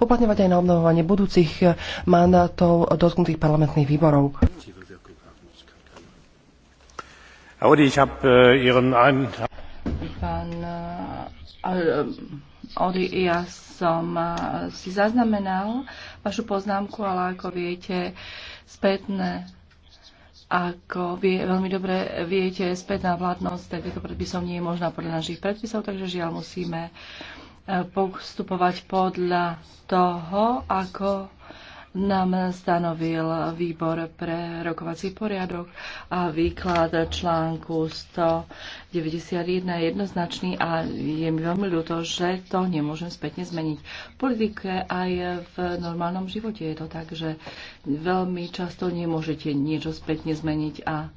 uplatňovať aj na obnovovanie budúcich mandátov dotknutých parlamentných výborov. Äh, Pán Ody, äh, äh, ja som si zaznamenal vašu poznámku, ale ako viete, spätné ako vie, veľmi dobre viete, spätná vládnosť takéto predpisov nie je možná podľa našich predpisov, takže žiaľ musíme uh, postupovať podľa toho, ako nám stanovil výbor pre rokovací poriadok a výklad článku 191 je jednoznačný a je mi veľmi ľúto, že to nemôžem spätne zmeniť. V politike aj v normálnom živote je to tak, že veľmi často nemôžete niečo spätne zmeniť a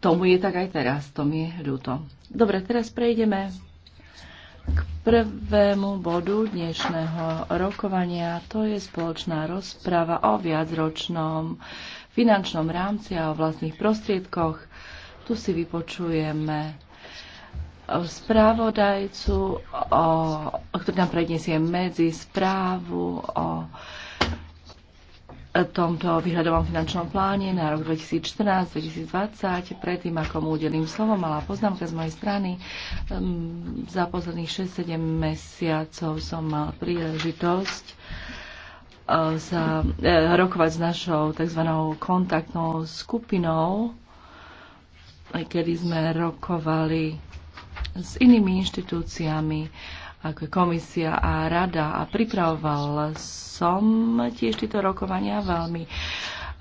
tomu je tak aj teraz, to mi je ľúto. Dobre, teraz prejdeme k prvému bodu dnešného rokovania. To je spoločná rozprava o viacročnom finančnom rámci a o vlastných prostriedkoch. Tu si vypočujeme správodajcu, o, ktorý nám predniesie medzi správu o tomto výhľadovom finančnom pláne na rok 2014-2020. Predtým, ako mu udelím slovo, malá poznámka z mojej strany. Za posledných 6-7 mesiacov som mal príležitosť e, sa e, rokovať s našou tzv. kontaktnou skupinou, kedy sme rokovali s inými inštitúciami, ako komisia a rada a pripravoval som tiež tieto rokovania veľmi e,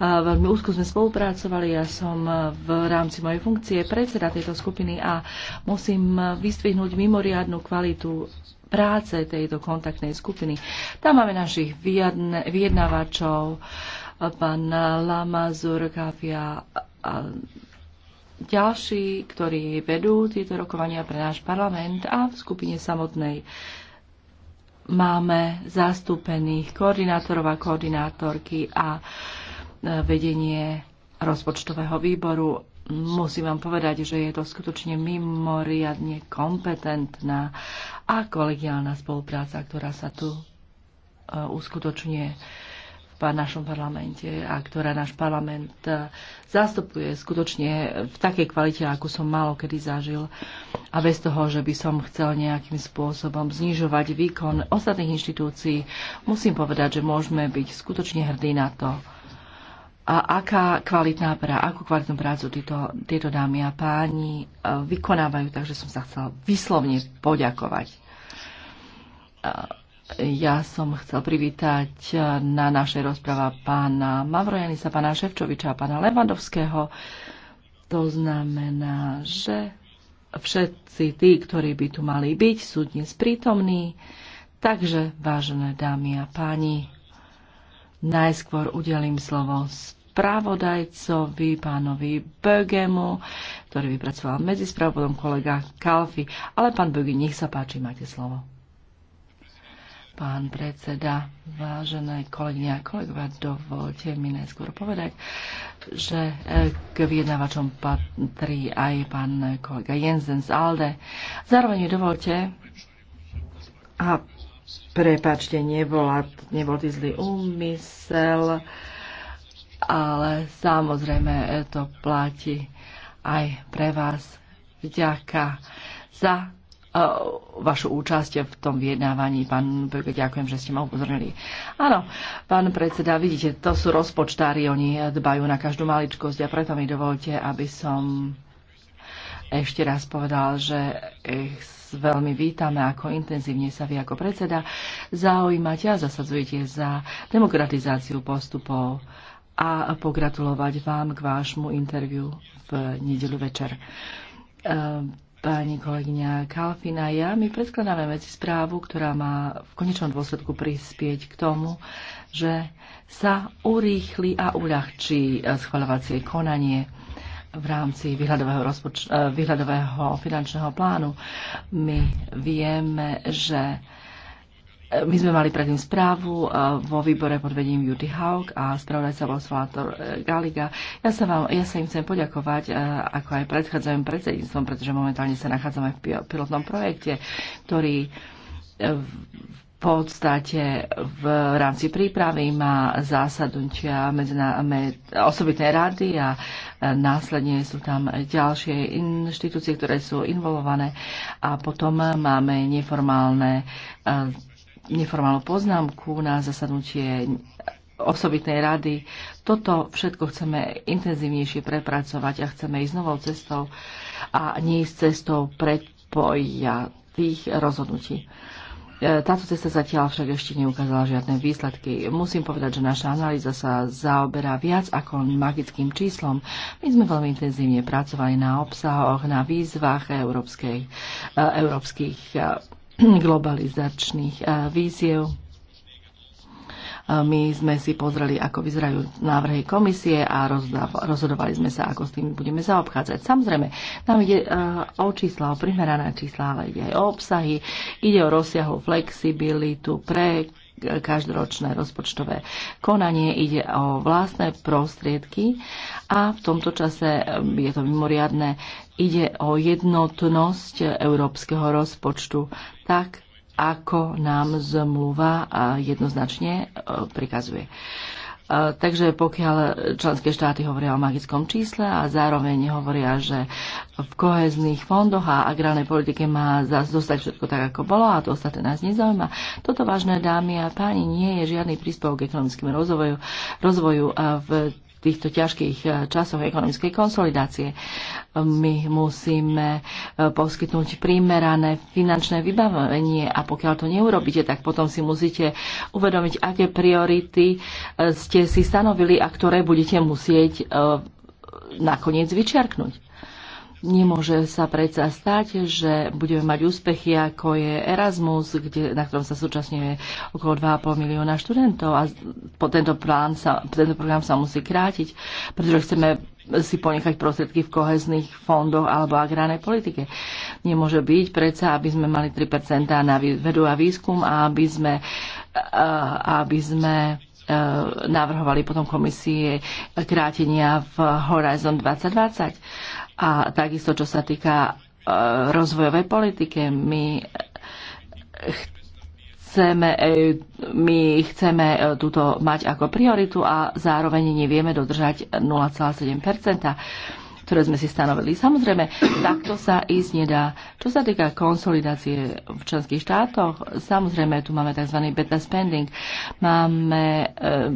Veľmi úzko sme spolupracovali, ja som v rámci mojej funkcie predseda tejto skupiny a musím vystvihnúť mimoriadnú kvalitu práce tejto kontaktnej skupiny. Tam máme našich vyjednávačov, e, pán Lama, Zurkafia, ďalší, ktorí vedú tieto rokovania pre náš parlament a v skupine samotnej máme zastúpených koordinátorov a koordinátorky a e, vedenie rozpočtového výboru. Musím vám povedať, že je to skutočne mimoriadne kompetentná a kolegiálna spolupráca, ktorá sa tu e, uskutočňuje v našom parlamente a ktorá náš parlament e, zastupuje skutočne v takej kvalite, ako som málo kedy zažil. A bez toho, že by som chcel nejakým spôsobom znižovať výkon ostatných inštitúcií, musím povedať, že môžeme byť skutočne hrdí na to, a aká kvalitná pra, akú kvalitnú prácu títo, tieto dámy a páni e, vykonávajú, takže som sa chcela vyslovne poďakovať. E, ja som chcel privítať na našej rozpráva pána Mavrojanisa, pána Ševčoviča a pána Levandovského. To znamená, že všetci tí, ktorí by tu mali byť, sú dnes prítomní. Takže, vážené dámy a páni, najskôr udelím slovo spravodajcovi, pánovi Bögemu, ktorý vypracoval medzi spravodom kolega Kalfi. Ale pán Bögi, nech sa páči, máte slovo. Pán predseda, vážené kolegyne a kolegovia, dovolte mi najskôr povedať, že e, k vyjednávačom patrí aj pán kolega Jensen z ALDE. Zároveň mi dovolte a prepačte, nebola, nebol tý zlý úmysel, ale samozrejme e, to platí aj pre vás. Vďaka za vašu účasť v tom vyjednávaní. Pán Böge, ďakujem, že ste ma upozornili. Áno, pán predseda, vidíte, to sú rozpočtári, oni dbajú na každú maličkosť a preto mi dovolte, aby som ešte raz povedal, že veľmi vítame, ako intenzívne sa vy ako predseda zaujímate a zasadzujete za demokratizáciu postupov a pogratulovať vám k vášmu interviu v nedelu večer. Ehm, pani kolegyňa Kalfina ja, my predkladáme medzi správu, ktorá má v konečnom dôsledku prispieť k tomu, že sa urýchli a uľahčí e, schvaľovacie konanie v rámci vyhľadového rozpoč- e, vyhľadového finančného plánu. My vieme, že my sme mali predtým správu e, vo výbore pod vedením Judy Haug a spravodajca bol Salvator e, Galiga. Ja sa, vám, ja sa im chcem poďakovať, e, ako aj predchádzajúcim predsedníctvom, pretože momentálne sa nachádzame v pilotnom projekte, ktorý v podstate v rámci prípravy má zásadnutia medzina, med, osobitnej rady a následne sú tam ďalšie inštitúcie, ktoré sú involované a potom máme neformálne neformálnu poznámku na zasadnutie osobitnej rady. Toto všetko chceme intenzívnejšie prepracovať a chceme ísť novou cestou a nie ísť cestou tých rozhodnutí. E, táto cesta zatiaľ však ešte neukázala žiadne výsledky. Musím povedať, že naša analýza sa zaoberá viac ako magickým číslom. My sme veľmi intenzívne pracovali na obsahoch, na výzvach európskej, e, európskych e, globalizačných eh, víziev. My sme si pozreli, ako vyzerajú návrhy komisie a rozhodovali sme sa, ako s tým budeme zaobchádzať. Samozrejme, nám ide eh, o čísla, o primerané čísla, ale ide aj o obsahy, ide o rozsiahu flexibilitu pre každoročné rozpočtové konanie, ide o vlastné prostriedky a v tomto čase um, je to mimoriadne, ide o jednotnosť európskeho rozpočtu tak, ako nám zmluva jednoznačne uh, prikazuje. Takže pokiaľ členské štáty hovoria o magickom čísle a zároveň hovoria, že v kohezných fondoch a agrálnej politike má zostať všetko tak, ako bolo a to ostatné nás nezaujíma. Toto, vážne dámy a páni, nie je žiadny príspevok k ekonomickému rozvoju, rozvoju v týchto ťažkých e, časoch ekonomickej konsolidácie. My musíme e, poskytnúť primerané finančné vybavenie a pokiaľ to neurobíte, tak potom si musíte uvedomiť, aké priority e, ste si stanovili a ktoré budete musieť nakoniec vyčiarknúť. Nemôže sa predsa stať, že budeme mať úspechy, ako je Erasmus, kde, na ktorom sa súčasňuje okolo 2,5 milióna študentov a po tento, plán sa, tento program sa musí krátiť, pretože chceme si ponechať prostriedky v kohezných fondoch alebo agrárnej politike. Nemôže byť predsa, aby sme mali 3% na vedu a výskum a aby sme, aby sme e, navrhovali potom komisie krátenia v Horizon 2020 a takisto, čo sa týka e, rozvojovej politike, my chceme, e, my chceme e, túto mať ako prioritu a zároveň nevieme dodržať 0,7 ktoré sme si stanovili. Samozrejme, takto sa ísť nedá. Čo sa týka konsolidácie v členských štátoch, samozrejme, tu máme tzv. beta spending. Máme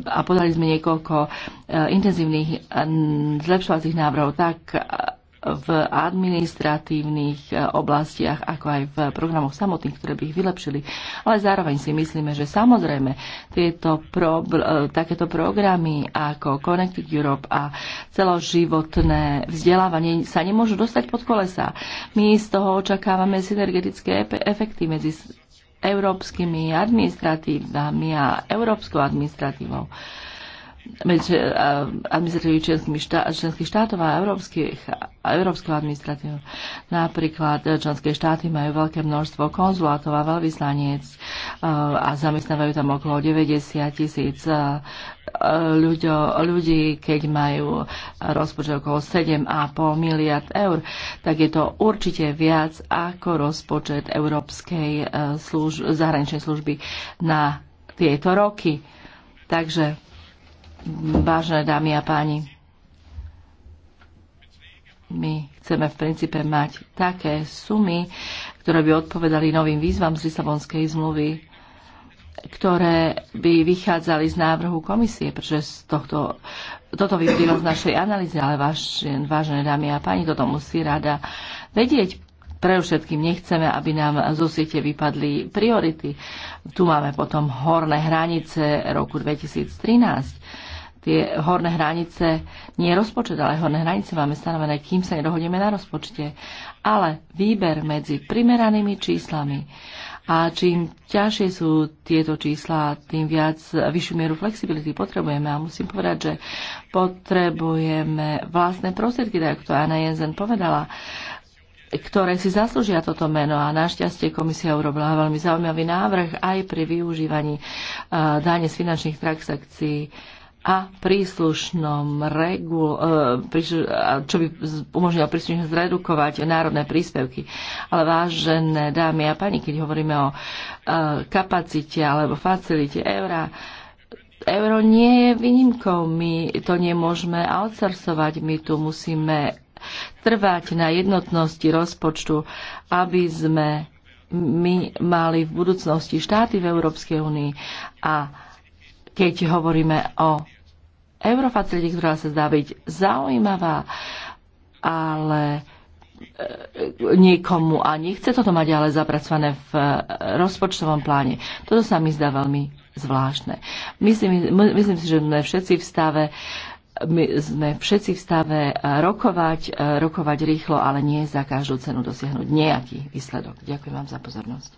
a podali sme niekoľko intenzívnych zlepšovacích návrhov tak, v administratívnych e, oblastiach, ako aj v programoch samotných, ktoré by ich vylepšili. Ale zároveň si myslíme, že samozrejme tieto pro, e, takéto programy ako Connected Europe a celoživotné vzdelávanie sa nemôžu dostať pod kolesa. My z toho očakávame synergetické efekty medzi európskymi administratívami a európskou administratívou medzi eh, administratívy členských, štát, členských štátov a, európskych, a európskeho administratívu. Napríklad eh, členské štáty majú veľké množstvo konzulátov a veľvyslaniec eh, a zamestnávajú tam okolo 90 tisíc ľudí, keď majú rozpočet okolo 7,5 miliard eur, tak je to určite viac ako rozpočet Európskej služ- zahraničnej služby na tieto roky. Takže Vážené dámy a páni, my chceme v princípe mať také sumy, ktoré by odpovedali novým výzvam z Lisabonskej zmluvy, ktoré by vychádzali z návrhu komisie, pretože z tohto, toto vyplýva z našej analýzy, ale váš, vážené dámy a páni, toto musí rada vedieť, pre všetkým nechceme, aby nám zo siete vypadli priority. Tu máme potom horné hranice roku 2013 tie horné hranice, nie rozpočet, ale horné hranice máme stanovené, kým sa nedohodneme na rozpočte. Ale výber medzi primeranými číslami a čím ťažšie sú tieto čísla, tým viac vyššiu mieru flexibility potrebujeme. A musím povedať, že potrebujeme vlastné prostriedky, tak ako to Anna Jensen povedala ktoré si zaslúžia toto meno a našťastie komisia urobila veľmi zaujímavý návrh aj pri využívaní uh, eh, dáne z finančných transakcií a príslušnom regul, e, čo by umožnilo príslušne zredukovať národné príspevky. Ale vážené dámy a pani, keď hovoríme o e, kapacite alebo facilite eura, euro nie je výnimkou. My to nemôžeme outsourcovať, my tu musíme trvať na jednotnosti rozpočtu, aby sme my mali v budúcnosti štáty v Európskej únii a keď hovoríme o eurofacility, ktorá sa zdá byť zaujímavá, ale e, niekomu a nechce toto mať ale zapracované v e, rozpočtovom pláne. Toto sa mi zdá veľmi zvláštne. Myslím, myslím si, že sme všetci v stave my sme všetci v stave e, rokovať, rokovať rýchlo, ale nie za každú cenu dosiahnuť nejaký výsledok. Ďakujem vám za pozornosť.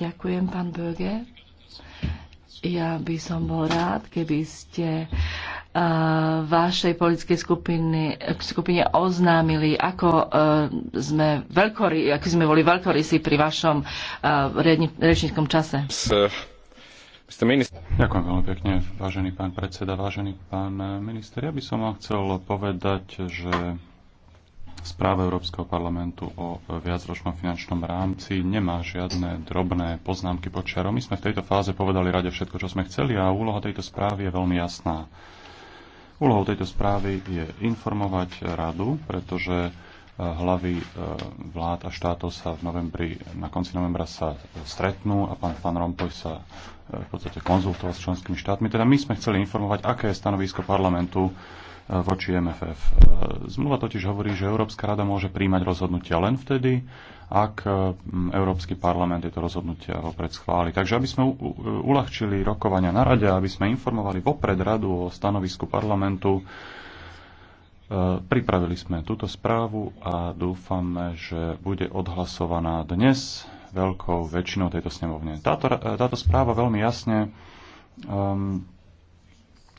Ďakujem, pán Böge. Ja by som bol rád, keby ste eh, vašej politickej skupiny, skupine oznámili, ako eh, sme veľkori, ako sme boli veľkorysi pri vašom eh, rečníckom čase. Ďakujem veľmi pekne, vážený pán predseda, vážený pán minister. Ja by som vám chcel povedať, že správa Európskeho parlamentu o viacročnom finančnom rámci nemá žiadne drobné poznámky pod čarom. My sme v tejto fáze povedali rade všetko, čo sme chceli a úloha tejto správy je veľmi jasná. Úlohou tejto správy je informovať radu, pretože eh, hlavy eh, vlád a štátov sa v novembri, na konci novembra sa stretnú a pán Fan Rompuy sa eh, v podstate konzultoval s členskými štátmi. Teda my sme chceli informovať, aké je stanovisko parlamentu Eh, voči MFF. Eh, zmluva totiž hovorí, že Európska rada môže príjmať rozhodnutia len vtedy, ak eh, Európsky parlament tieto rozhodnutia vopred schváli. Takže aby sme uľahčili rokovania na rade, aby sme informovali vopred radu o stanovisku parlamentu, pripravili sme túto správu a dúfame, že bude odhlasovaná dnes veľkou väčšinou tejto snemovne. Táto, táto správa veľmi jasne um,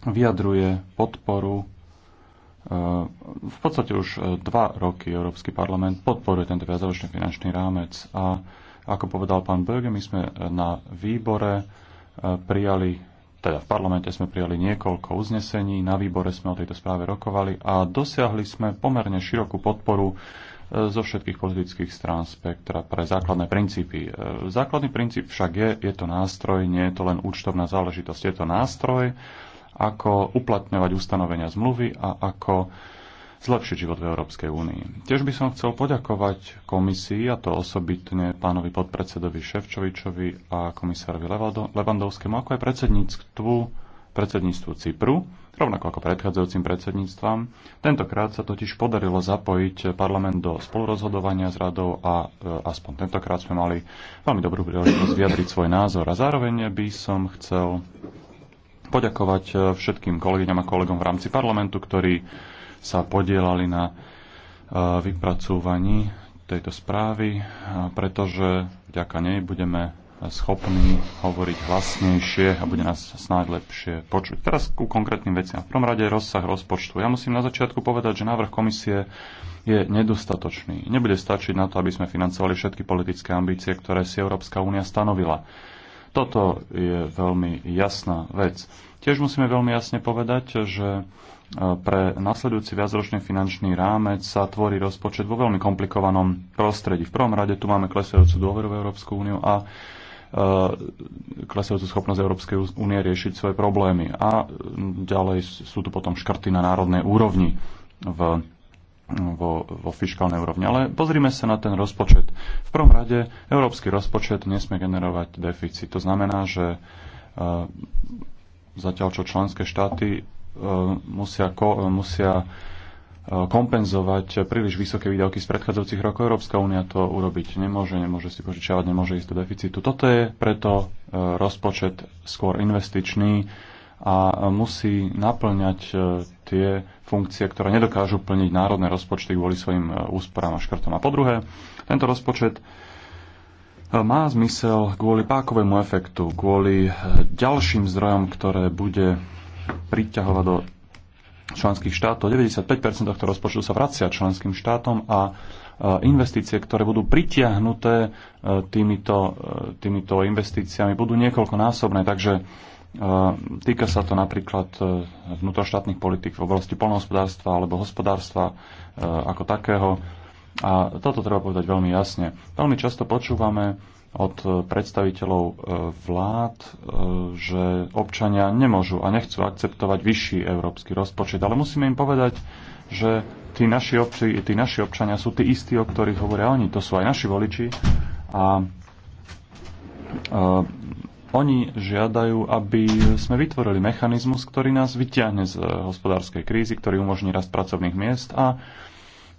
vyjadruje podporu Eh, v podstate už eh, dva roky Európsky parlament podporuje tento viacročný finančný rámec a ako povedal pán Böge, my sme eh, na výbore prijali, teda v parlamente sme prijali niekoľko uznesení, na výbore sme o tejto správe rokovali a dosiahli sme pomerne širokú podporu zo všetkých politických strán spektra pre základné princípy. Základný princíp však je, je to nástroj, nie je to len účtovná záležitosť, je to nástroj, ako uplatňovať ustanovenia zmluvy a ako zlepšiť život v Európskej únii. Tiež by som chcel poďakovať komisii, a to osobitne pánovi podpredsedovi Ševčovičovi a komisárovi Levandovskému, ako aj predsedníctvu, predsedníctvu Cypru, rovnako ako predchádzajúcim predsedníctvám. Tentokrát sa totiž podarilo zapojiť parlament do spolurozhodovania s radou a e, aspoň tentokrát sme mali veľmi dobrú príležitosť vyjadriť svoj názor. A zároveň by som chcel poďakovať e, všetkým kolegyňam a kolegom v rámci parlamentu, ktorí sa podielali na e, vypracúvaní tejto správy, e, pretože vďaka nej budeme schopní hovoriť hlasnejšie a bude nás snáď lepšie počuť. Teraz ku konkrétnym veciam. V prvom rade rozsah rozpočtu. Ja musím na začiatku povedať, že návrh komisie je nedostatočný. Nebude stačiť na to, aby sme financovali všetky politické ambície, ktoré si Európska únia stanovila. Toto je veľmi jasná vec. Tiež musíme veľmi jasne povedať, že e, pre nasledujúci viacročný finančný rámec sa tvorí rozpočet vo veľmi komplikovanom prostredí. V prvom rade tu máme klesajúcu dôveru v Európsku úniu a e, klesajúcu schopnosť Európskej únie riešiť svoje problémy. A ďalej sú tu potom škrty na národnej úrovni v vo, vo fiskálnej úrovni. Ale pozrime sa na ten rozpočet. V prvom rade, európsky rozpočet nesmie generovať deficit. To znamená, že uh, zatiaľ čo členské štáty uh, musia, ko, uh, musia e, kompenzovať príliš vysoké výdavky z predchádzajúcich rokov. Európska únia to urobiť nemôže, nemôže si požičiavať, nemôže ísť do deficitu. Toto je preto rozpočet skôr investičný a musí naplňať tie funkcie, ktoré nedokážu plniť národné rozpočty kvôli svojim e, úsporám a škrtom. A po druhé, tento rozpočet e, má zmysel kvôli pákovému efektu, kvôli e, ďalším zdrojom, ktoré bude priťahovať do členských štátov. 95% tohto rozpočtu sa vracia členským štátom a investície, ktoré budú pritiahnuté týmito, týmito investíciami, budú niekoľkonásobné. Takže Týka sa to napríklad e, vnútroštátnych politik v oblasti polnohospodárstva alebo hospodárstva e, ako takého. A toto treba povedať veľmi jasne. Veľmi často počúvame od e, predstaviteľov vlád, že občania nemôžu a nechcú akceptovať vyšší európsky rozpočet. Ale musíme im povedať, že tí naši, obči, tí naši občania sú tí istí, o ktorých hovoria oni. To sú aj naši voliči. A oni žiadajú, aby sme vytvorili mechanizmus, ktorý nás vyťahne z eh, hospodárskej krízy, ktorý umožní rast pracovných miest a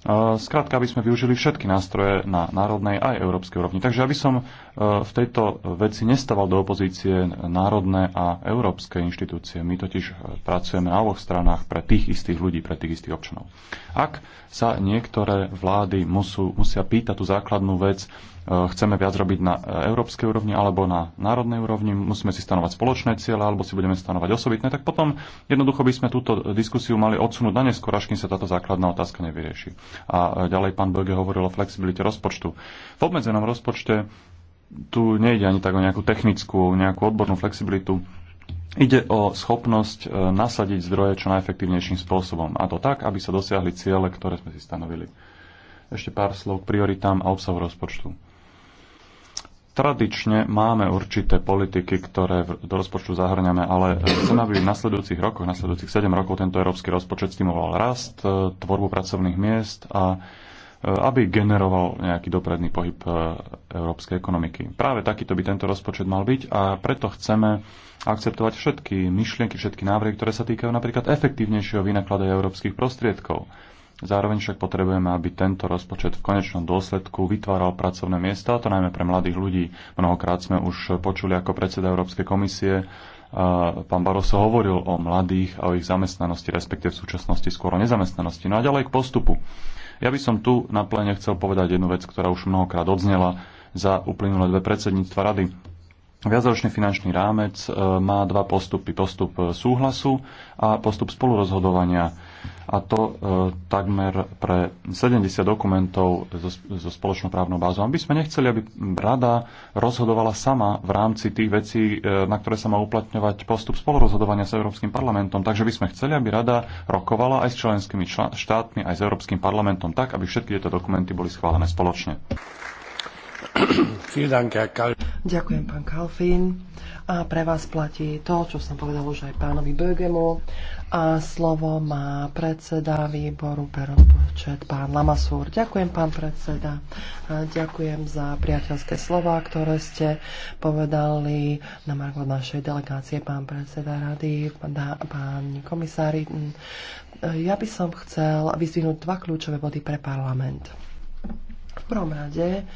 eh, Skrátka, aby sme využili všetky nástroje na národnej aj európskej úrovni. Takže aby som eh, v tejto veci nestával do opozície národné a európske inštitúcie. My totiž pracujeme na oboch stranách pre tých istých ľudí, pre tých istých občanov. Ak sa niektoré vlády musú, musia pýtať tú základnú vec, Eh, chceme viac robiť na eh, európskej úrovni alebo na národnej úrovni, musíme si stanovať spoločné ciele alebo si budeme stanovať osobitné, tak potom jednoducho by sme túto diskusiu mali odsunúť na neskôr, až kým sa táto základná otázka nevyrieši. A eh, ďalej pán Böge hovoril o flexibilite rozpočtu. V obmedzenom rozpočte tu nejde ani tak o nejakú technickú, nejakú odbornú flexibilitu. Ide o schopnosť nasadiť zdroje čo najefektívnejším spôsobom. A to tak, aby sa dosiahli ciele, ktoré sme si stanovili. Ešte pár slov k prioritám a obsahu rozpočtu. Tradične máme určité politiky, ktoré do rozpočtu zahrňame, ale e, chcem, aby v nasledujúcich rokoch, nasledujúcich 7 rokov tento európsky rozpočet stimuloval rast, e, tvorbu pracovných miest a e, aby generoval nejaký dopredný pohyb európskej ekonomiky. Práve takýto by tento rozpočet mal byť a preto chceme akceptovať všetky myšlienky, všetky návrhy, ktoré sa týkajú napríklad efektívnejšieho vynakladania európskych prostriedkov Zároveň však potrebujeme, aby tento rozpočet v konečnom dôsledku vytváral pracovné miesta, a to najmä pre mladých ľudí. Mnohokrát sme už počuli ako predseda Európskej komisie, pán Baroso hovoril o mladých a o ich zamestnanosti, respektíve v súčasnosti skôr o nezamestnanosti. No a ďalej k postupu. Ja by som tu na plene chcel povedať jednu vec, ktorá už mnohokrát odznela za uplynulé dve predsedníctva rady. Viacročný finančný rámec e, má dva postupy. Postup súhlasu a postup spolurozhodovania a to e, takmer pre 70 dokumentov zo spoločnou právnou bázou. Aby sme nechceli, aby rada rozhodovala sama v rámci tých vecí, e, na ktoré sa má uplatňovať postup spolurozhodovania s Európskym parlamentom. Takže by sme chceli, aby rada rokovala aj s členskými štátmi, aj s Európskym parlamentom tak, aby všetky tieto dokumenty boli schválené spoločne. Ďakujem, pán Kalfín a pre vás platí to, čo som povedal už aj pánovi Bögemu. A slovo má predseda výboru pre rozpočet, pán Lamasúr. Ďakujem, pán predseda. A ďakujem za priateľské slova, ktoré ste povedali na margo našej delegácie, pán predseda rady, pán komisári. Ja by som chcel vyzvinúť dva kľúčové body pre parlament. V prvom rade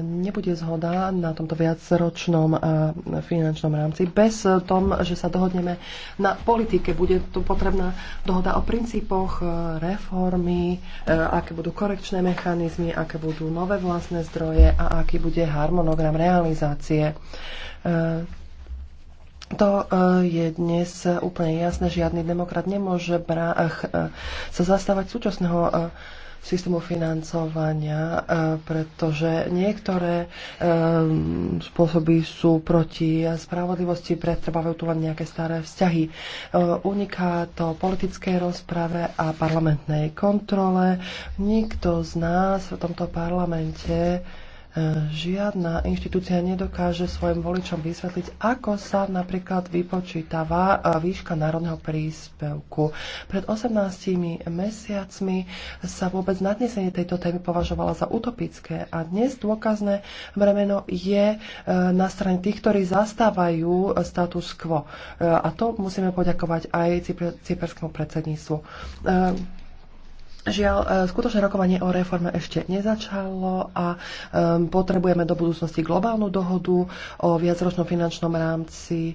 nebude zhoda na tomto viacročnom eh, finančnom rámci bez eh, tom, že sa dohodneme na politike. Bude tu potrebná dohoda o princípoch eh, reformy, aké budú korekčné mechanizmy, aké budú nové vlastné zdroje a aký bude harmonogram realizácie. To je dnes úplne jasné. Žiadny demokrat nemôže sa zastávať súčasného systému financovania, e, pretože niektoré e, spôsoby sú proti spravodlivosti, pretrvávajú tu len nejaké staré vzťahy. E, uniká to politickej rozprave a parlamentnej kontrole. Nikto z nás v tomto parlamente žiadna inštitúcia nedokáže svojim voličom vysvetliť, ako sa napríklad vypočítava výška národného príspevku. Pred 18 mesiacmi sa vôbec nadnesenie tejto témy považovala za utopické a dnes dôkazné bremeno je e, na strane tých, ktorí zastávajú status quo. E, a to musíme poďakovať aj cyperskému predsedníctvu. E, Žiaľ, e, skutočné rokovanie o reforme ešte nezačalo a e, potrebujeme do budúcnosti globálnu dohodu o viacročnom finančnom rámci. E,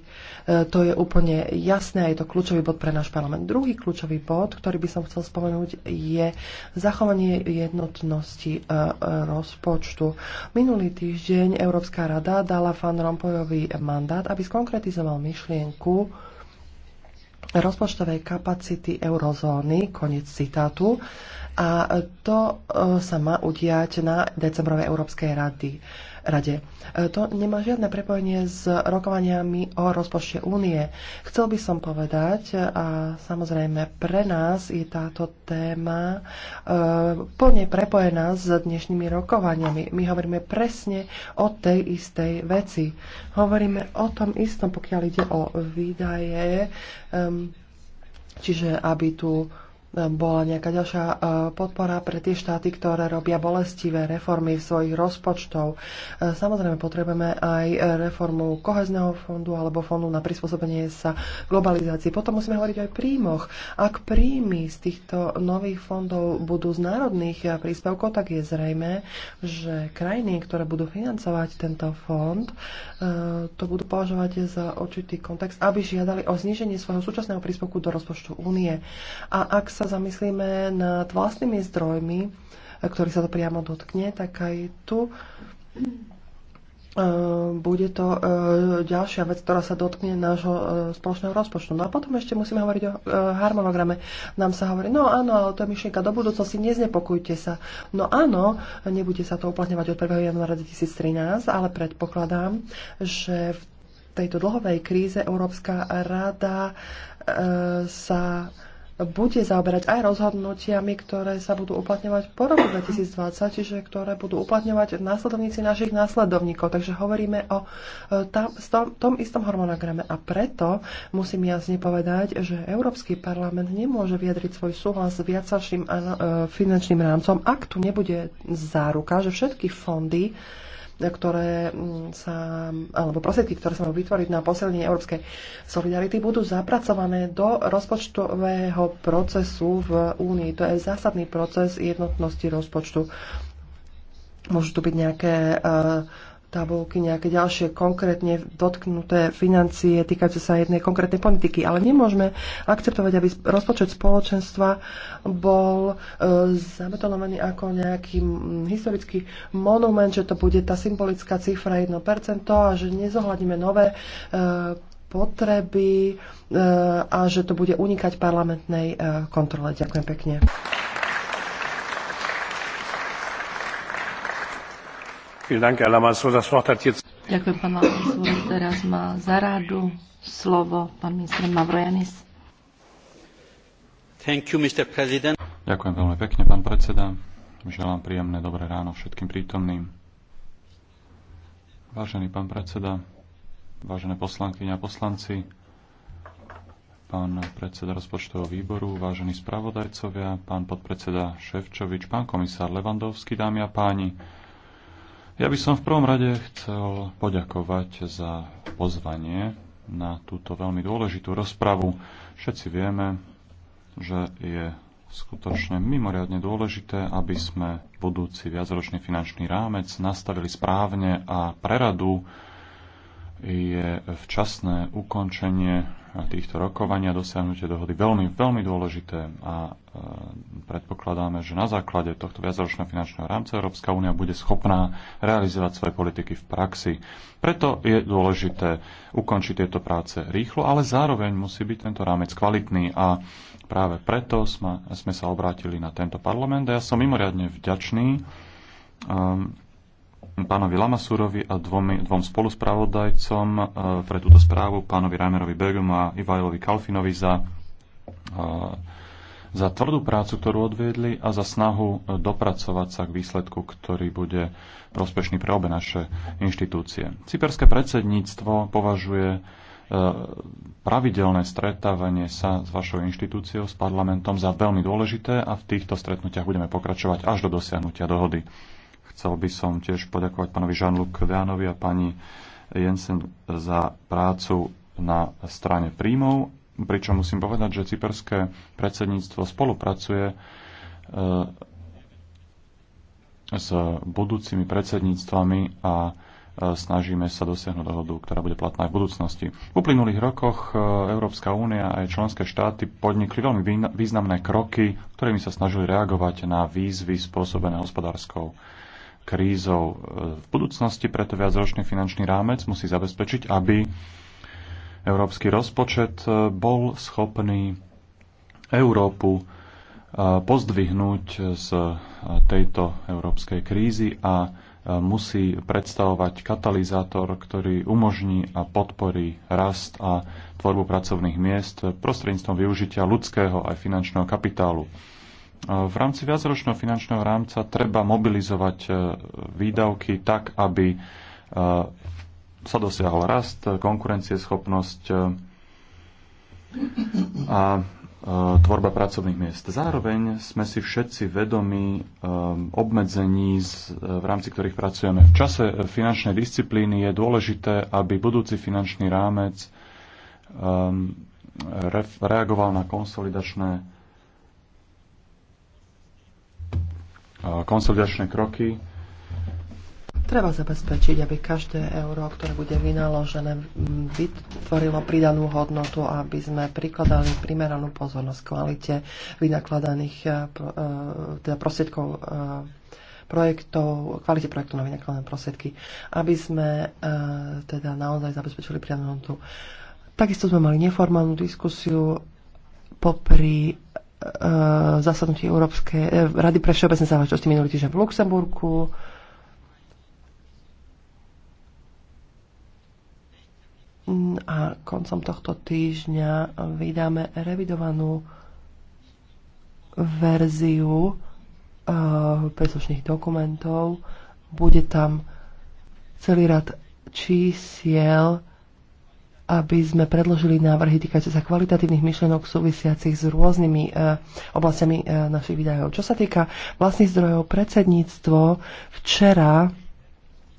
to je úplne jasné a je to kľúčový bod pre náš parlament. Druhý kľúčový bod, ktorý by som chcel spomenúť, je zachovanie jednotnosti rozpočtu. Minulý týždeň Európska rada dala Fan Rompojovi mandát, aby skonkretizoval myšlienku, rozpočtovej kapacity eurozóny, koniec citátu. A to e, sa má udiať na decembrovej Európskej rady rade. E, to nemá žiadne prepojenie s rokovaniami o rozpočte únie. Chcel by som povedať, e, a samozrejme pre nás je táto téma e, plne prepojená s dnešnými rokovaniami. My hovoríme presne o tej istej veci. Hovoríme o tom istom, pokiaľ ide o výdaje, čiže aby tu bola nejaká ďalšia e, podpora pre tie štáty, ktoré robia bolestivé reformy v svojich rozpočtov. E, samozrejme, potrebujeme aj reformu kohezného fondu alebo fondu na prispôsobenie sa globalizácii. Potom musíme hovoriť aj o príjmoch. Ak príjmy z týchto nových fondov budú z národných e, príspevkov, tak je zrejme, že krajiny, ktoré budú financovať tento fond, to budú považovať za určitý kontext, aby žiadali o zníženie svojho súčasného príspevku do rozpočtu únie. A ak sa zamyslíme nad vlastnými zdrojmi, ktorý sa to priamo dotkne, tak aj tu e, bude to e, ďalšia vec, ktorá sa dotkne nášho e, spoločného rozpočtu. No a potom ešte musíme hovoriť o harmonograme. Nám sa hovorí, no áno, ale to je myšlienka do budúcnosti, neznepokojte sa. No áno, nebude sa to uplatňovať od 1. januára 2013, ale predpokladám, že v tejto dlhovej kríze Európska rada sa bude zaoberať aj rozhodnutiami, ktoré sa budú uplatňovať po roku 2020, čiže ktoré budú uplatňovať následovníci našich následovníkov. Takže hovoríme o e, tam, tom, tom istom harmonograme. A preto musím jasne povedať, že Európsky parlament nemôže vyjadriť svoj súhlas s viacaším e, finančným rámcom, ak tu nebude záruka, že všetky fondy, ktoré mm, sa, alebo prostriedky, ktoré sa majú vytvoriť na posilnenie európskej solidarity, budú zapracované do rozpočtového procesu v Únii. To je zásadný proces jednotnosti rozpočtu. Môžu tu byť nejaké uh, tabulky, nejaké ďalšie konkrétne dotknuté financie týkajúce sa jednej konkrétnej politiky. Ale nemôžeme akceptovať, aby rozpočet spoločenstva bol e, zabetonovaný ako nejaký historický monument, že to bude tá symbolická cifra 1% a že nezohľadíme nové e, potreby e, a že to bude unikať parlamentnej e, kontrole. Ďakujem pekne. Ďakujem, pán Lamasur. Teraz má za rádu slovo pán minister Mavrojanis. Thank you, Mr. President. Ďakujem veľmi pekne, pán predseda. Želám príjemné dobré ráno všetkým prítomným. Vážený pán predseda, vážené poslankyne a poslanci, pán predseda rozpočtového výboru, vážení spravodajcovia, pán podpredseda Ševčovič, pán komisár Levandovský, dámy a páni, ja by som v prvom rade chcel poďakovať za pozvanie na túto veľmi dôležitú rozpravu. Všetci vieme, že je skutočne mimoriadne dôležité, aby sme budúci viacročný finančný rámec nastavili správne a preradu je včasné ukončenie týchto rokovania dosiahnutie dohody veľmi, veľmi dôležité a e, predpokladáme, že na základe tohto viacročného finančného rámca Európska únia bude schopná realizovať svoje politiky v praxi. Preto je dôležité ukončiť tieto práce rýchlo, ale zároveň musí byť tento rámec kvalitný a práve preto sme, sme sa obrátili na tento parlament a ja som mimoriadne vďačný um, pánovi Lamasurovi a dvom, dvom spoluspravodajcom e, pre túto správu, pánovi Reimerovi Bergum a Ivajlovi Kalfinovi za, e, za tvrdú prácu, ktorú odviedli a za snahu e, dopracovať sa k výsledku, ktorý bude prospešný pre obe naše inštitúcie. Cyperské predsedníctvo považuje pravidelné stretávanie sa s vašou inštitúciou, s parlamentom za veľmi dôležité a v týchto stretnutiach budeme pokračovať až do dosiahnutia dohody. Chcel by som tiež poďakovať pánovi Žanlu Vianovi a pani Jensen za prácu na strane príjmov, pričom musím povedať, že cyperské predsedníctvo spolupracuje e, s budúcimi predsedníctvami a e, snažíme sa dosiahnuť dohodu, ktorá bude platná aj v budúcnosti. V uplynulých rokoch e, Európska únia a aj členské štáty podnikli veľmi významné kroky, ktorými sa snažili reagovať na výzvy spôsobené hospodárskou krízou. E, v budúcnosti preto viacročný finančný rámec musí zabezpečiť, aby európsky rozpočet e, bol schopný Európu e, pozdvihnúť z tejto európskej krízy a musí predstavovať katalizátor, ktorý umožní a podporí rast a tvorbu pracovných miest prostredníctvom využitia ľudského aj finančného kapitálu. V rámci viacročného finančného rámca treba mobilizovať e, výdavky tak, aby e, sa dosiahol rast, konkurencieschopnosť e, a tvorba pracovných miest. Zároveň sme si všetci vedomi obmedzení, v rámci ktorých pracujeme. V čase finančnej disciplíny je dôležité, aby budúci finančný rámec reagoval na konsolidačné konsolidačné kroky. Treba zabezpečiť, aby každé euro, ktoré bude vynaložené, vytvorilo pridanú hodnotu, aby sme prikladali primeranú pozornosť kvalite vynakladaných eh, eh, teda prostriedkov eh, projektov, kvalite projektu na vynakladané prostriedky, aby sme teda naozaj zabezpečili pridanú hodnotu. Takisto sme mali neformálnu diskusiu popri Eh, zasadnutí Európskej eh, rady pre všeobecné záležitosti minulý týždeň v Luxemburku. A koncom tohto týždňa vydáme revidovanú verziu eh, príslušných dokumentov. Bude tam celý rad čísiel aby sme predložili návrhy týkajúce sa kvalitatívnych myšlienok súvisiacich s rôznymi e, oblastiami e, našich výdajov. Čo sa týka vlastných zdrojov, predsedníctvo včera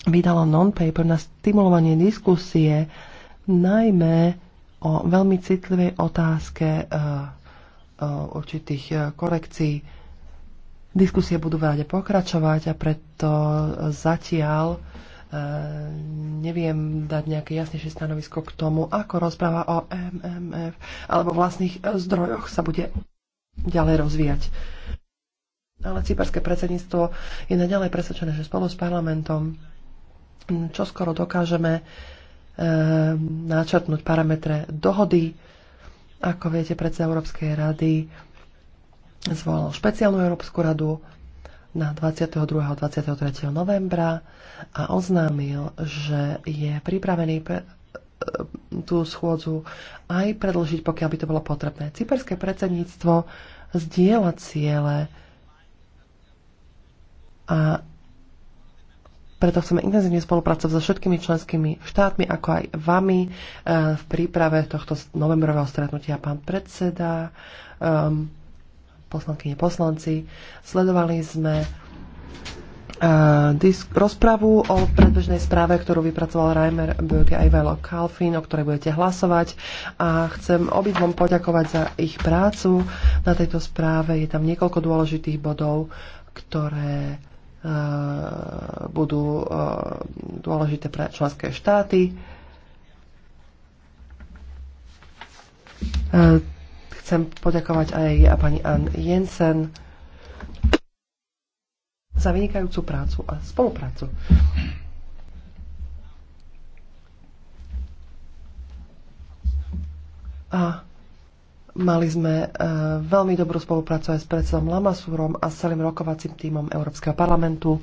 vydalo non-paper na stimulovanie diskusie najmä o veľmi citlivej otázke e, určitých korekcií. Diskusie budú v rade pokračovať a preto zatiaľ Eh, neviem dať nejaké jasnejšie stanovisko k tomu, ako rozpráva o MMF alebo vlastných zdrojoch sa bude ďalej rozvíjať. Ale cyperské predsedníctvo je naďalej presvedčené, že spolu s parlamentom čo skoro dokážeme e, načrtnúť parametre dohody. Ako viete, predseda Európskej rady zvolal špeciálnu Európsku radu na 22. a 23. novembra a oznámil, že je pripravený pre e, tú schôdzu aj predlžiť, pokiaľ by to bolo potrebné. Cyperské predsedníctvo zdieľa ciele a preto chceme intenzívne spolupracovať so všetkými členskými štátmi, ako aj vami e, v príprave tohto novembrového stretnutia. Pán predseda, um, poslankyne poslanci. Sledovali sme eh, disk, rozpravu o predbežnej správe, ktorú vypracoval Reimer Böke a Ivalo Kalfin, o ktorej budete hlasovať. A chcem obidvom poďakovať za ich prácu na tejto správe. Je tam niekoľko dôležitých bodov, ktoré uh, budú uh, dôležité pre členské štáty. Uh, Chcem poďakovať aj ja, pani Ann Jensen za vynikajúcu prácu a spoluprácu. A mali sme e, veľmi dobrú spoluprácu aj s predsedom Lamasúrom a s celým rokovacím týmom Európskeho parlamentu.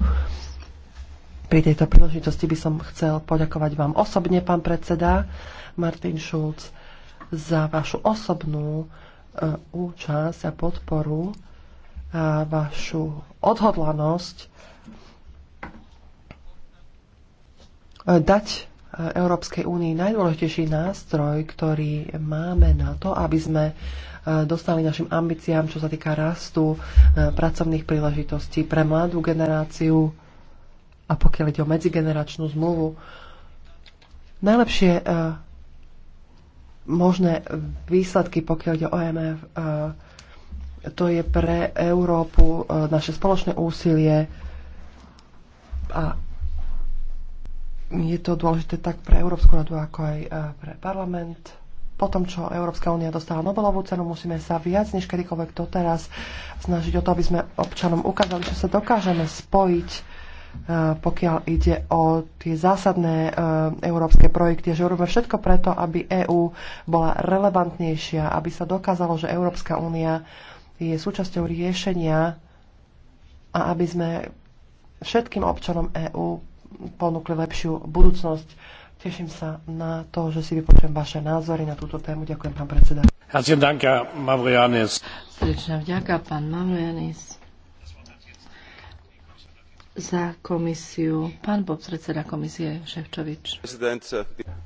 Pri tejto príležitosti by som chcel poďakovať vám osobne, pán predseda Martin Schulz, za vašu osobnú E, účasť a podporu a e, vašu odhodlanosť e, dať Európskej únii najdôležitejší nástroj, ktorý máme na to, aby sme dostali našim ambíciám, čo sa týka rastu, pracovných príležitostí pre mladú generáciu a pokiaľ ide o medzigeneračnú zmluvu. Najlepšie možné výsledky, pokiaľ ide o e MF. To je pre Európu naše spoločné úsilie a je to dôležité tak pre Európsku radu, ako aj pre parlament. Po tom, čo Európska únia dostala Nobelovú cenu, musíme sa viac než kedykoľvek doteraz snažiť o to, aby sme občanom ukázali, že sa dokážeme spojiť E, pokiaľ ide o tie zásadné e, európske projekty, že urobíme všetko preto, aby EÚ bola relevantnejšia, aby sa dokázalo, že Európska únia je súčasťou riešenia a aby sme všetkým občanom EÚ ponúkli lepšiu budúcnosť. Teším sa na to, že si vypočujem vaše názory na túto tému. Ďakujem, pán predseda. Srdečná vďaka, pán Mavrojanis za komisiu pán Bob, predseda komisie Ševčovič.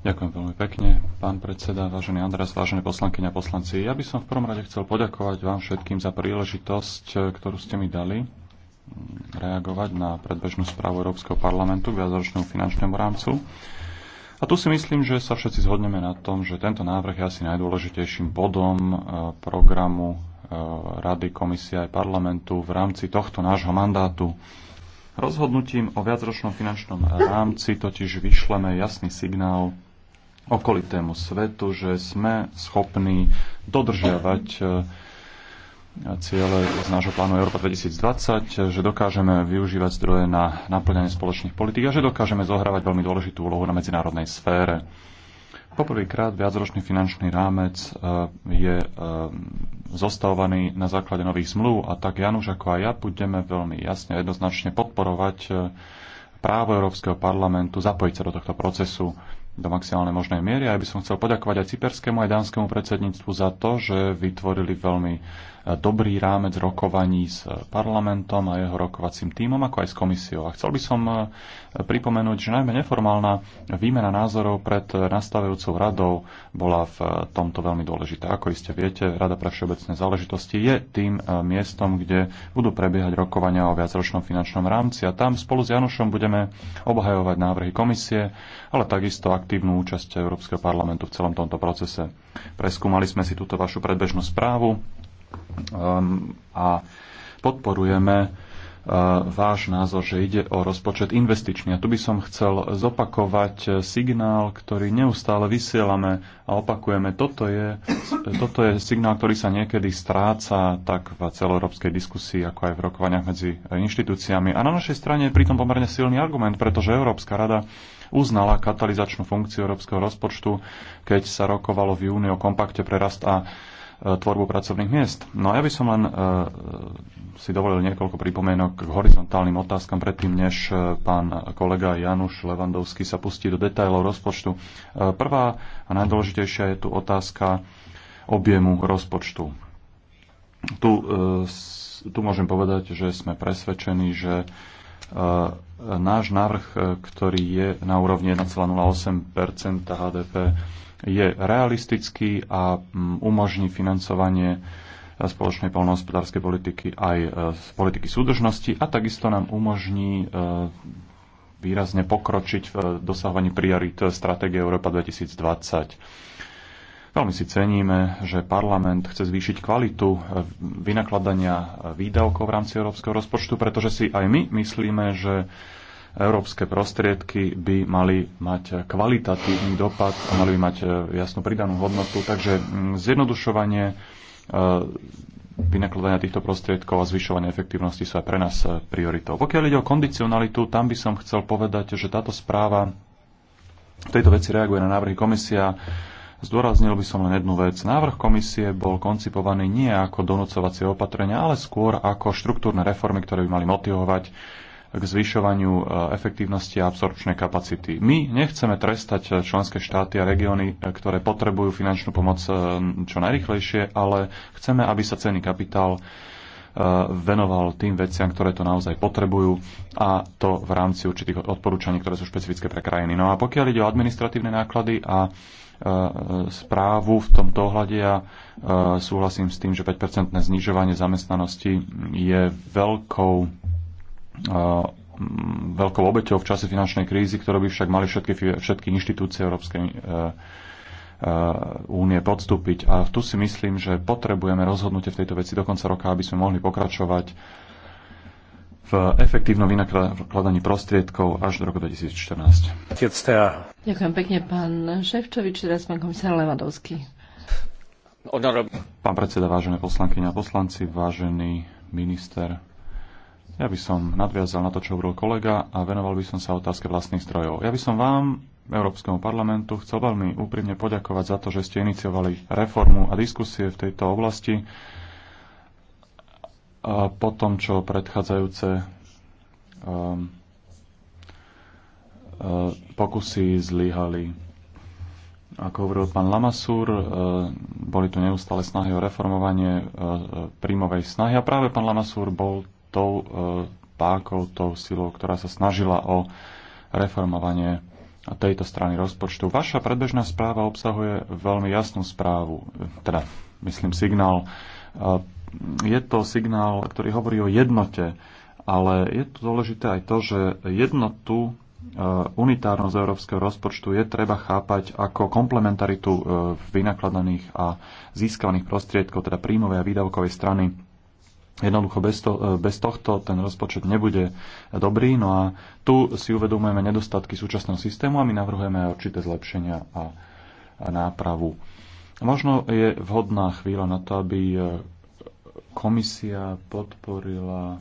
Ďakujem veľmi pekne, pán predseda, vážený Andreas, vážené a poslanci. Ja by som v prvom rade chcel poďakovať vám všetkým za príležitosť, ktorú ste mi dali mm, reagovať na predbežnú správu Európskeho parlamentu k viacročnému finančnému rámcu. A tu si myslím, že sa všetci zhodneme na tom, že tento návrh je asi najdôležitejším bodom e, programu e, Rady, komisie aj parlamentu v rámci tohto nášho mandátu. Rozhodnutím o viacročnom finančnom rámci totiž vyšleme jasný signál okolitému svetu, že sme schopní dodržiavať eh, ciele z nášho plánu Európa 2020, že dokážeme využívať zdroje na naplňanie spoločných politik a že dokážeme zohrávať veľmi dôležitú úlohu na medzinárodnej sfére. Poprvýkrát viacročný finančný rámec e, je e, zostavovaný na základe nových zmluv a tak Januš ako aj ja budeme veľmi jasne a jednoznačne podporovať e, právo Európskeho parlamentu zapojiť sa do tohto procesu do maximálnej možnej miery. A ja by som chcel poďakovať aj cyperskému aj dánskému predsedníctvu za to, že vytvorili veľmi e, dobrý rámec rokovaní s parlamentom a jeho rokovacím tímom, ako aj s komisiou. A chcel by som e, pripomenúť, že najmä neformálna výmena názorov pred nastavujúcou radou bola v e, tomto veľmi dôležitá. Ako iste viete, Rada pre všeobecné záležitosti je tým miestom, kde budú prebiehať rokovania o viacročnom finančnom rámci a tam spolu s Janošom budeme obhajovať návrhy komisie, ale takisto aktívnu účasť Európskeho parlamentu v celom tomto procese. Preskúmali sme si túto vašu predbežnú správu um, a podporujeme uh, váš názor, že ide o rozpočet investičný. A tu by som chcel zopakovať uh, signál, ktorý neustále vysielame a opakujeme. Toto je, toto je signál, ktorý sa niekedy stráca tak v celoeurópskej diskusii, ako aj v rokovaniach medzi inštitúciami. A na našej strane je pritom pomerne silný argument, pretože Európska rada uznala katalizačnú funkciu európskeho rozpočtu, keď sa rokovalo v júni o kompakte pre rast a e, tvorbu pracovných miest. No a ja by som len e, si dovolil niekoľko pripomienok k horizontálnym otázkam predtým, než e, pán kolega Januš Levandovský sa pustí do detajlov rozpočtu. E, prvá a najdôležitejšia je tu otázka objemu rozpočtu. Tu, e, tu môžem povedať, že sme presvedčení, že e, náš návrh, e, ktorý je na úrovni 1,08 HDP, je realistický a mm, umožní financovanie e, spoločnej polnohospodárskej politiky aj e, z politiky súdržnosti a takisto nám umožní výrazne pokročiť v dosahovaní priorít stratégie Európa 2020. Veľmi si ceníme, že parlament chce zvýšiť kvalitu eh, vynakladania eh, výdavkov v rámci európskeho rozpočtu, pretože si aj my myslíme, že európske prostriedky by mali mať eh, kvalitatívny dopad a mali by mať jasnú pridanú hodnotu. Takže mm, zjednodušovanie vynakladania týchto prostriedkov a zvyšovanie efektívnosti sú aj pre nás prioritou. Pokiaľ ide o kondicionalitu, tam by som chcel povedať, že táto správa v tejto veci reaguje na návrhy komisia Zdôraznil by som len jednu vec. Návrh komisie bol koncipovaný nie ako donúcovacie opatrenia, ale skôr ako štruktúrne reformy, ktoré by mali motivovať k zvyšovaniu e, efektívnosti a absorpčnej kapacity. My nechceme trestať e, členské štáty a regióny, e, ktoré potrebujú finančnú pomoc čo najrychlejšie, ale chceme, aby sa cený kapitál venoval tým veciam, ktoré to naozaj potrebujú a to v rámci určitých odporúčaní, ktoré sú špecifické pre krajiny. No a pokiaľ ide o administratívne náklady a správu v tomto ohľade. Ja súhlasím s tým, že 5-percentné znižovanie zamestnanosti je veľkou veľkou obeťou v čase finančnej krízy, ktorú by však mali všetky, všetky inštitúcie Európskej e, e, únie podstúpiť. A tu si myslím, že potrebujeme rozhodnutie v tejto veci do konca roka, aby sme mohli pokračovať v efektívnom vynakladaní prostriedkov až do roku 2014. Ďakujem pekne, pán Ševčovič, teraz pán komisár Levadovský. Pán predseda, vážené poslankyne a poslanci, vážený minister, ja by som nadviazal na to, čo hovoril kolega a venoval by som sa otázke vlastných zdrojov. Ja by som vám, Európskemu parlamentu, chcel veľmi úprimne poďakovať za to, že ste iniciovali reformu a diskusie v tejto oblasti a po tom, čo predchádzajúce a, um, a, uh, pokusy zlyhali. Ako hovoril pán Lamasúr, uh, boli tu neustále snahy o reformovanie uh, príjmovej snahy a práve pán Lamasúr bol tou pákou, tou silou, ktorá sa snažila o reformovanie tejto strany rozpočtu. Vaša predbežná správa obsahuje veľmi jasnú správu, teda myslím signál je to signál, ktorý hovorí o jednote, ale je tu dôležité aj to, že jednotu e, unitárnosť európskeho rozpočtu je treba chápať ako komplementaritu e, vynakladaných a získavaných prostriedkov, teda príjmovej a výdavkovej strany. Jednoducho bez, to, e, bez tohto ten rozpočet nebude dobrý. No a tu si uvedomujeme nedostatky súčasného systému a my navrhujeme aj určité zlepšenia a nápravu. Možno je vhodná chvíľa na to, aby komisia podporila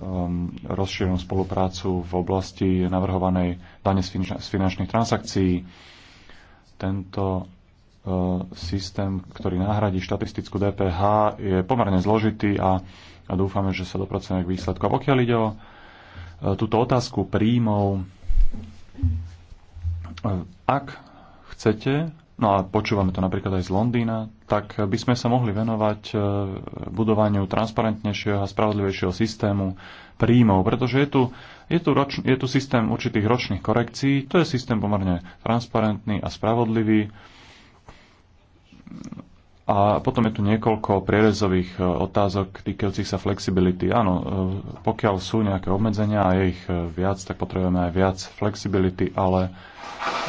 um, rozšírenú spoluprácu v oblasti navrhovanej dane z, finanč- z finančných transakcií. Tento uh, systém, ktorý nahradí štatistickú DPH, je pomerne zložitý a, a dúfame, že sa dopracujeme k výsledku. A pokiaľ ide o uh, túto otázku príjmov, uh, ak chcete, no a počúvame to napríklad aj z Londýna, tak by sme sa mohli venovať e, budovaniu transparentnejšieho a spravodlivejšieho systému príjmov, pretože je tu, je tu, roč, je tu systém určitých ročných korekcií, to je systém pomerne transparentný a spravodlivý a potom je tu niekoľko prierezových e, otázok týkajúcich sa flexibility. Áno, e, pokiaľ sú nejaké obmedzenia a je ich e, viac, tak potrebujeme aj viac flexibility, ale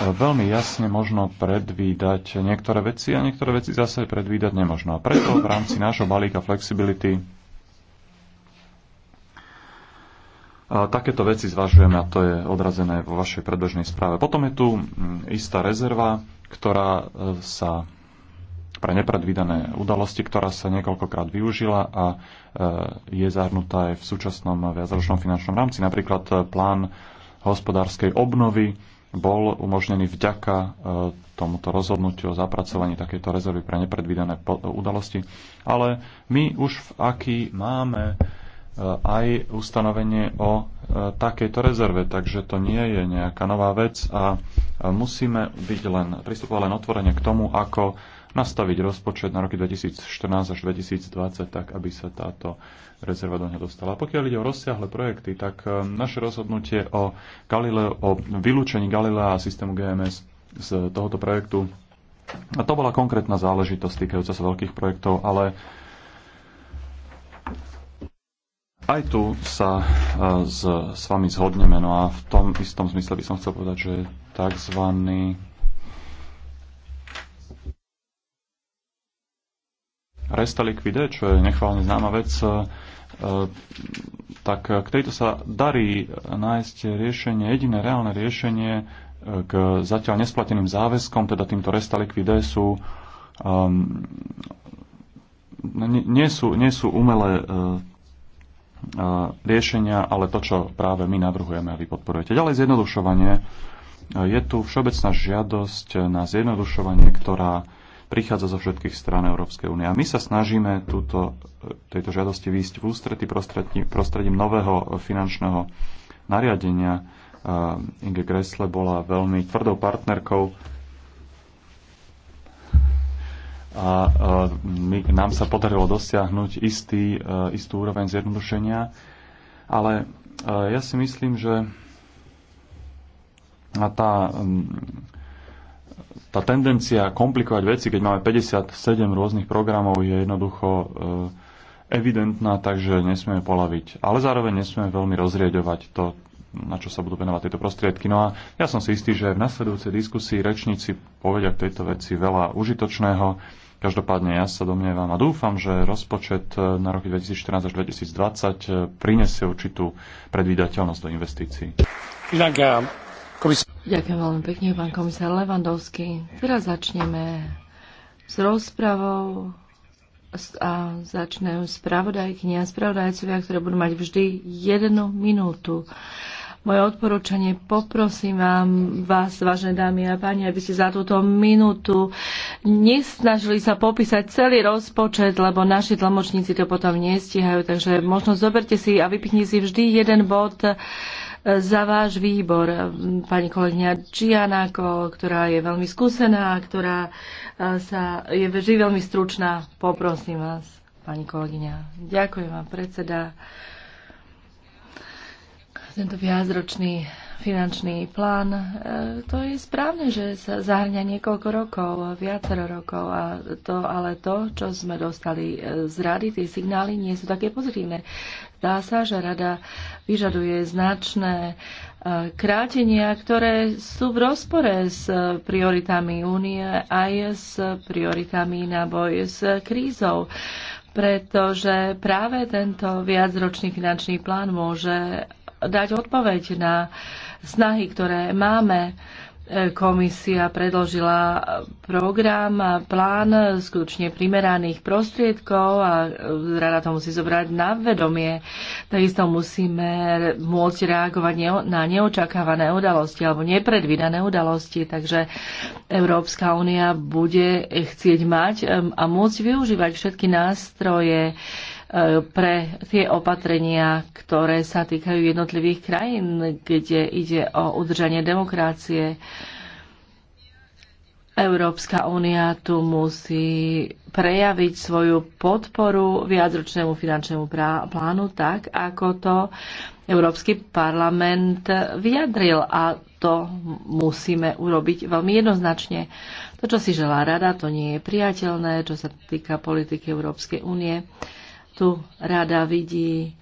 veľmi jasne možno predvídať niektoré veci a niektoré veci zase predvídať nemožno. A preto v rámci nášho balíka flexibility A takéto veci zvažujeme a to je odrazené vo vašej predbežnej správe. Potom je tu istá rezerva, ktorá sa pre nepredvídané udalosti, ktorá sa niekoľkokrát využila a e, je zahrnutá aj v súčasnom viacročnom finančnom rámci. Napríklad e, plán hospodárskej obnovy bol umožnený vďaka e, tomuto rozhodnutiu o zapracovaní takejto rezervy pre nepredvídané udalosti. Ale my už v aký máme aj ustanovenie o takejto rezerve, takže to nie je nejaká nová vec a musíme byť len, pristupovať len otvorene k tomu, ako nastaviť rozpočet na roky 2014 až 2020 tak, aby sa táto rezerva do neho dostala. A pokiaľ ide o rozsiahle projekty, tak e, naše rozhodnutie o, Galileo, o vylúčení Galilea a systému GMS z tohoto projektu, a to bola konkrétna záležitosť týkajúca sa veľkých projektov, ale aj tu sa e, s, s vami zhodneme. No a v tom istom zmysle by som chcel povedať, že tzv. resta liquide, čo je nechválne známa vec, e, tak k tejto sa darí nájsť riešenie, jediné reálne riešenie e, k zatiaľ nesplateným záväzkom, teda týmto resta liquide sú, um, nie, sú, nie sú umelé e, riešenia, ale to, čo práve my navrhujeme a vy podporujete. Ďalej zjednodušovanie. Je tu všeobecná žiadosť na zjednodušovanie, ktorá prichádza zo všetkých strán Európskej únie. A my sa snažíme túto, tejto žiadosti výjsť v ústretí prostredím nového finančného nariadenia. Inge Gressle bola veľmi tvrdou partnerkou a my, nám sa podarilo dosiahnuť istý, istú úroveň zjednodušenia, ale ja si myslím, že tá tá tendencia komplikovať veci, keď máme 57 rôznych programov, je jednoducho eh, evidentná, takže nesmieme polaviť. Ale zároveň nesmieme veľmi rozrieďovať to, na čo sa budú venovať tieto prostriedky. No a ja som si istý, že v nasledujúcej diskusii rečníci povedia k tejto veci veľa užitočného. Každopádne ja sa domnievam a dúfam, že rozpočet eh, na roky 2014 až 2020 eh, prinesie určitú predvídateľnosť do investícií. Ďakujem. Komis- Ďakujem veľmi pekne, pán komisár Levandovský. Teraz začneme s rozpravou a začneme spravodajkyni a spravodajcovia, ktoré budú mať vždy jednu minútu. Moje odporúčanie, poprosím vám, vás, vážené dámy a páni, aby ste za túto minútu nesnažili sa popísať celý rozpočet, lebo naši tlmočníci to potom nestihajú, takže možno zoberte si a vypichni si vždy jeden bod, za váš výbor. Pani kolegyňa Čianáko, ktorá je veľmi skúsená, ktorá e, sa je vždy veľmi stručná. Poprosím vás, pani kolegyňa. Ďakujem vám, predseda. Tento viacročný finančný plán. E, to je správne, že sa zahrňa niekoľko rokov, viacero rokov, a to, ale to, čo sme dostali e, z rady, tie signály nie sú také pozitívne. Zdá sa, že rada vyžaduje značné e, krátenia, ktoré sú v rozpore s prioritami únie aj s prioritami na boj s krízou pretože práve tento viacročný finančný plán môže dať odpoveď na uh, snahy, ktoré máme. E, komisia predložila program a plán skutočne primeraných prostriedkov a e, rada to musí zobrať na vedomie. Takisto musíme môcť reagovať na neočakávané udalosti alebo nepredvídané udalosti, takže Európska únia bude chcieť mať e, a môcť využívať všetky nástroje, pre tie opatrenia, ktoré sa týkajú jednotlivých krajín, kde ide o udržanie demokracie. Európska únia tu musí prejaviť svoju podporu viacročnému finančnému plánu tak, ako to Európsky parlament vyjadril a to musíme urobiť veľmi jednoznačne. To, čo si želá rada, to nie je priateľné, čo sa týka politiky Európskej únie. Uh, tu rada vidí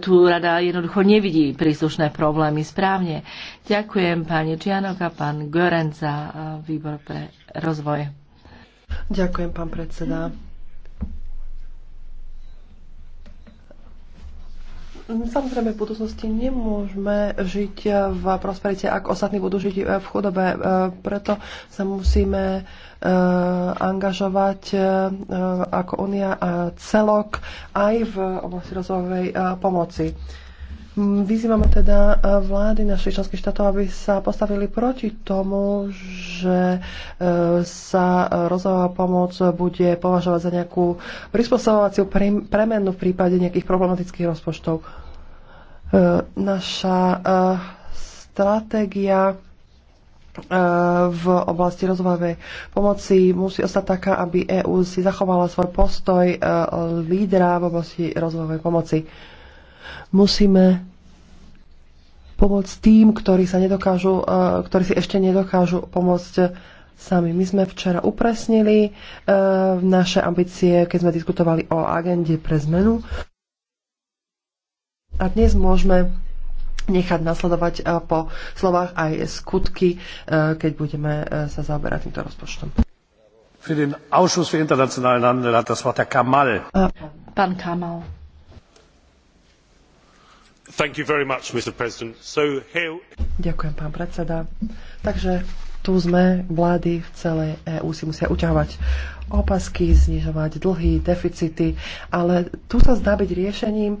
tu rada jednoducho nevidí príslušné problémy správne. Ďakujem pani Čianok a pán Goren za výbor pre rozvoj. Ďakujem, pán predseda. Samozrejme, v budúcnosti nemôžeme žiť v prosperite, ak ostatní budú žiť v chudobe. E, preto sa musíme Eh, angažovať eh, eh, ako Unia a celok aj v oblasti rozvojovej pomoci. Mm, Vyzývame teda vlády našich členských štátov, aby sa postavili proti tomu, že sa rozvojová pomoc bude považovať za nejakú prispôsobovaciu premenu v prípade nejakých problematických rozpočtov. Naša stratégia E, v oblasti rozvojovej pomoci musí ostať taká, aby EÚ si zachovala svoj postoj e, lídra v oblasti rozvojovej pomoci. Musíme pomôcť tým, ktorí, sa nedokážu, e, ktorí si ešte nedokážu pomôcť sami. My sme včera upresnili naše ambície, keď sme diskutovali o agende pre zmenu. A dnes môžeme nechať nasledovať eh, po slovách aj skutky, eh, keď budeme eh, sa zaoberať týmto rozpočtom. Für den Ausschuss für internationalen Handel hat das Wort Herr Kamal. Pán Kamal. Thank you very much, Mr. President. So here... Ďakujem, pán predseda. Takže tu sme, vlády v celej EÚ si musia uťahovať opasky, znižovať dlhy, deficity, ale tu sa zdá byť riešením e,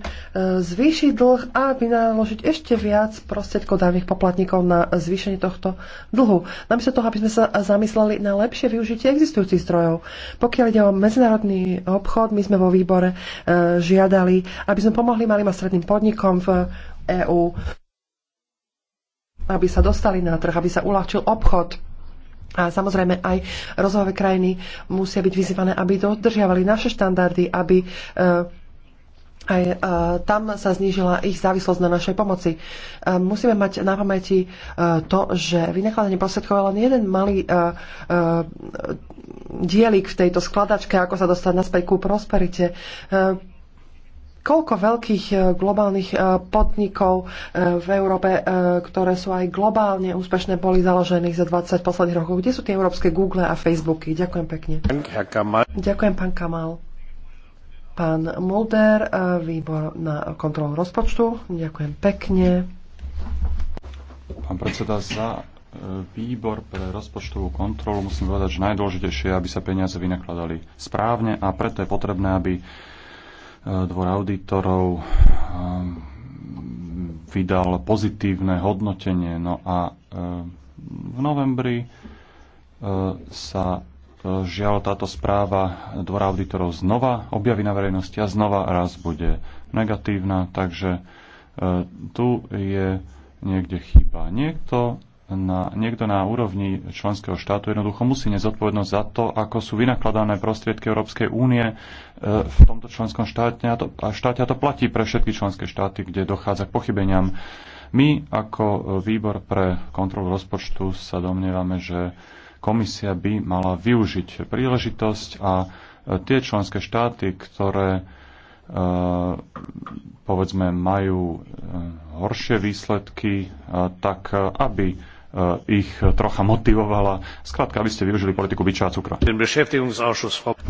zvýšiť dlh a vynaložiť ešte viac prostriedkov daných poplatníkov na zvýšenie tohto dlhu. Namiesto toho, aby sme sa zamysleli na lepšie využitie existujúcich zdrojov. Pokiaľ ide o medzinárodný obchod, my sme vo výbore e, žiadali, aby sme pomohli malým a stredným podnikom v EÚ aby sa dostali na trh, aby sa uľahčil obchod. A samozrejme aj rozvojové krajiny musia byť vyzývané, aby dodržiavali naše štandardy, aby eh, aj eh, tam sa znížila ich závislosť na našej pomoci. Eh, musíme mať na pamäti to, že vynakladanie prostriedkov je len jeden malý dielik v tejto skladačke, ako sa dostať naspäť ku prosperite koľko veľkých e, globálnych e, podnikov e, v Európe, ktoré sú aj globálne úspešné, boli založených za 20 posledných rokov. Kde sú tie európske Google a Facebooky? Ďakujem pekne. Ďakujem, pán Kamal. Pán Mulder, výbor na kontrolu rozpočtu. Ďakujem pekne. Pán predseda, za výbor pre rozpočtovú kontrolu musím povedať, že najdôležitejšie je, aby sa peniaze vynakladali správne a preto je potrebné, aby Eh, dvor auditorov eh, vydal pozitívne hodnotenie. No a eh, v novembri sa žiaľ táto správa dvora auditorov znova objaví na verejnosti a znova raz bude negatívna, takže tu je niekde chyba. Niekto na, niekto na úrovni členského štátu jednoducho musí nezodpovednosť za to, ako sú vynakladané prostriedky Európskej únie e, v tomto členskom štáte a, to, a štáte a to platí pre všetky členské štáty, kde dochádza k pochybeniam. My ako e, výbor pre kontrolu rozpočtu sa domnievame, že komisia by mala využiť príležitosť a e, tie členské štáty, ktoré povedzme majú horšie výsledky, tak aby Eh, ich eh, trocha motivovala. Skrátka, aby ste využili politiku byča a cukra.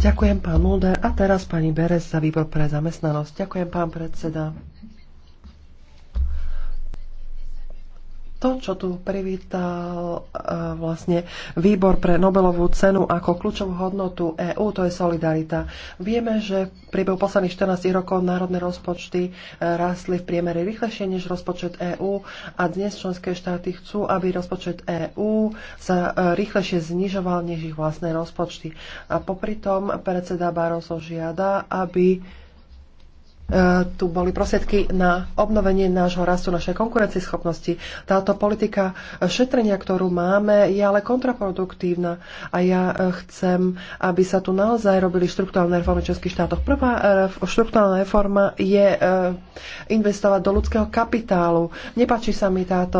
Ďakujem, pán Mulder. A teraz pani Berez za výbor pre zamestnanosť. Ďakujem, pán predseda. to, čo tu privítal e, vlastne výbor pre Nobelovú cenu ako kľúčovú hodnotu EÚ, to je solidarita. Vieme, že v priebehu posledných 14 rokov národné rozpočty e, rastli v priemere rýchlejšie než rozpočet EÚ a dnes členské štáty chcú, aby rozpočet EÚ sa e, rýchlejšie znižoval než ich vlastné rozpočty. A popri tom predseda Barroso žiada, aby E, tu boli prosedky na obnovenie nášho rastu, našej konkurencieschopnosti. Táto politika šetrenia, ktorú máme, je ale kontraproduktívna a ja e, chcem, aby sa tu naozaj robili štruktúrne reformy v Českých štátoch. Prvá e, štruktúrna reforma je investovať do ľudského kapitálu. Nepačí sa mi táto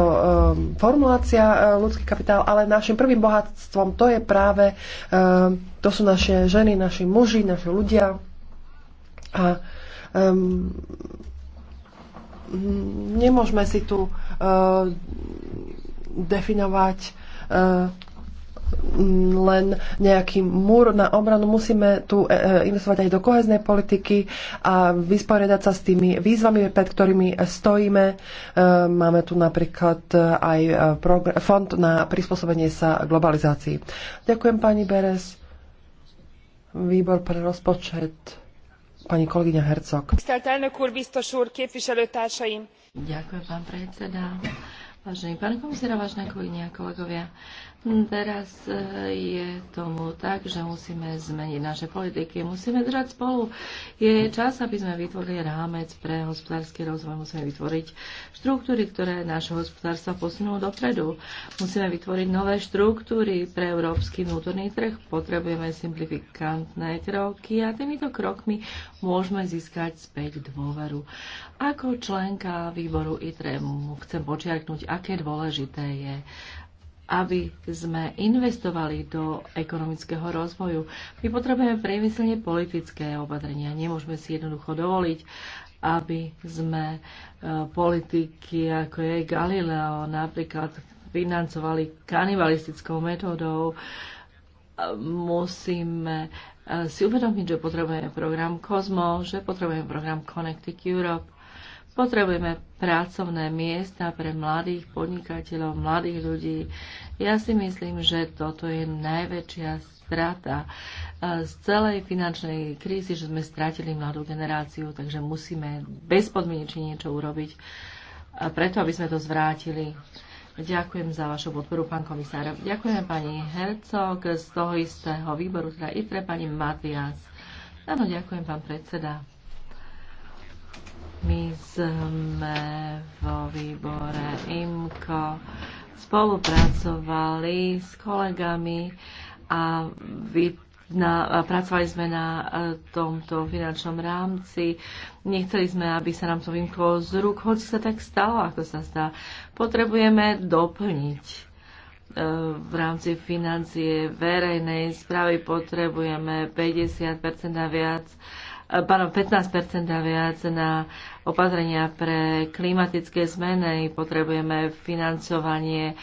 formulácia ľudský kapitál, ale našim prvým bohatstvom to je práve to sú naše ženy, naši muži, naši ľudia. A um, nemôžeme si tu uh, definovať uh, len nejaký múr na obranu. Musíme tu eh, investovať aj do koheznej politiky a vysporiadať sa s tými výzvami, pred ktorými stojíme. Máme tu napríklad aj fond na prispôsobenie sa globalizácii. Ďakujem pani Beres. Výbor pre rozpočet Pani kolegyňa Hercog. Ďakujem, pán predseda. Vážený pán komisár, vážené kolegyne a kolegovia, Teraz eh, je tomu tak, že musíme zmeniť naše politiky, musíme držať spolu. Je čas, aby sme vytvorili rámec pre hospodársky rozvoj, musíme vytvoriť štruktúry, ktoré naše hospodárstva posunú dopredu. Musíme vytvoriť nové štruktúry pre európsky vnútorný trh, potrebujeme simplifikantné kroky a týmito krokmi môžeme získať späť dôveru. Ako členka výboru ITRE chcem počiarknúť, aké dôležité je aby sme investovali do ekonomického rozvoju. My potrebujeme priemyselne politické opatrenia. Nemôžeme si jednoducho dovoliť, aby sme e, politiky, ako je Galileo, napríklad financovali kanibalistickou metódou. E, musíme e, si uvedomiť, že potrebujeme program COSMO, že potrebujeme program Connected Europe, Potrebujeme pracovné miesta pre mladých podnikateľov, mladých ľudí. Ja si myslím, že toto je najväčšia strata eh, z celej finančnej krízy, že sme stratili mladú generáciu, takže musíme bezpodmienečne niečo urobiť eh, preto, aby sme to zvrátili. Ďakujem za vašu podporu, pán komisár. Ďakujem pani Hercog z toho istého výboru, teda pre pani Matias. Áno, ďakujem, pán predseda. My sme vo výbore IMKO spolupracovali s kolegami a vy na, pracovali sme na e, tomto finančnom rámci. Nechceli sme, aby sa nám to vymklo z rúk, hoci sa tak stalo, ako sa stá. Potrebujeme doplniť e, v rámci financie verejnej správy potrebujeme 50% a viac pardon, 15% a viac na opatrenia pre klimatické zmeny. Potrebujeme financovanie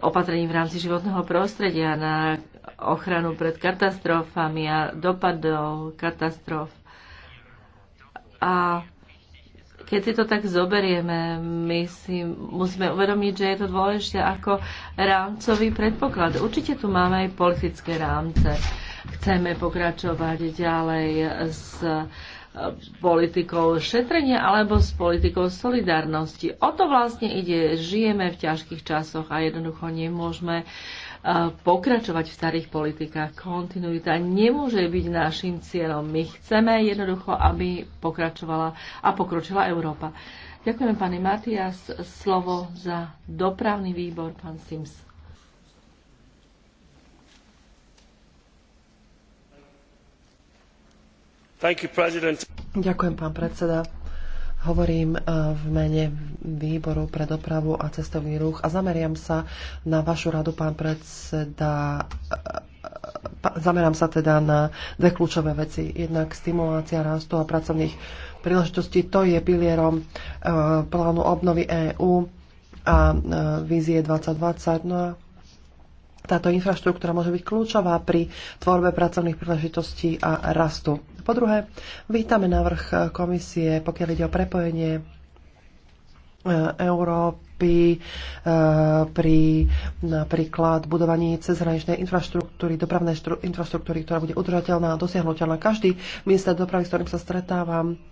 opatrení v rámci životného prostredia na ochranu pred katastrofami a dopadov katastrof. A keď si to tak zoberieme, my si musíme uvedomiť, že je to dôležité ako rámcový predpoklad. Určite tu máme aj politické rámce Chceme pokračovať ďalej s eh, politikou šetrenia alebo s politikou solidárnosti. O to vlastne ide. Žijeme v ťažkých časoch a jednoducho nemôžeme eh, pokračovať v starých politikách. Kontinuita nemôže byť našim cieľom. My chceme jednoducho, aby pokračovala a pokročila Európa. Ďakujem, pani Matias. Slovo za dopravný výbor, pán Sims. Ďakujem, pán predseda. Hovorím eh, v mene výboru pre dopravu a cestovný ruch a zameriam sa na vašu radu, pán predseda. Eh, zamerám sa teda na dve kľúčové veci. Jednak stimulácia rastu a pracovných príležitostí. To je pilierom eh, plánu obnovy EÚ a vízie 2020. No a táto infraštruktúra môže byť kľúčová pri tvorbe pracovných príležitostí a rastu po druhé, vítame návrh komisie, pokiaľ ide o prepojenie e, Európy e, pri napríklad budovaní cezhraničnej infraštruktúry, dopravnej infraštruktúry, ktorá bude udržateľná a dosiahnuteľná. Každý minister dopravy, s ktorým sa stretávam,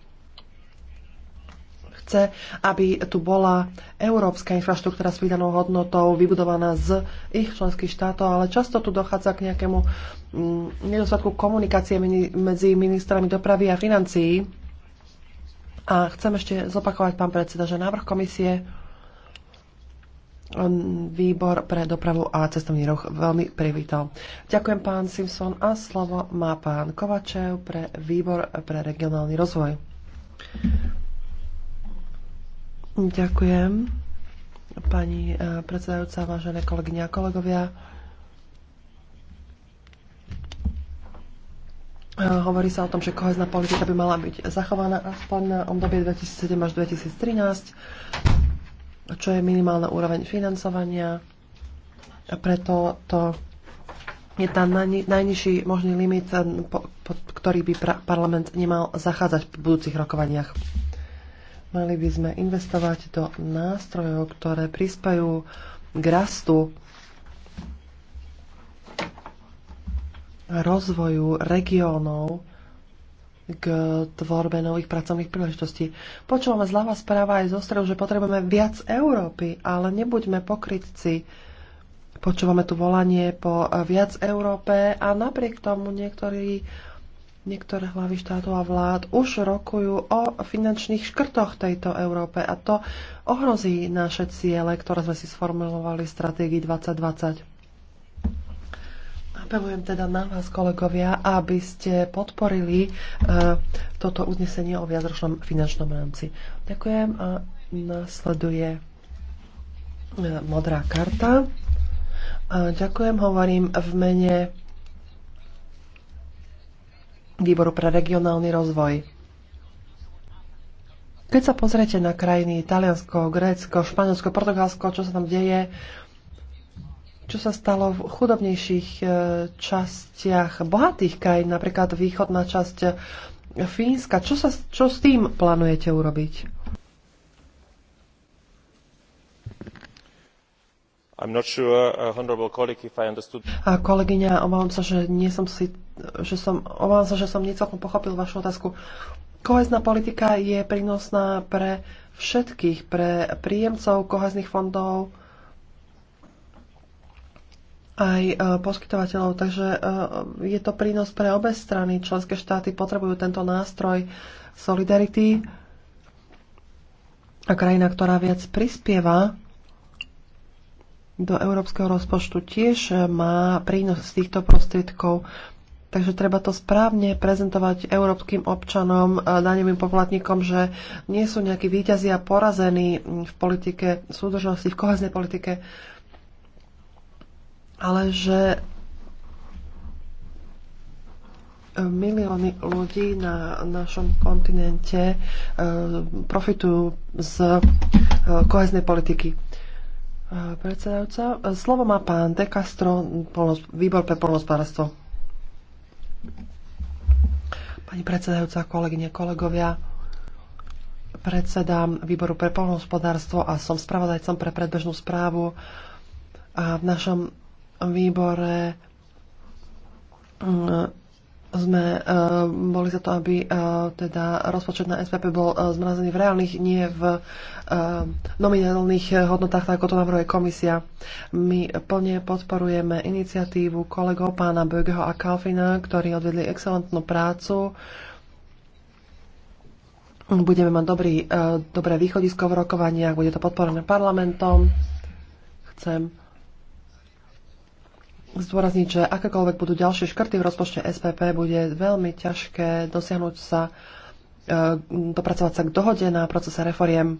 chce, aby tu bola európska infraštruktúra s pridanou hodnotou vybudovaná z ich členských štátov, ale často tu dochádza k nejakému mm, nedostatku komunikácie medzi ministrami dopravy a financií. A chcem ešte zopakovať, pán predseda, že návrh komisie mm, výbor pre dopravu a cestovný roh veľmi privítal. Ďakujem pán Simpson a slovo má pán Kovačev pre výbor pre regionálny rozvoj. Ďakujem. Pani e, predsedajúca, vážené kolegyne a kolegovia. E, hovorí sa o tom, že kohezná politika by mala byť zachovaná aspoň na obdobie 2007 až 2013, čo je minimálna úroveň financovania. A preto to je tam najnižší možný limit, e, pod ktorý by parlament nemal zachádzať v budúcich rokovaniach. Mali by sme investovať do nástrojov, ktoré prispajú k rastu rozvoju regiónov k tvorbe nových pracovných príležitostí. Počúvame zľava správa aj zo stredu, že potrebujeme viac Európy, ale nebuďme pokrytci. Počúvame tu volanie po viac Európe a napriek tomu niektorí Niektoré hlavy štátov a vlád už rokujú o finančných škrtoch tejto Európe a to ohrozí naše ciele, ktoré sme si sformulovali v stratégii 2020. Apelujem teda na vás, kolegovia, aby ste podporili uh, toto uznesenie o viacročnom finančnom rámci. Ďakujem a nasleduje uh, modrá karta. Uh, ďakujem, hovorím v mene výboru pre regionálny rozvoj. Keď sa pozriete na krajiny Taliansko, Grécko, Španielsko, Portugalsko, čo sa tam deje, čo sa stalo v chudobnejších e, častiach bohatých krajín, napríklad východná časť Fínska, čo, sa, čo s tým plánujete urobiť? Sure, uh, understood... Kolegyňa, obávam sa, že nie som si, že som, obávam sa, že som niecelkom pochopil vašu otázku. Kohezná politika je prínosná pre všetkých, pre príjemcov kohezných fondov, aj e, poskytovateľov. Takže e, je to prínos pre obe strany. Členské štáty potrebujú tento nástroj solidarity a krajina, ktorá viac prispieva do európskeho rozpočtu tiež eh, má prínos z týchto prostriedkov. Takže treba to správne prezentovať európskym občanom, eh, daňovým poplatníkom, že nie sú nejakí výťazí a porazení hm, v politike súdržnosti, v koheznej politike, ale že eh, milióny ľudí na našom kontinente profitujú z koheznej politiky predsedajúca. Slovo má pán De Castro, výbor pre polnospodárstvo. Pani predsedajúca, kolegyne, kolegovia, predsedám výboru pre polnospodárstvo a som spravodajcom pre predbežnú správu. A v našom výbore mm, sme uh, boli za to, aby uh, teda rozpočet na SPP bol uh, zmrazený v reálnych, nie v uh, nominálnych hodnotách, tak ako to navrhuje komisia. My plne podporujeme iniciatívu kolegov pána Bögeho a Kalfina, ktorí odvedli excelentnú prácu. Budeme mať dobrý, uh, dobré východisko v rokovaniach, bude to podporené parlamentom. Chcem zdôrazniť, že akékoľvek budú ďalšie škrty v rozpočte SPP, bude veľmi ťažké dosiahnuť sa, e, dopracovať sa k dohode na procese reforiem.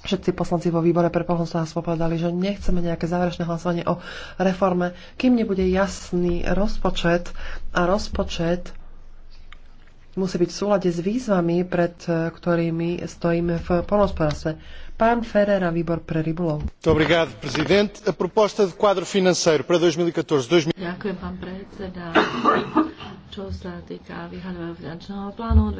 Všetci poslanci vo výbore pre pohospodárstvo povedali, že nechceme nejaké záverečné hlasovanie o reforme, kým nebude jasný rozpočet a rozpočet musí byť v súlade s výzvami, pred e, ktorými stojíme v polnospodárstve Pán Ferreira, výbor pre rybolov. Obrigado, prezident. A proposta de quadro financeiro para 2014 2000... E e Ďakujem, pán predseda. Čo sa týka vyhľadového finančného plánu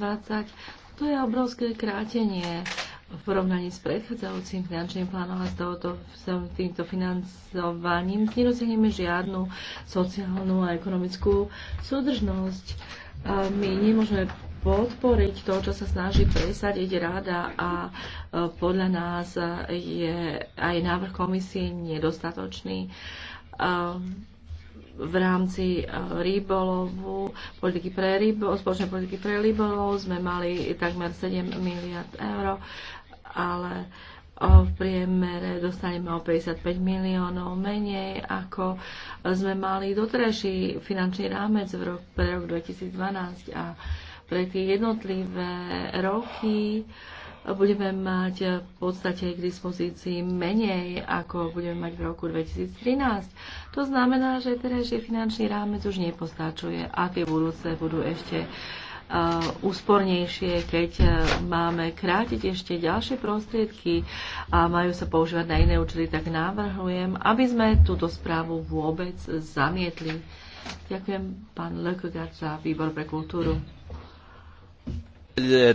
2014-2020, to je obrovské krátenie v porovnaní s predchádzajúcim finančným plánom a s, tohoto, s týmto financovaním nedosiahneme žiadnu sociálnu a ekonomickú súdržnosť. My nemôžeme podporiť to, čo sa snaží presadiť rada a e, podľa nás je aj návrh komisie nedostatočný. E, v rámci e, rybolovu, politiky pre rybolov, spoločnej politiky pre rybolov sme mali takmer 7 miliard eur, ale v priemere dostaneme o 55 miliónov menej, ako sme mali doterajší finančný rámec v rok, pre rok 2012 a pre tie jednotlivé roky budeme mať v podstate k dispozícii menej, ako budeme mať v roku 2013. To znamená, že terajší finančný rámec už nepostačuje a tie budúce budú ešte uh, úspornejšie, keď e, máme krátiť ešte ďalšie prostriedky a majú sa používať na iné účely, tak návrhujem, aby sme túto správu vôbec zamietli. Ďakujem pán Lekogard za výbor pre kultúru. Er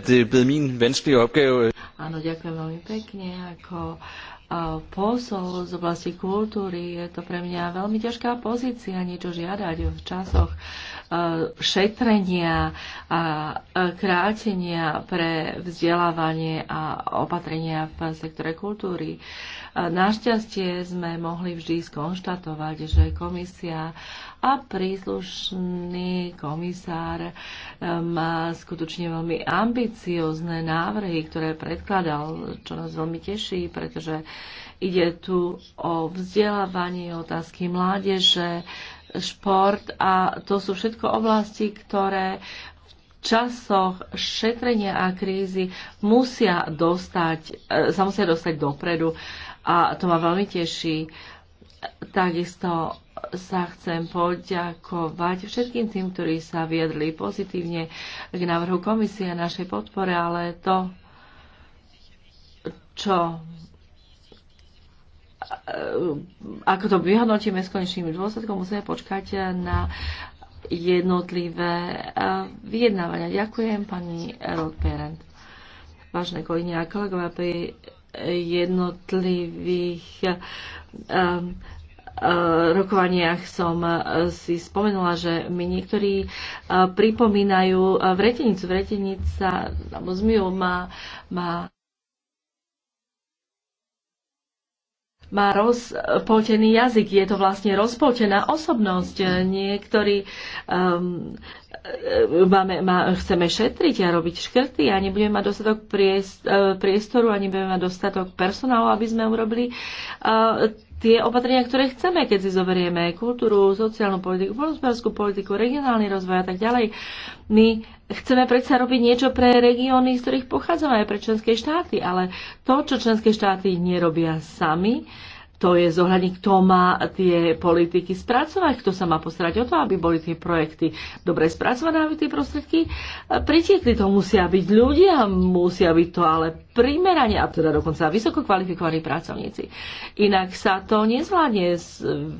Áno, ďakujem veľmi pekne. Ako posol z oblasti kultúry. Je to pre mňa veľmi ťažká pozícia niečo žiadať v časoch šetrenia a krátenia pre vzdelávanie a opatrenia v sektore kultúry. Našťastie sme mohli vždy skonštatovať, že komisia a príslušný komisár ehm, má skutočne veľmi ambiciozne návrhy, ktoré predkladal, čo nás veľmi teší, pretože ide tu o vzdelávanie, otázky mládeže, šport a to sú všetko oblasti, ktoré časoch šetrenia a krízy musia dostať, e, sa musia dostať dopredu a to ma veľmi teší. Takisto sa chcem poďakovať všetkým tým, ktorí sa viedli pozitívne k návrhu komisie a našej podpore, ale to, čo eh, ako to vyhodnotíme s konečným dôsledkom, musíme počkať na jednotlivé eh, vyjednávania. Ďakujem pani Rod Perent. Vážne kolegyne a kolegovia, pri jednotlivých um, Eh, rokovaniach som eh, si spomenula, že mi niektorí eh, pripomínajú vretenicu. Vretenica alebo zmiu má, má má rozpoltený jazyk, je to vlastne rozpoltená osobnosť. Niektorí um, máme, má, chceme šetriť a robiť škrty a nebudeme mať dostatok priestoru ani nebudeme mať dostatok personálu, aby sme urobili uh, tie opatrenia, ktoré chceme, keď si zoberieme kultúru, sociálnu politiku, hospodárskú politiku, regionálny rozvoj a tak ďalej. My chceme predsa robiť niečo pre regióny, z ktorých pochádzame aj pre členské štáty, ale to, čo členské štáty nerobia sami, to je zohľadniť, kto má tie politiky spracovať, kto sa má postarať o to, aby boli tie projekty dobre spracované, aby tie prostriedky e, pritiekli. To musia byť ľudia, musia byť to ale primerane, a teda dokonca vysoko kvalifikovaní pracovníci. Inak sa to nezvládne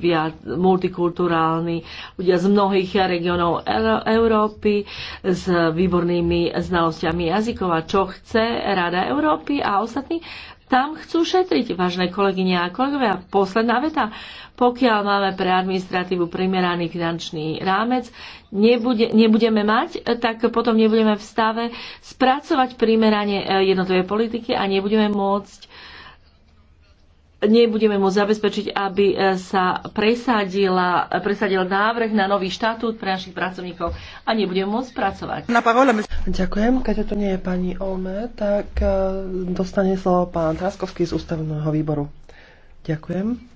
viac multikulturálni ľudia z mnohých regionov Európy s výbornými znalosťami jazykov a čo chce Rada Európy a ostatní tam chcú šetriť, vážne kolegyne a kolegovia. Posledná veta. Pokiaľ máme pre administratívu primeraný finančný rámec, nebude, nebudeme mať, tak potom nebudeme v stave spracovať primerane eh, jednotlivé politiky a nebudeme môcť nebudeme môcť zabezpečiť, aby e, sa presadila, presadil návrh na nový štatút pre našich pracovníkov a nebudeme môcť pracovať. Na Ďakujem. Keď to nie je pani Olme, tak e, dostane slovo pán Traskovský z ústavného výboru. Ďakujem.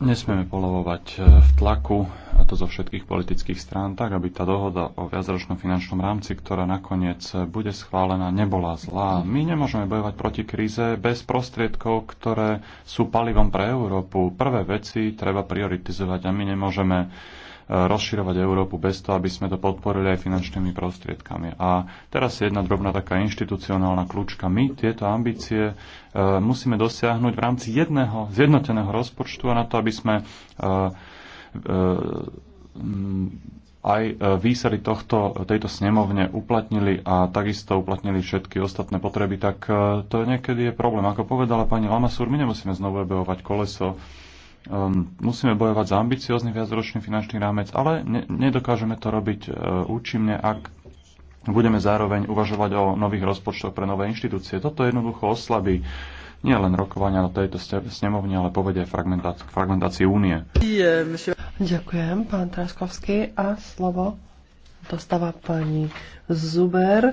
Nesmieme polovovať e, v tlaku, a to zo všetkých politických strán, tak, aby tá dohoda o viacročnom finančnom rámci, ktorá nakoniec e, bude schválená, nebola zlá. My nemôžeme bojovať proti kríze bez prostriedkov, ktoré sú palivom pre Európu. Prvé veci treba prioritizovať a my nemôžeme rozširovať Európu bez toho, aby sme to podporili aj finančnými prostriedkami. A teraz je jedna drobná taká inštitucionálna kľúčka. My tieto ambície e, musíme dosiahnuť v rámci jedného zjednoteného rozpočtu a na to, aby sme e, e, aj výsady tohto, tejto snemovne uplatnili a takisto uplatnili všetky ostatné potreby, tak to niekedy je problém. Ako povedala pani Lamasúr, my nemusíme znovu ebovať koleso um, musíme bojovať za ambiciózny viacročný finančný rámec, ale ne, nedokážeme to robiť uh, účinne, ak budeme zároveň uvažovať o nových rozpočtoch pre nové inštitúcie. Toto jednoducho oslabí nie len rokovania na tejto snemovne, ale povedie fragmentá- fragmentácii únie. Ďakujem, pán Traskovský. A slovo dostáva pani Zuber e,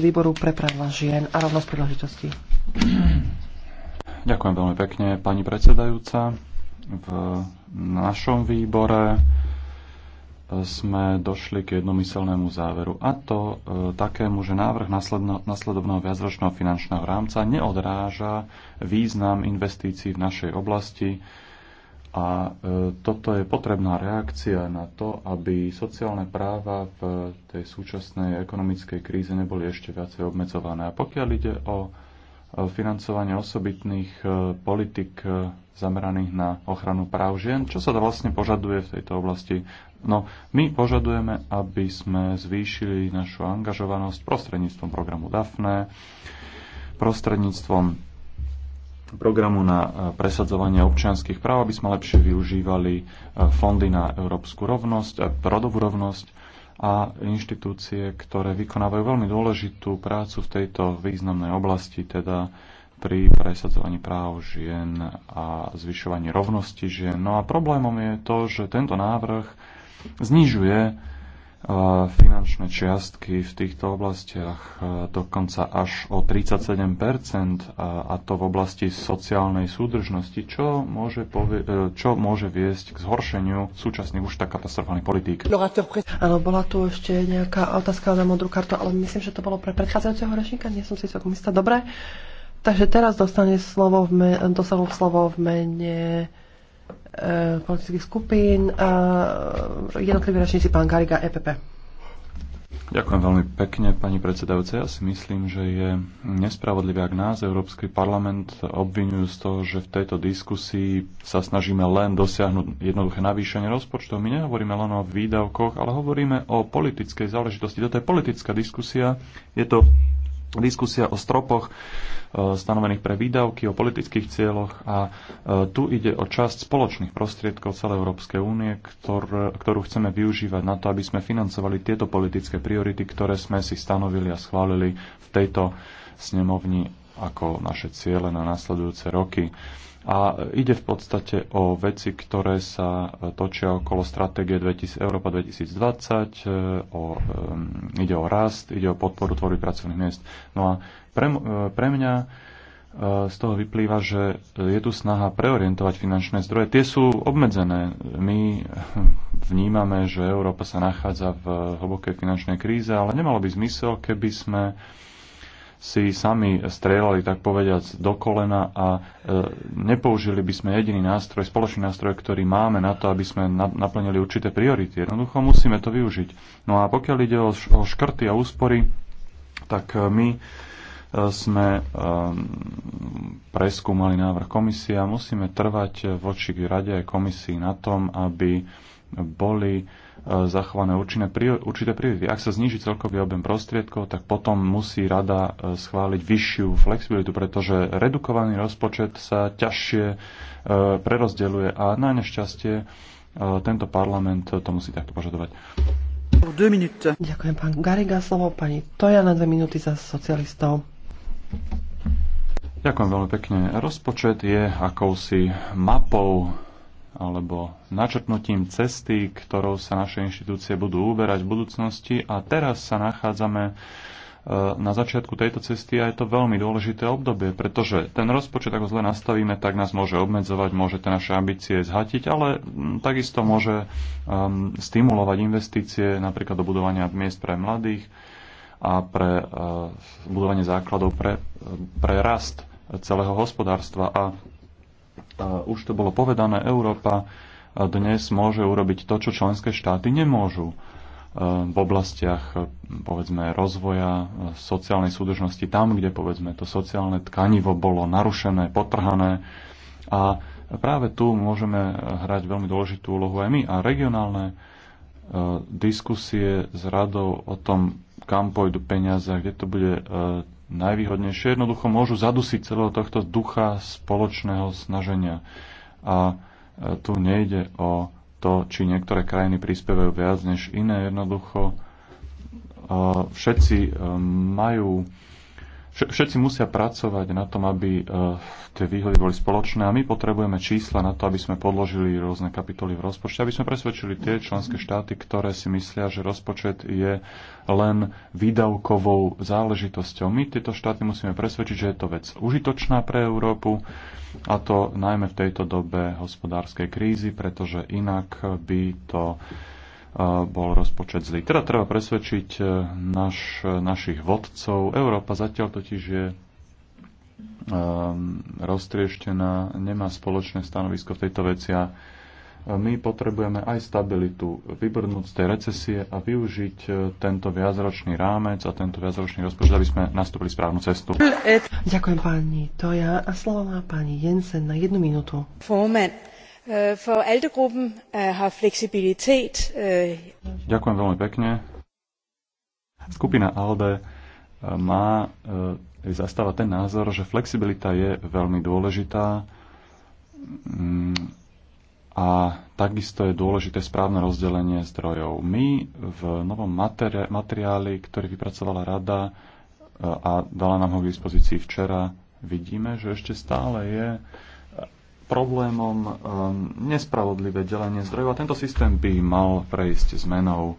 výboru pre práva žien a rovnosť príležitosti. Ďakujem veľmi pekne, pani predsedajúca v našom výbore e, sme došli k jednomyselnému záveru a to e, takému, že návrh nasledno, nasledovného viacročného finančného rámca neodráža význam investícií v našej oblasti a e, toto je potrebná reakcia na to, aby sociálne práva v tej súčasnej ekonomickej kríze neboli ešte viacej obmedzované. A pokiaľ ide o financovanie osobitných e, politik e, zameraných na ochranu práv žien. Čo sa vlastne požaduje v tejto oblasti? No, my požadujeme, aby sme zvýšili našu angažovanosť prostredníctvom programu DAFNE, prostredníctvom programu na e, presadzovanie občianských práv, aby sme lepšie využívali e, fondy na európsku rovnosť, e, rodovú rovnosť a inštitúcie, ktoré vykonávajú veľmi dôležitú prácu v tejto významnej oblasti, teda pri presadzovaní práv žien a zvyšovaní rovnosti žien. No a problémom je to, že tento návrh znižuje e, finančné čiastky v týchto oblastiach e, dokonca až o 37 a to v oblasti sociálnej súdržnosti, čo môže, povie, e, čo môže viesť k zhoršeniu súčasných už tak katastrofálnych politík. Áno, bola tu ešte nejaká otázka na modrú kartu, ale myslím, že to bolo pre predchádzajúceho rečníka, nie som si celkom istá. Dobre. Takže teraz dostane slovo v, me, dostanú slovo v mene e, politických skupín a e, jednotliví ročníci pán Gariga EPP. Ďakujem veľmi pekne, pani predsedajúce. Ja si myslím, že je nespravodlivé, ak nás Európsky parlament obvinujú z toho, že v tejto diskusii sa snažíme len dosiahnuť jednoduché navýšenie rozpočtov. My nehovoríme len o výdavkoch, ale hovoríme o politickej záležitosti. Toto je politická diskusia. Je to diskusia o stropoch e, stanovených pre výdavky, o politických cieľoch a e, tu ide o časť spoločných prostriedkov celej Európskej únie, ktor, ktorú chceme využívať na to, aby sme financovali tieto politické priority, ktoré sme si stanovili a schválili v tejto snemovni ako naše ciele na nasledujúce roky. A ide v podstate o veci, ktoré sa e, točia okolo stratégie 2000, Európa 2020, e, o, e, ide o rast, ide o podporu tvorby pracovných miest. No a pre, pre mňa z toho vyplýva, že je tu snaha preorientovať finančné zdroje. Tie sú obmedzené. My vnímame, že Európa sa nachádza v hlbokej finančnej kríze, ale nemalo by zmysel, keby sme si sami strieľali, tak povediac, do kolena a e, nepoužili by sme jediný nástroj, spoločný nástroj, ktorý máme na to, aby sme na, naplnili určité priority. Jednoducho musíme to využiť. No a pokiaľ ide o, o škrty a úspory, tak e, my e, sme e, preskúmali návrh komisie a musíme trvať voči rade aj komisii na tom, aby boli zachované určité priority. Ak sa zníži celkový objem prostriedkov, tak potom musí rada e, schváliť vyššiu flexibilitu, pretože redukovaný rozpočet sa ťažšie e, prerozdeľuje a na nešťastie e, tento parlament to musí takto požadovať. Ďakujem pán Gariga, slovo pani Toja na dve minúty za socialistov. Ďakujem veľmi pekne. Rozpočet je akousi mapou alebo načrtnutím cesty, ktorou sa naše inštitúcie budú uberať v budúcnosti. A teraz sa nachádzame e, na začiatku tejto cesty a je to veľmi dôležité obdobie, pretože ten rozpočet, ako zle nastavíme, tak nás môže obmedzovať, môže tie naše ambície zhatiť, ale takisto môže um, stimulovať investície napríklad do budovania miest pre mladých a pre uh, budovanie základov pre, pre rast celého hospodárstva. A už to bolo povedané, Európa dnes môže urobiť to, čo členské štáty nemôžu e, v oblastiach e, povedzme rozvoja e, sociálnej súdržnosti tam, kde povedzme to sociálne tkanivo bolo narušené, potrhané a práve tu môžeme hrať veľmi dôležitú úlohu aj my a regionálne diskusie s radou o tom, kam pôjdu peniaze, kde to bude najvýhodnejšie. Jednoducho môžu zadusiť celého tohto ducha spoločného snaženia. A e, tu nejde o to, či niektoré krajiny prispievajú viac než iné. Jednoducho e, všetci e, majú Všetci musia pracovať na tom, aby e, tie výhody boli spoločné a my potrebujeme čísla na to, aby sme podložili rôzne kapitoly v rozpočte, aby sme presvedčili tie členské štáty, ktoré si myslia, že rozpočet je len výdavkovou záležitosťou. My tieto štáty musíme presvedčiť, že je to vec užitočná pre Európu a to najmä v tejto dobe hospodárskej krízy, pretože inak by to bol rozpočet zlý. Teda treba presvedčiť e, naš, e, našich vodcov. Európa zatiaľ totiž je e, roztrieštená, nemá spoločné stanovisko v tejto veci a my potrebujeme aj stabilitu, vybrnúť z tej recesie a využiť tento viacročný rámec a tento viacročný rozpočet, aby sme nastúpili správnu cestu. Ďakujem pani Toja a slovo má pani Jensen na jednu minútu. Eh, for eh, har fleksibilitet... Eh, Ďakujem veľmi pekne. Skupina ALDE má, zastáva ten názor, že flexibilita je veľmi dôležitá mm, a takisto je dôležité správne rozdelenie zdrojov. My v novom materi- materiáli, ktorý vypracovala rada a dala nám ho k dispozícii včera, vidíme, že ešte stále je problémom um, nespravodlivé delenie zdrojov a tento systém by mal prejsť zmenou.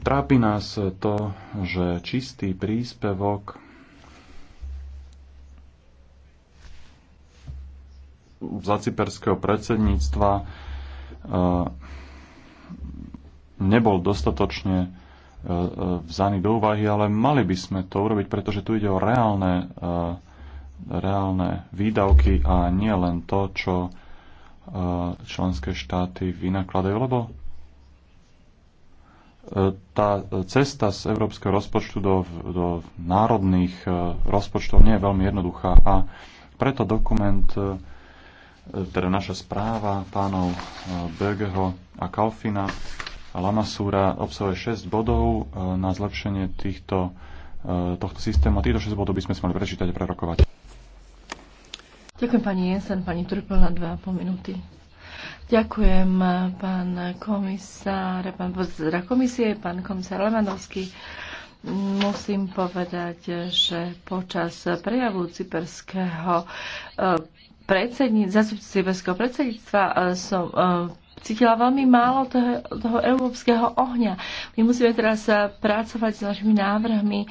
Trápi nás to, že čistý príspevok za cyperského predsedníctva uh, nebol dostatočne uh, uh, vzaný do úvahy, ale mali by sme to urobiť, pretože tu ide o reálne reálne výdavky a nie len to, čo e, členské štáty vynakladajú, lebo e, tá cesta z európskeho rozpočtu do, do národných e, rozpočtov nie je veľmi jednoduchá a preto dokument, teda naša správa pánov Bergeho a Kalfina a Lamasúra obsahuje 6 bodov na zlepšenie týchto, tohto systému a týchto 6 bodov by sme si mali prečítať a prerokovať. Ďakujem pani Jensen, pani Trpel na po minúty. Ďakujem pán komisár, pán pozdrav komisie, pán komisár Lemanovský. Musím povedať, že počas prejavu cyperského eh, predsedníctva, zastupci cyperského predsedníctva eh, som eh, cítila veľmi málo toho, toho európskeho ohňa. My musíme teraz pracovať s našimi návrhmi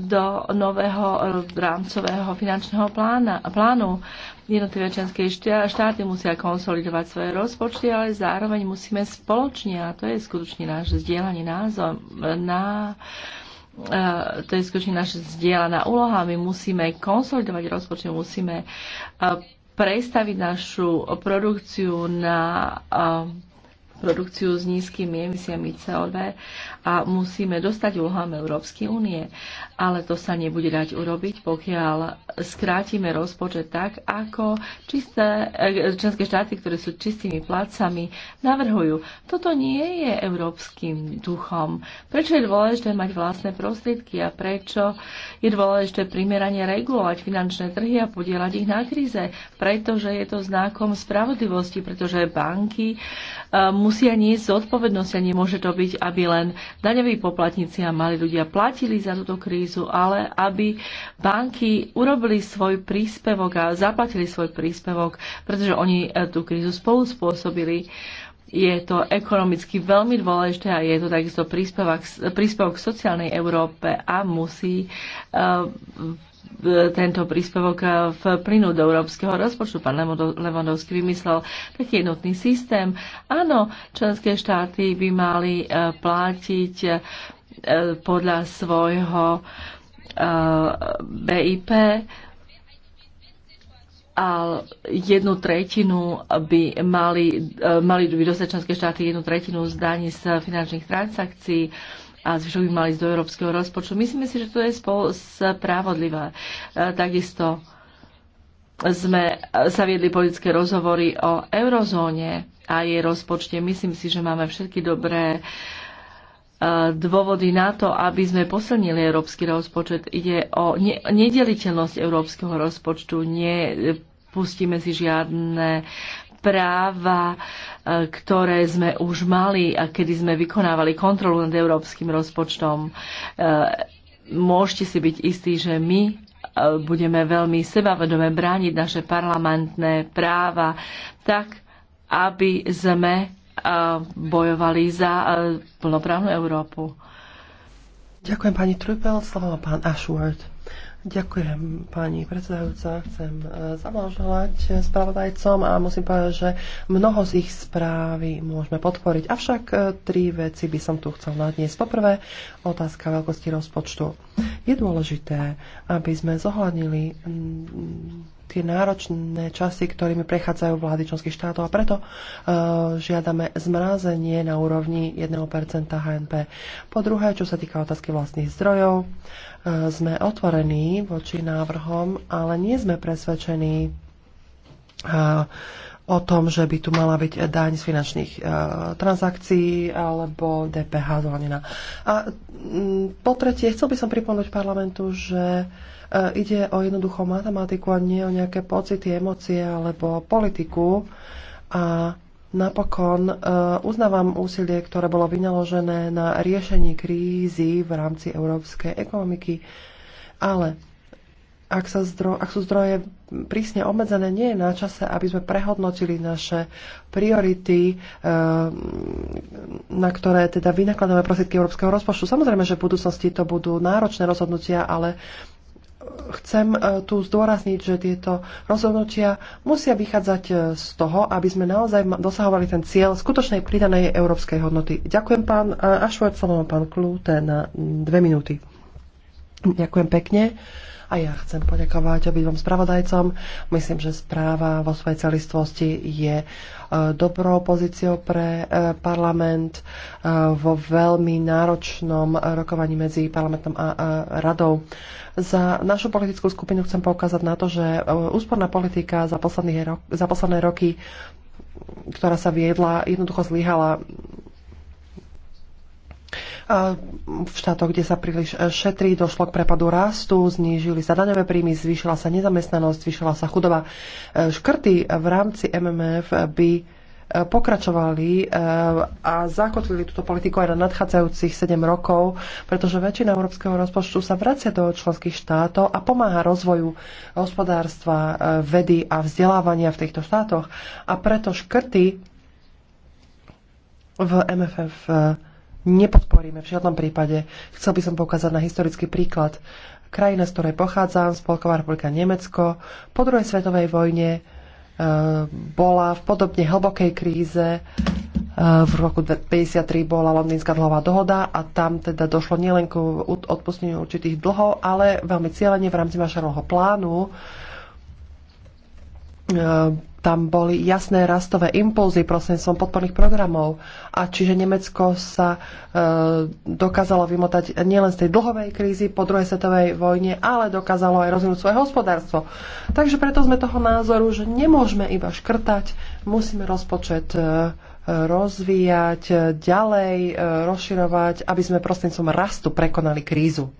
do nového e, rámcového finančného plána, plánu. Jednotlivé členské štáty musia konsolidovať svoje rozpočty, ale zároveň musíme spoločne, a to je skutočne náš zdieľaný názor, na e, to je skutočne naša zdieľaná úloha. My musíme konsolidovať rozpočet, musíme e, prestaviť našu produkciu na produkciu s nízkymi emisiami CO2 a musíme dostať úlohám Európskej únie. Ale to sa nebude dať urobiť, pokiaľ skrátime rozpočet tak, ako čisté, eh, členské štáty, ktoré sú čistými placami, navrhujú. Toto nie je európskym duchom. Prečo je dôležité mať vlastné prostriedky a prečo je dôležité primerane regulovať finančné trhy a podielať ich na kríze? Pretože je to znakom spravodlivosti, pretože banky eh, musia niesť zodpovednosť a nemôže to byť, aby len daňoví poplatníci a mali ľudia platili za túto krízu, ale aby banky urobili svoj príspevok a zaplatili svoj príspevok, pretože oni e, tú krízu spolu spôsobili. Je to ekonomicky veľmi dôležité a je to takisto príspevok, príspevok sociálnej Európe a musí uh, tento príspevok plynu do európskeho rozpočtu. Pán Levandovský vymyslel taký jednotný systém. Áno, členské štáty by mali e, platiť e, podľa svojho e, BIP a jednu tretinu by mali, mali by dostať členské štáty jednu tretinu z daní z finančných transakcií a že by mali ísť do európskeho rozpočtu. Myslíme si, že to je spravodlivé. E, takisto sme e, sa viedli politické rozhovory o eurozóne a jej rozpočte. Myslím si, že máme všetky dobré e, dôvody na to, aby sme posilnili európsky rozpočet. Ide o nedeliteľnosť európskeho rozpočtu. nepustíme si žiadne práva, e, ktoré sme už mali, kedy sme vykonávali kontrolu nad európskym rozpočtom. E, môžete si byť istí, že my e, budeme veľmi sebavedome brániť naše parlamentné práva tak, aby sme bojovali za plnoprávnu Európu. Ďakujem pani Trupel, slovo pán Ashworth. Ďakujem, pani predsedajúca. Chcem e, zablaželať spravodajcom a musím povedať, že mnoho z ich správy môžeme podporiť. Avšak e, tri veci by som tu chcel nadniesť. Poprvé, otázka veľkosti rozpočtu. Je dôležité, aby sme zohľadnili tie náročné časy, ktorými prechádzajú vlády členských štátov a preto uh, žiadame zmrazenie na úrovni 1% HNP. Po druhé, čo sa týka otázky vlastných zdrojov, uh, sme otvorení voči návrhom, ale nie sme presvedčení uh, o tom, že by tu mala byť daň z finančných e, transakcií alebo DPH zvolená. A mm, po tretie, chcel by som pripomenúť parlamentu, že e, E, ide o jednoduchú matematiku a nie o nejaké pocity, emócie alebo politiku. A Napokon e, uznávam úsilie, ktoré bolo vynaložené na riešenie krízy v rámci európskej ekonomiky, ale ak, sa zdro, ak sú zdroje prísne obmedzené, nie je na čase, aby sme prehodnotili naše priority, e, na ktoré teda vynakladáme prostriedky európskeho rozpočtu. Samozrejme, že v budúcnosti to budú náročné rozhodnutia, ale chcem e, tu zdôrazniť, že tieto rozhodnutia musia vychádzať e, z toho, aby sme naozaj dosahovali ten cieľ skutočnej pridanej európskej hodnoty. Ďakujem pán e, Ašvojc, slovom pán Klúte na dve minúty. Ďakujem pekne. A ja chcem poďakovať obidvom spravodajcom. Myslím, že správa vo svojej celistvosti je dobrou pozíciou pre parlament vo veľmi náročnom rokovaní medzi parlamentom a radou. Za našu politickú skupinu chcem poukázať na to, že e, úsporná politika za, rok, za posledné roky, ktorá sa viedla, jednoducho zlyhala v štátoch, kde sa príliš e, šetrí, došlo k prepadu rastu, znížili sa daňové príjmy, zvýšila sa nezamestnanosť, zvýšila sa chudoba. E, škrty v rámci MMF by Eh, pokračovali eh, a zakotvili túto politiku aj na nadchádzajúcich 7 rokov, pretože väčšina európskeho rozpočtu sa vracia do členských štátov a pomáha rozvoju hospodárstva, eh, vedy a vzdelávania v týchto štátoch. A preto škrty v MFF nepodporíme v žiadnom prípade. Chcel by som poukázať na historický príklad. Krajina, z ktorej pochádzam, Spolková republika Nemecko, po druhej svetovej vojne Eh, bola v podobne hlbokej kríze. Eh, v roku 1953 bola Londýnska dlhová dohoda a tam teda došlo nielen k odpusteniu určitých dlhov, ale veľmi cieľene v rámci Mašarovho plánu eh, tam boli jasné rastové impulzy prostredníctvom podporných programov. A čiže Nemecko sa e, dokázalo vymotať nielen z tej dlhovej krízy po druhej svetovej vojne, ale dokázalo aj rozvinúť svoje hospodárstvo. Takže preto sme toho názoru, že nemôžeme iba škrtať, musíme rozpočet e, rozvíjať, e, ďalej e, rozširovať, aby sme prostredníctvom rastu prekonali krízu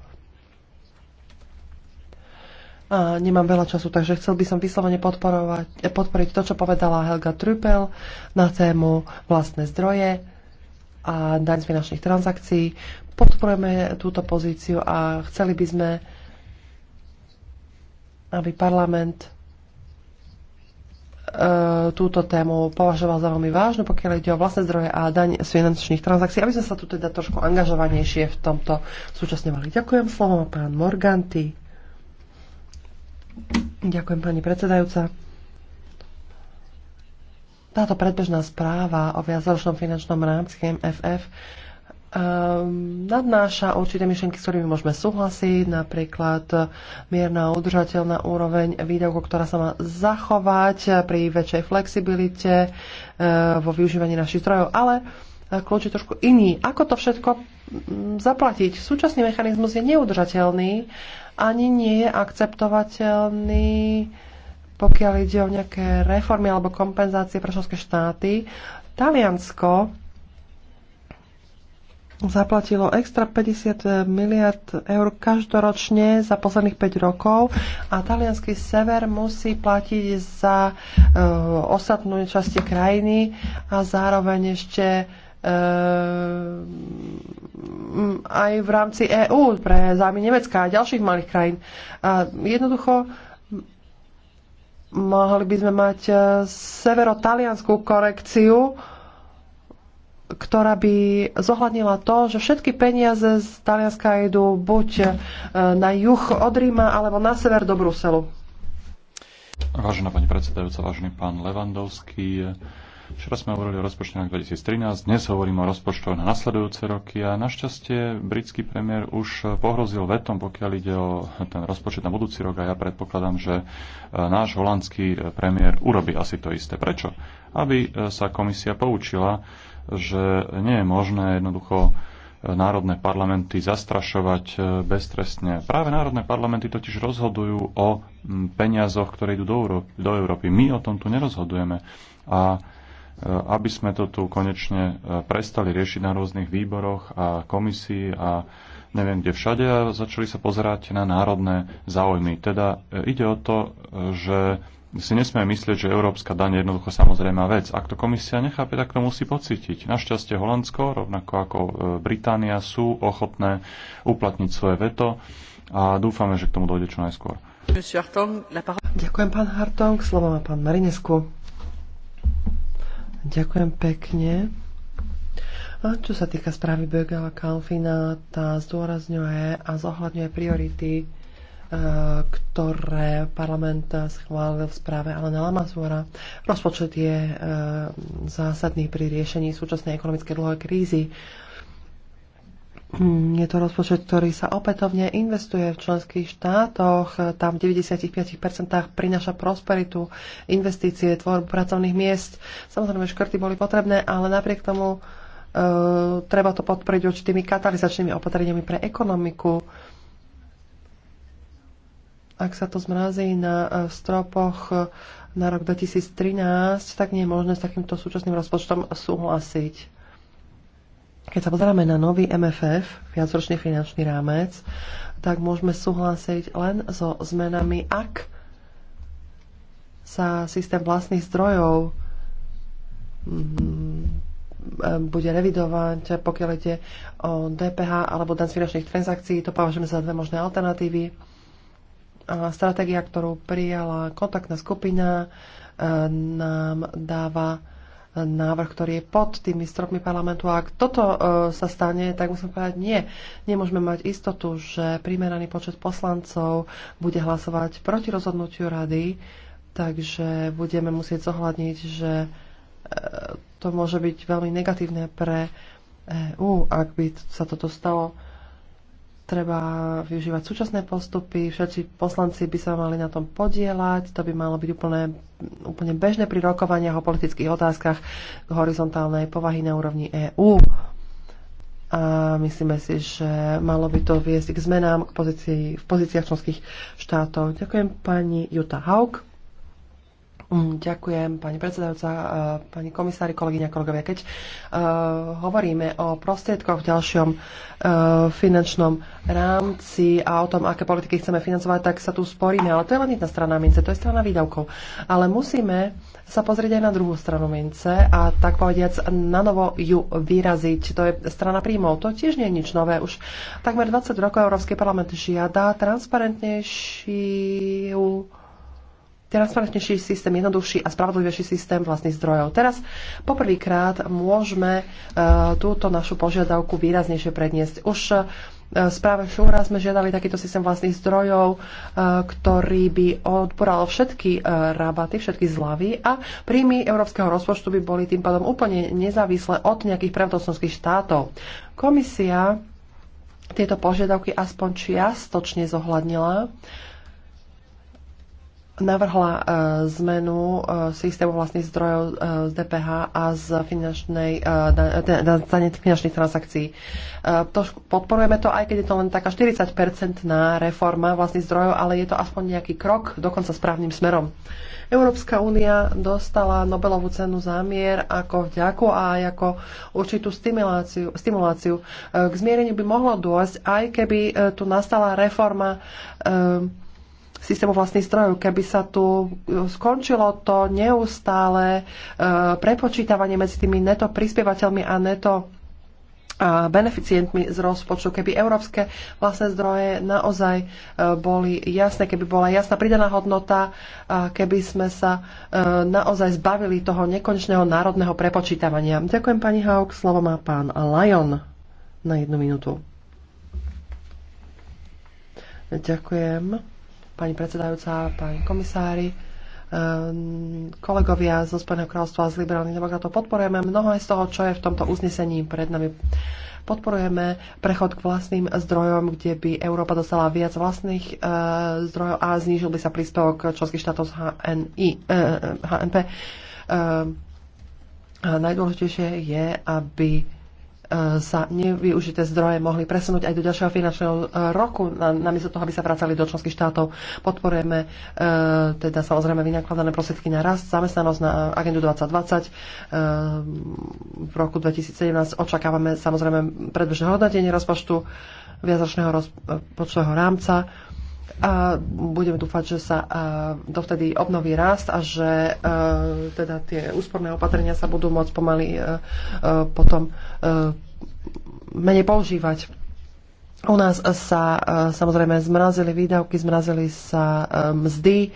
nemám veľa času, takže chcel by som vyslovene podporovať, podporiť to, čo povedala Helga Trupel na tému vlastné zdroje a daň z finančných transakcií. Podporujeme túto pozíciu a chceli by sme, aby parlament e, túto tému považoval za veľmi vážnu, pokiaľ ide o vlastné zdroje a daň z finančných transakcií, aby sme sa tu teda trošku angažovanejšie v tomto súčasne mali. Ďakujem slovo pán Morganti. Ďakujem, pani predsedajúca. Táto predbežná správa o viacročnom finančnom rámci MFF um, ehm, nadnáša určité myšlienky, s ktorými môžeme súhlasiť, napríklad mierna udržateľná úroveň výdavkov, ktorá sa má zachovať pri väčšej flexibilite uh, vo využívaní našich zdrojov, ale eh, kľúč je trošku iný. Ako to všetko zaplatiť. Súčasný mechanizmus je neudržateľný, ani nie je akceptovateľný, pokiaľ ide o nejaké reformy alebo kompenzácie pre členské štáty. Taliansko zaplatilo extra 50 miliard eur každoročne za posledných 5 rokov a talianský sever musí platiť za uh, e, ostatnú časti krajiny a zároveň ešte uh, Ehm, aj v rámci EÚ pre zájmy Nemecka a ďalších malých krajín. A jednoducho mohli by sme mať e, severotalianskú korekciu, ktorá by zohľadnila to, že všetky peniaze z Talianska idú buď e, na juh od Ríma alebo na sever do Bruselu. Vážená pani predsedajúca, vážený pán Levandovský, Včera sme hovorili o rozpočte na 2013, dnes hovoríme o rozpočtoch na nasledujúce roky a našťastie britský premiér už pohrozil vetom, pokiaľ ide o ten rozpočet na budúci rok a ja predpokladám, že e, náš holandský premiér urobí asi to isté. Prečo? Aby e, sa komisia poučila, že nie je možné jednoducho e, národné parlamenty zastrašovať beztrestne. Práve národné parlamenty totiž rozhodujú o peniazoch, ktoré idú do Európy. Do Európy. My o tom tu nerozhodujeme. A E, aby sme to tu konečne e, prestali riešiť na rôznych výboroch a komisii a neviem kde všade a začali sa pozerať na národné záujmy. Teda e, ide o to, že si nesmieme myslieť, že európska daň je jednoducho samozrejmá vec. Ak to komisia nechápe, tak to musí pocítiť. Našťastie Holandsko, rovnako ako Británia, sú ochotné uplatniť svoje veto a dúfame, že k tomu dojde čo najskôr. Ďakujem, pán Hartong. Slovo má pán Marinesku. Ďakujem pekne. A čo sa týka správy Bögela Kalfina, tá zdôrazňuje a zohľadňuje priority, e, ktoré parlament schválil v správe Alena Lamazora. Rozpočet je e, zásadný pri riešení súčasnej ekonomickej dlhovej krízy Hm, je to rozpočet, ktorý sa opätovne investuje v členských štátoch. Tam v 95% prináša prosperitu, investície, tvorbu pracovných miest. Samozrejme, škrty boli potrebné, ale napriek tomu e, treba to podporiť určitými katalizačnými opatreniami pre ekonomiku. Ak sa to zmrazí na e, stropoch e, na rok 2013, tak nie je možné s takýmto súčasným rozpočtom súhlasiť keď sa pozeráme na nový MFF, viacročný finančný rámec, tak môžeme súhlasiť len so zmenami, ak sa systém vlastných zdrojov mm, bude revidovať, pokiaľ ide o DPH alebo dan z finančných transakcií. To považujeme za dve možné alternatívy. A stratégia, ktorú prijala kontaktná skupina, e, nám dáva návrh, ktorý je pod tými stropmi parlamentu. A ak toto e, sa stane, tak musím povedať nie. Nemôžeme mať istotu, že primeraný počet poslancov bude hlasovať proti rozhodnutiu rady, takže budeme musieť zohľadniť, že e, to môže byť veľmi negatívne pre EU, ak by sa toto stalo treba využívať súčasné postupy, všetci poslanci by sa mali na tom podielať, to by malo byť úplne, úplne bežné pri rokovaniach o politických otázkach horizontálnej povahy na úrovni EÚ. A myslíme si, že malo by to viesť k zmenám k pozícii, v pozíciách členských štátov. Ďakujem pani Juta Haug. Mm, ďakujem, pani predsedajúca, e, pani komisári, kolegyňa, kolegovia. Keď uh, hovoríme o prostriedkoch v ďalšom uh, finančnom rámci a o tom, aké politiky chceme financovať, tak sa tu sporíme. Ale to je len jedna strana mince, to je strana výdavkov. Ale musíme sa pozrieť aj na druhú stranu mince a tak povediac na novo ju vyraziť. To je strana príjmov. To tiež nie je nič nové. Už takmer 20 rokov Európsky parlament žiada transparentnejšiu transparentnejší systém, jednoduchší a spravodlivejší systém vlastných zdrojov. Teraz poprvýkrát môžeme e, túto našu požiadavku výraznejšie predniesť. Už e, správe Šúra sme žiadali takýto systém vlastných zdrojov, e, ktorý by odporal všetky rabaty, všetky zlavy a príjmy európskeho rozpočtu by boli tým pádom úplne nezávislé od nejakých pravdocnostných štátov. Komisia tieto požiadavky aspoň čiastočne zohľadnila navrhla e, zmenu e, systému vlastných zdrojov e, z DPH a z finančnej, dane finančných transakcií. To, podporujeme to, aj keď je to len taká 40-percentná reforma vlastných zdrojov, ale je to aspoň nejaký krok, dokonca správnym smerom. Európska únia dostala Nobelovú cenu za mier ako vďaku a aj ako určitú stimuláciu, stimuláciu. K zmiereniu by mohlo dôjsť, aj keby tu nastala reforma systému vlastných zdrojov. Keby sa tu e, skončilo to neustále e, prepočítavanie medzi tými neto prispievateľmi a neto e, beneficientmi z rozpočtu, keby európske vlastné zdroje naozaj boli jasné, keby bola jasná pridaná hodnota, keby sme sa naozaj zbavili toho nekonečného národného prepočítavania. Ďakujem pani Hauk, slovo má pán Lajon na jednu minútu. Ďakujem pani predsedajúca, pani komisári, ehm, kolegovia zo Spojeného kráľovstva z liberálnych demokratov. Podporujeme mnoho z toho, čo je v tomto uznesení pred nami. Podporujeme prechod k vlastným zdrojom, kde by Európa dostala viac vlastných e, zdrojov a znížil by sa príspevok členských štátov z HNI, e, eh, HNP. E, ehm, najdôležitejšie je, aby sa nevyužité zdroje mohli presunúť aj do ďalšieho finančného e, roku, namiesto toho, aby sa vracali do členských štátov. Podporujeme e, teda samozrejme vynakladané prostriedky na rast, zamestnanosť na agendu 2020. E, v roku 2017 očakávame samozrejme predbežné hodnotenie rozpočtu viacročného rozpočtového rámca a budeme dúfať, že sa dovtedy obnoví rast a že teda tie úsporné opatrenia sa budú môcť pomaly potom menej používať. U nás sa samozrejme zmrazili výdavky, zmrazili sa mzdy,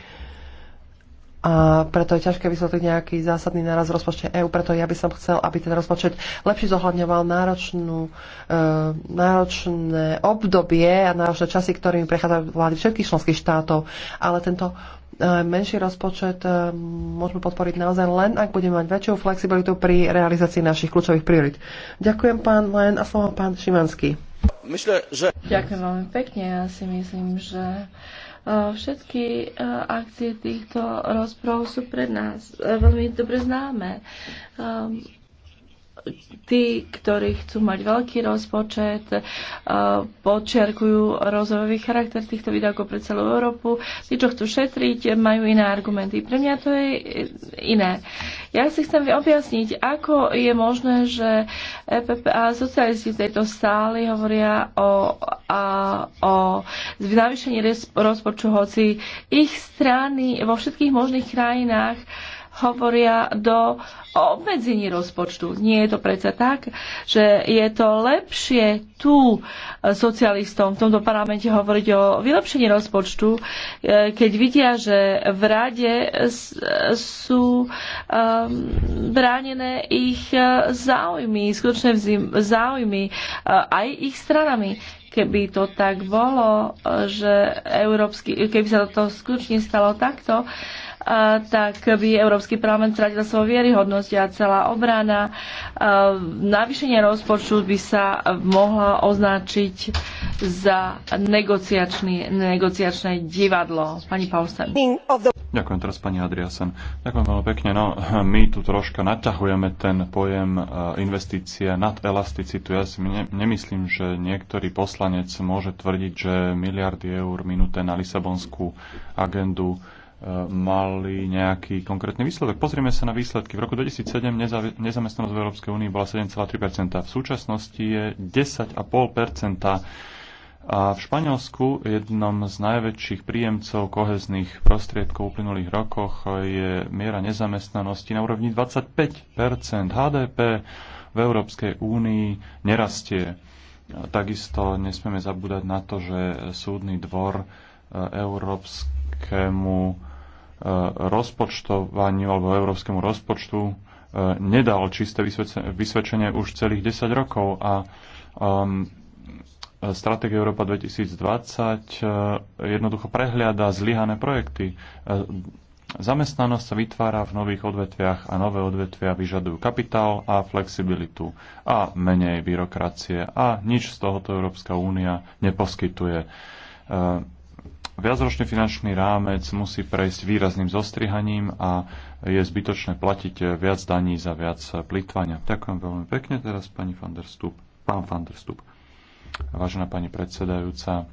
a preto je ťažké vysvetliť nejaký zásadný náraz v rozpočte EÚ, preto ja by som chcel, aby ten rozpočet lepšie zohľadňoval náročnú, e, náročné obdobie a náročné časy, ktorými prechádzajú vlády všetkých členských štátov, ale tento e, menší rozpočet e, môžeme podporiť naozaj len, ak budeme mať väčšiu flexibilitu pri realizácii našich kľúčových priorit. Ďakujem pán Len a slovo pán Šimanský. Myslím, že... Ďakujem veľmi pekne. Ja si myslím, že Všetky akcie týchto rozprov sú pred nás veľmi dobre známe tí, ktorí chcú mať veľký rozpočet, e, podčiarkujú rozvojový charakter týchto výdavkov pre celú Európu. Tí, čo chcú šetriť, majú iné argumenty. Pre mňa to je e, iné. Ja si chcem objasniť, ako je možné, že EPP a socialisti v tejto stály hovoria o, a, o navýšení rozpočtu, hoci ich strany vo všetkých možných krajinách uh, hovoria do o obmedzení rozpočtu. Nie je to predsa tak, že je to lepšie tu eh, socialistom v tomto parlamente hovoriť o vylepšení rozpočtu, eh, keď vidia, že v rade sú ehm, bránené ich eh, záujmy, skutočné záujmy aj ich stranami keby to tak bolo, že európsky, keby sa to skutočne stalo takto, tak by Európsky parlament stratil svoju vieryhodnosť a celá obrana. Navýšenie rozpočtu by sa mohla označiť za negociačné divadlo. Pani Paulsen. Ďakujem teraz pani Adriasen. Ďakujem veľmi pekne. No, my tu troška naťahujeme ten pojem e, investície nad elasticitu. Ja si ne, nemyslím, že niektorý poslanec môže tvrdiť, že miliardy eur minuté na Lisabonskú agendu mali nejaký konkrétny výsledok. Pozrieme sa na výsledky. V roku 2007 nezamestnanosť v Európskej únii bola 7,3%. V súčasnosti je 10,5%. A v Španielsku, jednom z najväčších príjemcov kohezných prostriedkov v uplynulých rokoch, je miera nezamestnanosti na úrovni 25 HDP v Európskej únii nerastie. Takisto nesmieme zabúdať na to, že súdny dvor e, Európskemu Eh, rozpočtovaniu alebo európskemu rozpočtu eh, nedal čisté vysvedčenie už celých 10 rokov a um, Stratégia Európa 2020 eh, jednoducho prehliada zlyhané projekty. Zamestnanosť sa vytvára v nových odvetviach a nové odvetvia vyžadujú kapitál a flexibilitu a menej byrokracie a nič z tohoto Európska únia neposkytuje. Viacročný finančný rámec musí prejsť výrazným zostrihaním a je zbytočné platiť viac daní za viac plýtvania. Ďakujem veľmi pekne teraz pani van der Stup, pán van der Stup. Vážená pani predsedajúca,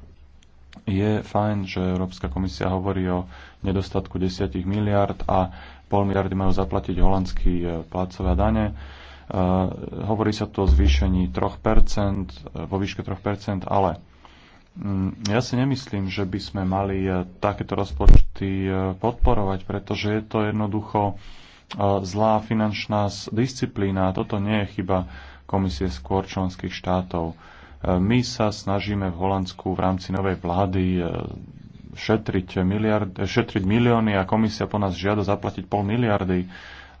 je fajn, že Európska komisia hovorí o nedostatku 10 miliard a pol miliardy majú zaplatiť holandskí e, plácové dane. Uh, hovorí sa tu o zvýšení 3%, e, vo výške 3%, ale Mm, ja si nemyslím, že by sme mali eh, takéto rozpočty eh, podporovať, pretože je to jednoducho eh, zlá finančná disciplína a toto nie je chyba komisie skôr členských štátov. My sa snažíme v Holandsku v rámci novej vlády šetriť, miliard, šetriť milióny a komisia po nás žiada zaplatiť pol miliardy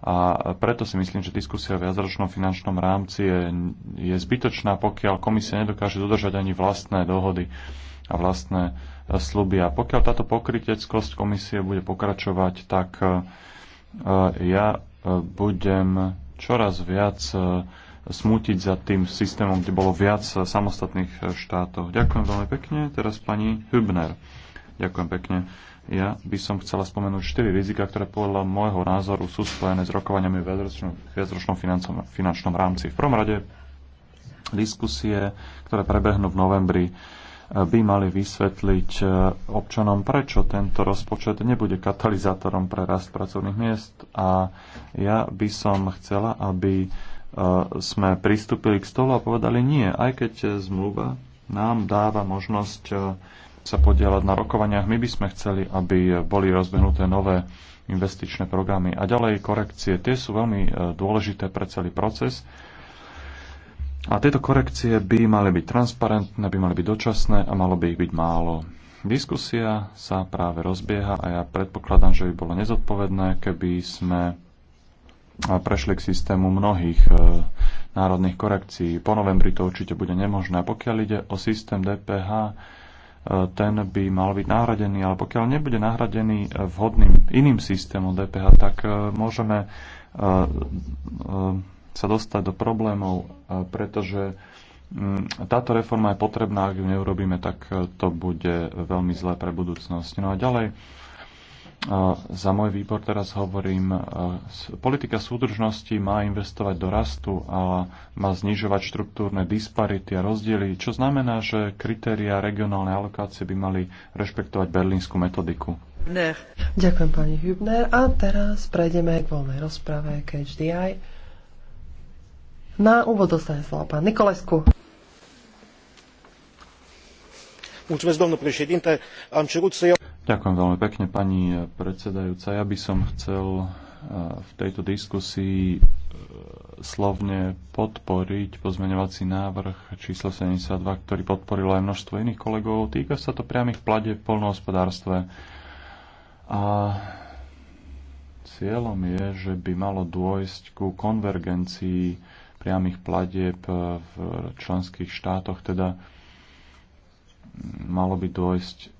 a preto si myslím, že diskusia o viacročnom finančnom rámci je, je zbytočná, pokiaľ komisia nedokáže dodržať ani vlastné dohody a vlastné e, sluby. A pokiaľ táto pokryteckosť komisie bude pokračovať, tak e, e, ja budem čoraz viac smútiť za tým systémom, kde bolo viac samostatných štátov. Ďakujem veľmi pekne. Teraz pani Hübner. Ďakujem pekne. Ja by som chcela spomenúť štyri rizika, ktoré podľa môjho názoru sú spojené s rokovaniami v viacročnom, finančnom rámci. V prvom rade diskusie, ktoré prebehnú v novembri, eh, by mali vysvetliť eh, občanom, prečo tento rozpočet nebude katalizátorom pre rast pracovných miest. A ja by som chcela, aby eh, sme pristúpili k stolu a povedali nie, aj keď zmluva nám dáva možnosť sa podielať na rokovaniach. My by sme chceli, aby boli rozbehnuté nové investičné programy a ďalej korekcie. Tie sú veľmi e, dôležité pre celý proces. A tieto korekcie by mali byť transparentné, by mali byť dočasné a malo by ich byť málo. Diskusia sa práve rozbieha a ja predpokladám, že by bolo nezodpovedné, keby sme e, prešli k systému mnohých e, národných korekcií. Po novembri to určite bude nemožné. Pokiaľ ide o systém DPH, ten by mal byť nahradený, ale pokiaľ nebude nahradený vhodným iným systémom DPH, tak e, môžeme e, e, sa dostať do problémov, pretože mm, táto reforma je potrebná, ak ju neurobíme, tak to bude veľmi zlé pre budúcnosť. No a ďalej, za môj výbor teraz hovorím, e, politika súdržnosti má investovať do rastu a má znižovať štruktúrne disparity a rozdiely, čo znamená, že kritéria regionálnej alokácie by mali rešpektovať berlínsku metodiku. Ne. Ďakujem pani Hübner a teraz prejdeme k voľnej rozprave KHDI. Na úvod dostane slovo pán Nikolesku Mulțumesc, domnul președinte. am cerut să iau Ďakujem veľmi pekne, pani predsedajúca. Ja by som chcel e, v tejto diskusii e, slovne podporiť pozmeňovací návrh číslo 72, ktorý podporilo aj množstvo iných kolegov. Týka sa to priamých plade v polnohospodárstve. A cieľom je, že by malo dôjsť ku konvergencii priamých pladeb v členských štátoch, teda malo by dôjsť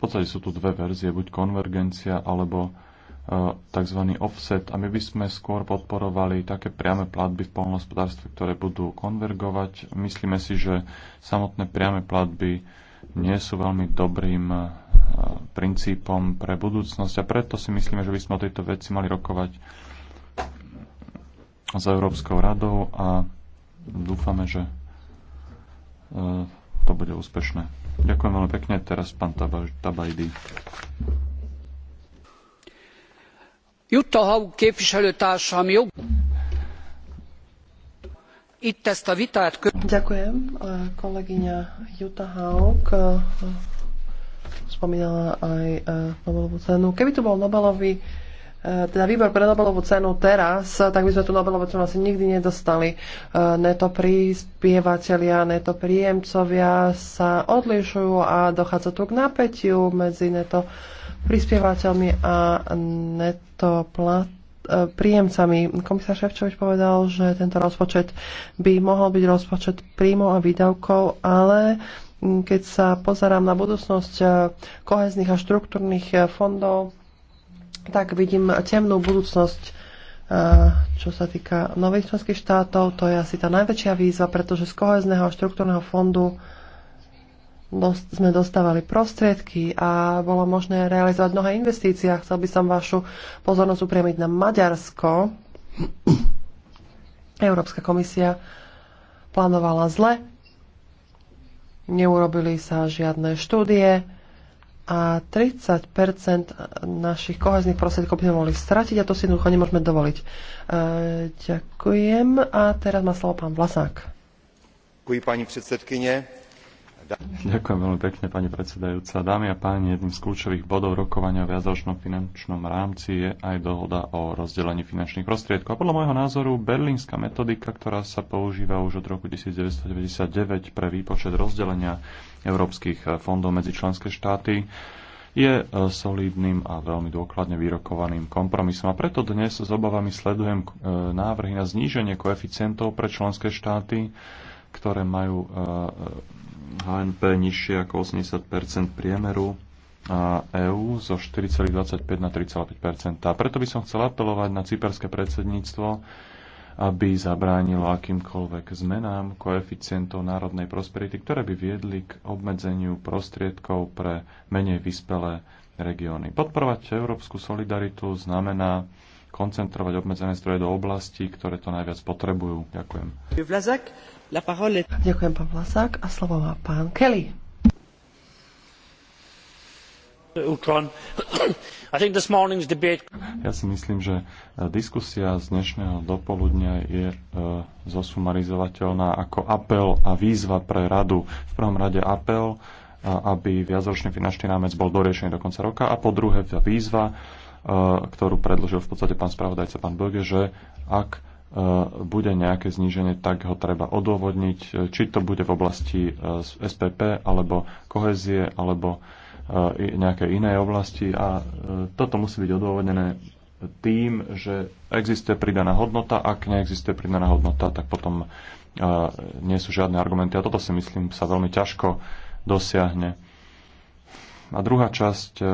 podstate sú tu dve verzie, buď konvergencia alebo e, tzv. offset a my by sme skôr podporovali také priame platby v poľnohospodárstve, ktoré budú konvergovať. Myslíme si, že samotné priame platby nie sú veľmi dobrým e, princípom pre budúcnosť a preto si myslíme, že by sme o tejto veci mali rokovať s Európskou radou a dúfame, že e, to bude úspešné. Ďakujem veľmi pekne. Teraz pán Tabajdy. Jutta képviselőtársam jobb. Itt ezt a vitát... Ďakujem. Eh, kolegyňa Jutta Haug eh, spomínala aj eh, Nobelovú cenu. Keby tu bol Nobelový Eh, teda výbor pre Nobelovú cenu teraz, tak by sme tú Nobelovú cenu asi nikdy nedostali. Eh, neto prispievateľia, neto príjemcovia sa odlišujú a dochádza tu k napätiu medzi neto prispievateľmi a neto plat eh, príjemcami. Komisár Ševčovič povedal, že tento rozpočet by mohol byť rozpočet príjmov a výdavkov, ale mm, keď sa pozerám na budúcnosť kohezných a štruktúrnych fondov, tak vidím temnú budúcnosť e, čo sa týka nových členských štátov, to je asi tá najväčšia výzva, pretože z kohezného a štruktúrneho fondu sme dostávali prostriedky a bolo možné realizovať mnohé investície. Chcel by som vašu pozornosť upriamiť na Maďarsko. Európska komisia plánovala zle, neurobili sa žiadne štúdie, a 30 našich kohezných prostriedkov by sme mohli stratiť a to si jednoducho nemôžeme dovoliť. E, ďakujem a teraz má slovo pán Vlasák. Ďakujem pani predsedkyne. Ďakujem veľmi pekne, pani predsedajúca. Dámy a páni, jedným z kľúčových bodov rokovania o viacročnom finančnom rámci je aj dohoda o rozdelení finančných prostriedkov. A podľa môjho názoru berlínska metodika, ktorá sa používa už od roku 1999 pre výpočet rozdelenia európskych eh, fondov medzi členské štáty je eh, solidným a veľmi dôkladne vyrokovaným kompromisom. A preto dnes s obavami sledujem eh, návrhy na zníženie koeficientov pre členské štáty, ktoré majú HNP nižšie ako 80 priemeru EÚ zo 4,25 na 3,5 A preto by som chcel apelovať na cyperské predsedníctvo, aby zabránilo akýmkoľvek zmenám koeficientov národnej prosperity, ktoré by viedli k obmedzeniu prostriedkov pre menej vyspelé regióny. Podporovať európsku solidaritu znamená koncentrovať obmedzené zdroje do oblastí, ktoré to najviac potrebujú. Ďakujem. Ďakujem, pán Vlasák. A slovo má pán Kelly. Ja si myslím, že e, diskusia z dnešného dopoludnia je e, zosumarizovateľná ako apel a výzva pre radu. V prvom rade apel, e, aby viacročný finančný rámec bol doriešený do konca roka a po druhé výzva, ktorú predložil v podstate pán spravodajca, pán Böge, že ak bude nejaké zníženie, tak ho treba odôvodniť, či to bude v oblasti SPP alebo kohezie alebo nejaké inej oblasti a e, toto musí byť odôvodnené tým, že existuje pridaná hodnota. Ak neexistuje pridaná hodnota, tak potom e, nie sú žiadne argumenty. A toto si myslím sa veľmi ťažko dosiahne. A druhá časť e,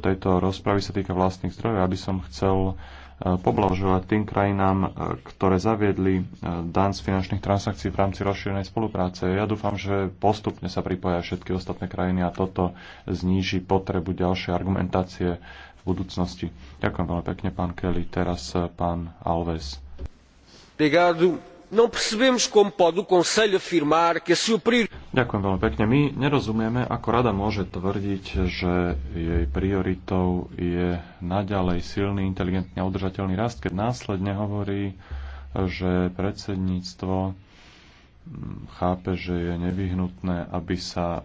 tejto rozpravy sa týka vlastných zdrojov. Aby som chcel Eh, Poblažovať tým krajinám, eh, ktoré zaviedli eh, dan z finančných transakcií v rámci rozšírenej spolupráce. Ja dúfam, že postupne sa pripoja všetky ostatné krajiny a toto zníži potrebu ďalšej argumentácie v budúcnosti. Ďakujem veľmi pekne, pán Kelly. Teraz pán Alves. Obrigado. Não percebemos como pode o Conselho afirmar que a sua Ďakujem veľmi pekne. My nerozumieme, ako rada môže tvrdiť, že jej prioritou je naďalej silný, inteligentný a udržateľný rast, keď následne hovorí, že predsedníctvo mm, chápe, že je nevyhnutné, aby sa e,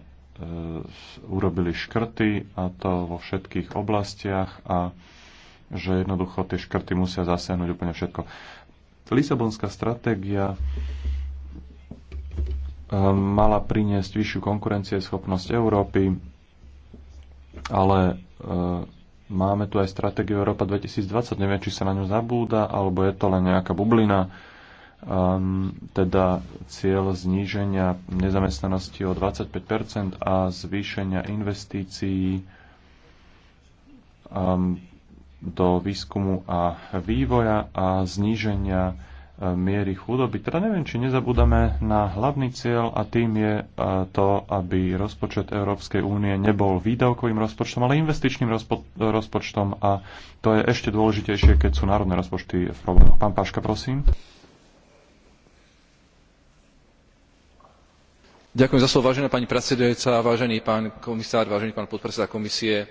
urobili škrty a to vo všetkých oblastiach a že jednoducho tie škrty musia zasiahnuť úplne všetko. Lisabonská stratégia eh, mala priniesť vyššiu konkurencieschopnosť Európy, ale eh, máme tu aj stratégiu Európa 2020, neviem, či sa na ňu zabúda, alebo je to len nejaká bublina, ehm, teda cieľ zníženia nezamestnanosti o 25 a zvýšenia investícií ehm, do výskumu a vývoja a zníženia e, miery chudoby. Teda neviem, či nezabudame na hlavný cieľ a tým je e, to, aby rozpočet Európskej únie nebol výdavkovým rozpočtom, ale investičným rozpo- rozpočtom a to je ešte dôležitejšie, keď sú národné rozpočty v problémoch. Pán Páška, prosím. Ďakujem za slovo, vážená pani predsedajúca, vážený pán komisár, vážený pán podpredseda komisie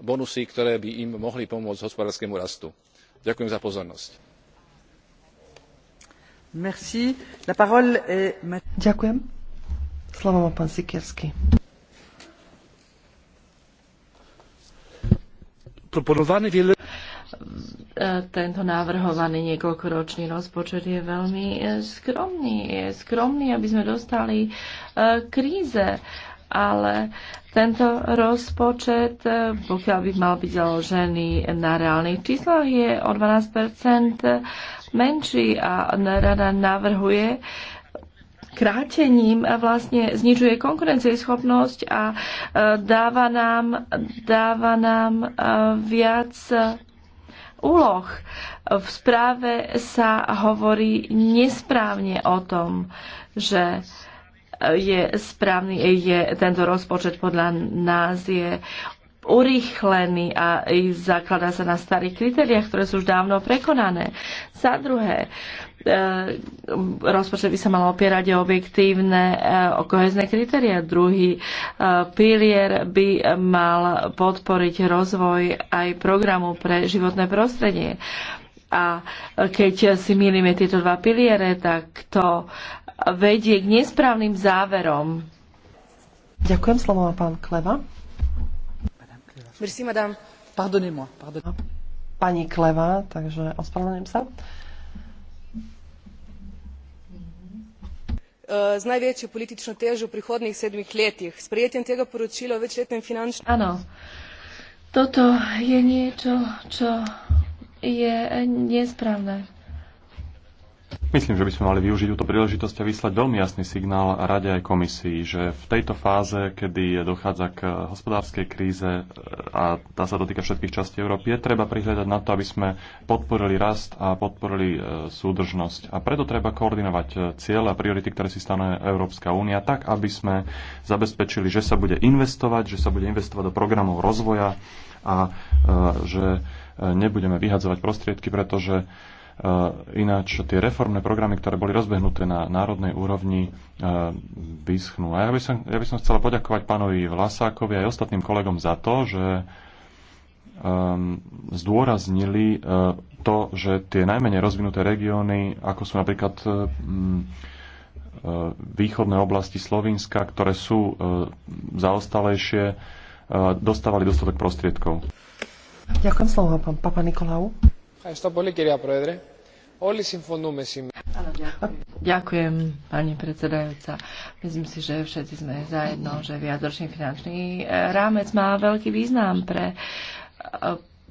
bonusy ktoré by im mohli pomôcť k hospodárskemu rastu. ďakujem za pozornosť. E, tento navrhovaný niekoľkoročný rozpočet je veľmi e, skromný. Je skromný, aby sme dostali e, kríze ale tento rozpočet, e, pokiaľ by mal byť založený na reálnych číslach, je o 12 menší a rada navrhuje krátením a vlastne znižuje konkurencieschopnosť a e, dáva nám, dáva nám e, viac úloh. V správe sa hovorí nesprávne o tom, že je správny, je tento rozpočet podľa nás je urýchlený a zakladá sa na starých kritériách, ktoré sú už dávno prekonané. Za druhé, e, rozpočet by sa mal opierať o objektívne, e, o kohezné kritéria. Druhý e, pilier by mal podporiť rozvoj aj programu pre životné prostredie. A keď si milíme tieto dva piliere, tak to vedie k nesprávnym záverom. Ďakujem, slovo má pán Kleva. Merci, madame. Pardonnez-moi. Pardon. Pani Kleva, takže ospravedlňujem sa. E, z največjo politično težo v prihodnjih sedmih letih. S prijetím tega poročila o večletnem finančnem... Áno, toto je niečo, čo je nesprávne. Myslím, že by sme mali využiť túto príležitosť a vyslať veľmi jasný signál Rade aj komisii, že v tejto fáze, kedy dochádza k hospodárskej kríze e, a tá sa dotýka všetkých častí Európy, je treba prihľadať na to, aby sme podporili rast a podporili e, súdržnosť. A preto treba koordinovať e, cieľ a priority, ktoré si stanuje Európska únia, tak, aby sme zabezpečili, že sa bude investovať, že sa bude investovať do programov rozvoja a že nebudeme vyhadzovať prostriedky, pretože Eh, ináč tie reformné programy, ktoré boli rozbehnuté na národnej úrovni, eh, vyschnú. A ja by som, ja by som chcela poďakovať pánovi Vlasákovi aj ostatným kolegom za to, že um, zdôraznili uh, to, že tie najmenej rozvinuté regióny, ako sú napríklad um, východné oblasti Slovenska, ktoré sú zaostalejšie, dostávali dostatok prostriedkov. Ďakujem slovo, pán Papa Nikolau. Ďakujem, pani predsedajúca. Myslím si, že všetci sme zajedno, že viacročný finančný e, rámec má veľký význam pre, e,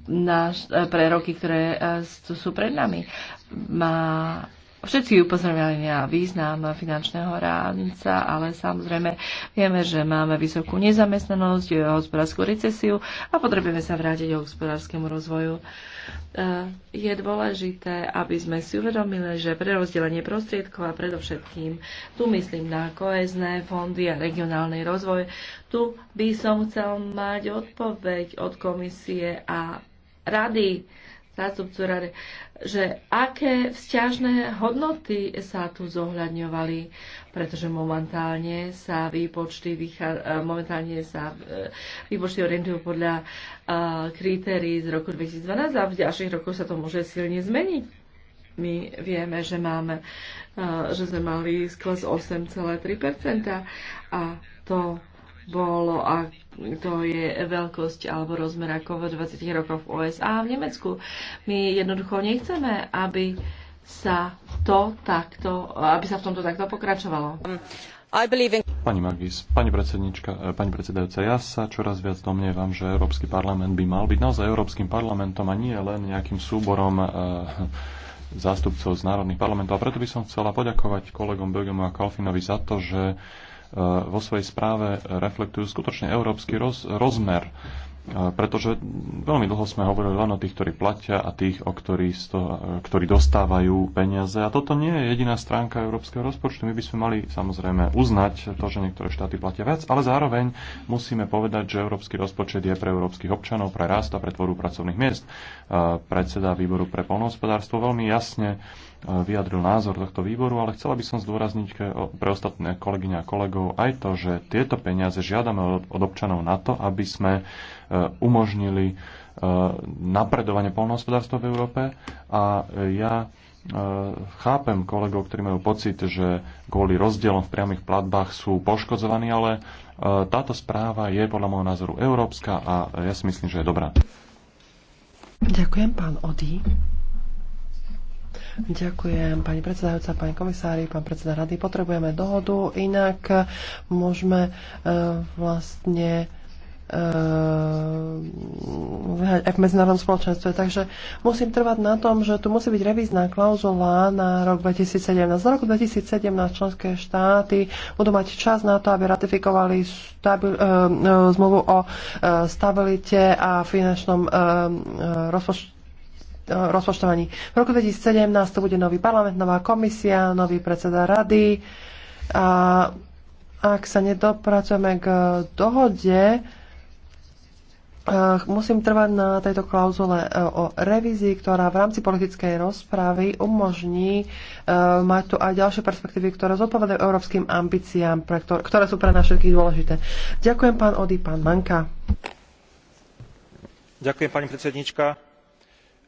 náš, e, pre roky, ktoré sú pred nami. Má Všetci upozorňovali na význam finančného rámca, ale samozrejme vieme, že máme vysokú nezamestnanosť, hospodárskú recesiu a potrebujeme sa vrátiť k hospodárskému rozvoju. E, je dôležité, aby sme si uvedomili, že prerozdelenie prostriedkov a predovšetkým tu myslím na koezné fondy a regionálny rozvoj, tu by som chcel mať odpoveď od komisie a rady zástupcu rady že aké vzťažné hodnoty sa tu zohľadňovali, pretože momentálne sa výpočty, e, momentálne sa e, výpočty orientujú podľa e, kritérií z roku 2012 a v ďalších rokoch sa to môže silne zmeniť. My vieme, že máme, že sme mali skles 8,3% a to bolo ak to je veľkosť alebo rozmer ako v 20 rokov v USA a v Nemecku. My jednoducho nechceme, aby sa to takto, aby sa v tomto takto pokračovalo. In... Pani Magis, pani, predsednička, eh, pani predsedajúca, ja sa čoraz viac domnievam, že Európsky parlament by mal byť naozaj Európskym parlamentom a nie len nejakým súborom e, zástupcov z národných parlamentov. A preto by som chcela poďakovať kolegom Bögemu a Kalfinovi za to, že vo svojej správe reflektujú skutočne európsky roz, rozmer, pretože veľmi dlho sme hovorili len o tých, ktorí platia a tých, o ktorí, sto, ktorí dostávajú peniaze. A toto nie je jediná stránka európskeho rozpočtu. My by sme mali samozrejme uznať to, že niektoré štáty platia viac, ale zároveň musíme povedať, že európsky rozpočet je pre európskych občanov, pre rast a pre tvorbu pracovných miest. Predseda výboru pre polnohospodárstvo veľmi jasne E, vyjadril názor tohto výboru, ale chcela by som zdôrazniť pre ostatné kolegyne a kolegov aj to, že tieto peniaze žiadame od občanov na to, aby sme e, umožnili e, napredovanie polnohospodárstva v Európe a ja chápem kolegov, ktorí majú pocit, že kvôli rozdielom v priamých platbách sú poškodzovaní, ale táto správa je podľa môjho názoru európska a ja si myslím, že je dobrá. Ďakujem, pán Odí. Ďakujem, pani predsedajúca, pani komisári, pán predseda rady. Potrebujeme dohodu, inak môžeme uh, vlastne uh, e, aj v medzinárodnom spoločenstve. Takže musím trvať na tom, že tu musí byť revízna klauzula na rok 2017. Za roku 2017 členské štáty budú mať čas na to, aby ratifikovali stabil, uh, zmluvu o uh, stabilite a finančnom uh, rozpočtu Eh, rozpočtovaní. V roku 2017 to bude nový parlament, nová komisia, nový predseda rady a ak sa nedopracujeme k dohode, eh, musím trvať na tejto klauzule eh, o revízii, ktorá v rámci politickej rozpravy umožní mať tu aj ďalšie perspektívy, ktoré zodpovedajú európskym ambíciám, ktoré sú pre nás všetkých dôležité. Ďakujem pán Ody, pán Manka. Ďakujem pani predsednička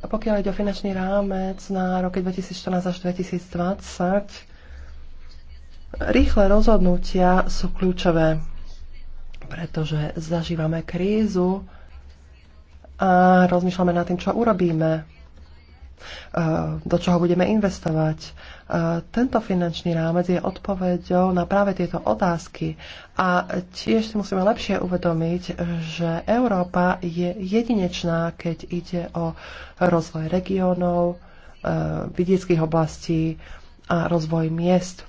Pokiaľ ide o finančný rámec na roky 2014 až 2020, rýchle rozhodnutia sú kľúčové, pretože zažívame krízu a rozmýšľame nad tým, čo urobíme. Eh, do čoho budeme investovať. Eh, tento finančný rámec je odpoveďou na práve tieto otázky. A tiež si musíme lepšie uvedomiť, že Európa je jedinečná, keď ide o rozvoj regiónov, eh, vidieckých oblastí a rozvoj miest.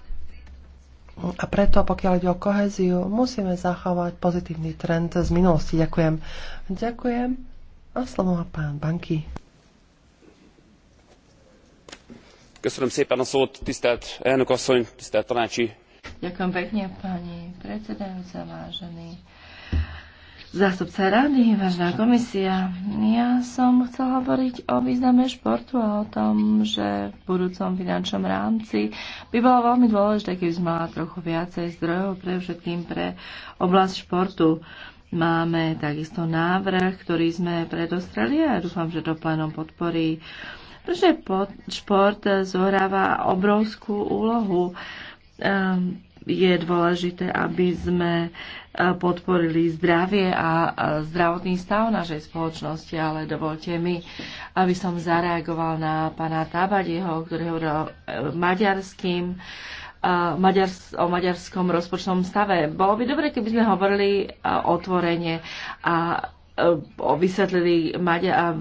A preto, pokiaľ ide o koheziu, musíme zachovať pozitívny trend z minulosti. Ďakujem. Ďakujem. A slovo má pán Banky. tisztelt elnök asszony tisztelt tanácsi Ďakujem pekne, pani predsedajúca, vážený zástupca rady, vážená komisia. Ja som chcel hovoriť o význame športu a o tom, že v budúcom finančnom rámci by bolo veľmi dôležité, keby sme mala trochu viacej zdrojov, pre všetkým pre oblasť športu. Máme takisto návrh, ktorý sme predostreli a ja dúfam, že to plénom podporí pretože šport zohráva obrovskú úlohu. Ehm, je dôležité, aby sme e, podporili zdravie a e, zdravotný stav našej spoločnosti, ale dovolte mi, aby som zareagoval na pána Tabadieho, ktorý hovoril e, maďarským o maďarskom rozpočnom stave. Bolo by dobre, keby sme hovorili otvorene a Eh, vysvetlili,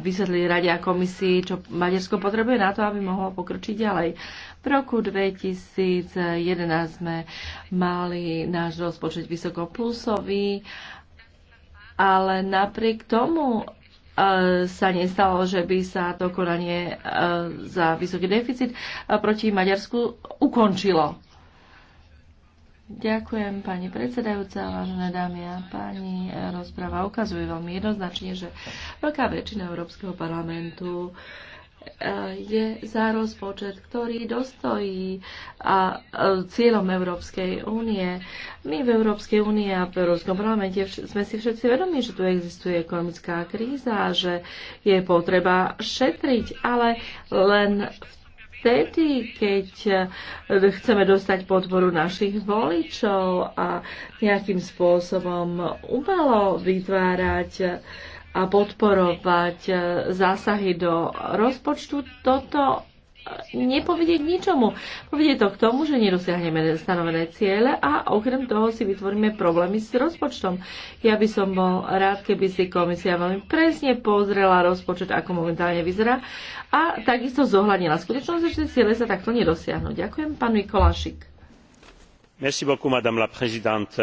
vysvetlili Rade a komisii, čo Maďarsko potrebuje na to, aby mohlo pokročiť ďalej. V roku 2011 sme mali náš rozpočet vysoko plusový, ale napriek tomu eh, sa nestalo, že by sa to konanie eh, za vysoký deficit proti Maďarsku ukončilo Ďakujem, pani predsedajúca, vážené dámy a páni. Rozpráva ukazuje veľmi jednoznačne, že veľká väčšina Európskeho parlamentu eh, je za rozpočet, ktorý dostojí a eh, cieľom Európskej únie. My v Európskej únie a v Európskom parlamente sme si všetci vedomi, že tu existuje ekonomická kríza, že je potreba šetriť, ale len v vtedy, keď eh, chceme dostať podporu našich voličov a nejakým spôsobom umelo vytvárať a podporovať eh, zásahy do rozpočtu. Toto Nepovedieť ničomu. Povedie to k tomu, že nedosiahneme stanovené ciele a okrem toho si vytvoríme problémy s rozpočtom. Ja by som bol rád, keby si komisia veľmi presne pozrela rozpočet, ako momentálne vyzerá a takisto zohľadnila skutočnosť, že ciele sa takto nedosiahnu. Ďakujem, pán Mikolášik. Merci beaucoup, madame la présidente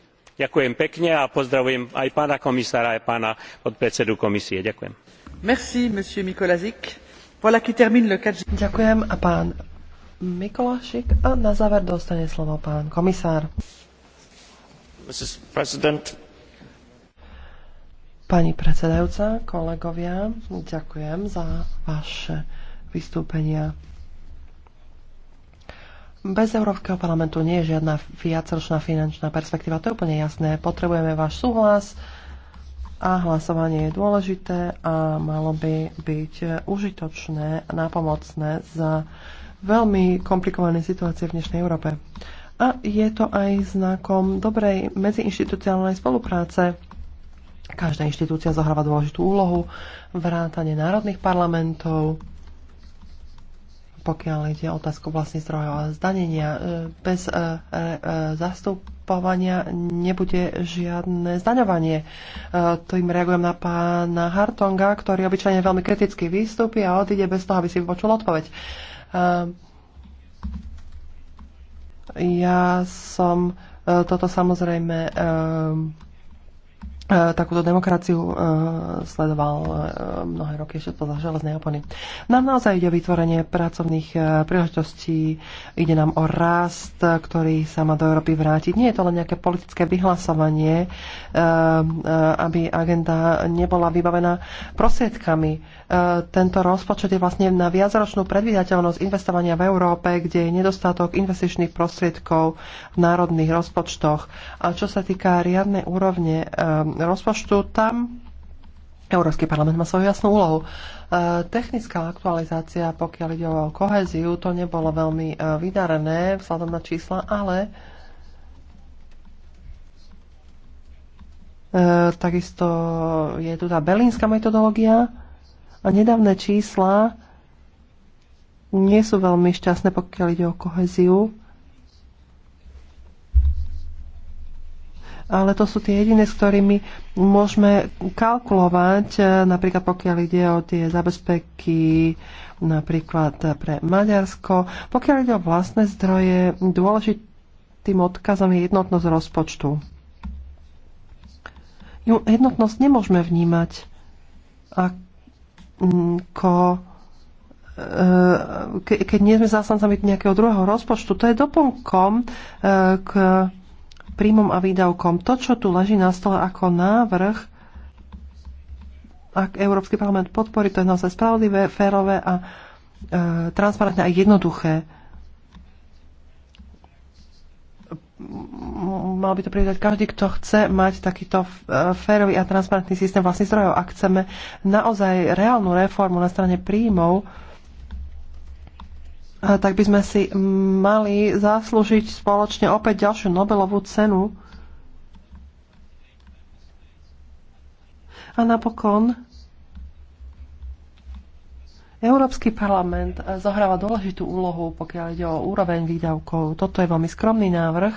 ďakujem pekne a pozdravujem aj pána komisára aj pána podpredsedu komisie. ďakujem. Pani predsedajúca, kolegovia, ďakujem za vaše vystúpenia bez Európskeho parlamentu nie je žiadna viacročná finančná perspektíva. To je úplne jasné. Potrebujeme váš súhlas a hlasovanie je dôležité a malo by byť užitočné a nápomocné za veľmi komplikované situácie v dnešnej Európe. A je to aj znakom dobrej medziinstitucionálnej spolupráce. Každá inštitúcia zohráva dôležitú úlohu, vrátanie národných parlamentov, pokiaľ ide o otázku vlastne zdrojov a zdanenia. E, bez e, e, zastupovania nebude žiadne zdaňovanie. To im reagujem na pána Hartonga, ktorý obyčajne veľmi kriticky výstupy a odíde bez toho, aby si počul odpoveď. Ja som toto samozrejme E, takúto demokraciu e, sledoval e, mnohé roky ešte poza železnej opony. Nám naozaj ide o vytvorenie pracovných e, príležitostí, ide nám o rast, ktorý sa má do Európy vrátiť. Nie je to len nejaké politické vyhlasovanie, e, e, aby agenda nebola vybavená prosiedkami E, tento rozpočet je vlastne na viacročnú predvídateľnosť investovania v Európe, kde je nedostatok investičných prostriedkov v národných rozpočtoch. A čo sa týka riadnej úrovne e, rozpočtu, tam Európsky parlament má svoju jasnú úlohu. E, technická aktualizácia, pokiaľ ide o koheziu, to nebolo veľmi vydarené vzhľadom na čísla, ale takisto je tu tá berlínska metodológia, a nedávne čísla nie sú veľmi šťastné, pokiaľ ide o koheziu. Ale to sú tie jediné, s ktorými môžeme kalkulovať, e, napríklad pokiaľ ide o tie zabezpeky, napríklad pre Maďarsko. Pokiaľ ide o vlastné zdroje, dôležitým odkazom je jednotnosť rozpočtu. Jednotnosť nemôžeme vnímať ako Mm, ko eh, ke, keď nie sme zástancami nejakého druhého rozpočtu, to je doplnkom eh, k príjmom a výdavkom. To, čo tu leží na stole ako návrh, ak Európsky parlament podporí, to je naozaj spravodlivé, férové a eh, transparentné a jednoduché. mal by to privítať každý, kto chce mať takýto eh, férový a transparentný systém vlastných zdrojov. Ak chceme naozaj reálnu reformu na strane príjmov, eh, tak by sme si mm, mali zaslúžiť spoločne opäť ďalšiu Nobelovú cenu. A napokon Európsky parlament zohráva dôležitú úlohu, pokiaľ ide o úroveň výdavkov. Toto je veľmi skromný návrh.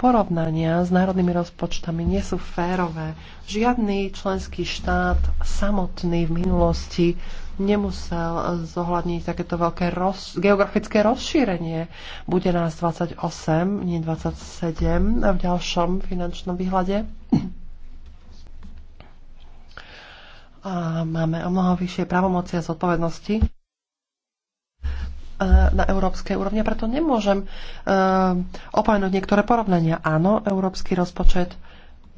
Porovnania s národnými rozpočtami nie sú férové. Žiadny členský štát samotný v minulosti nemusel zohľadniť takéto veľké roz... geografické rozšírenie. Bude nás 28, nie 27 v ďalšom finančnom výhľade. a máme o mnoho vyššie právomoci a zodpovednosti e, na európskej úrovni, preto nemôžem e, opomenúť niektoré porovnania. Áno, európsky rozpočet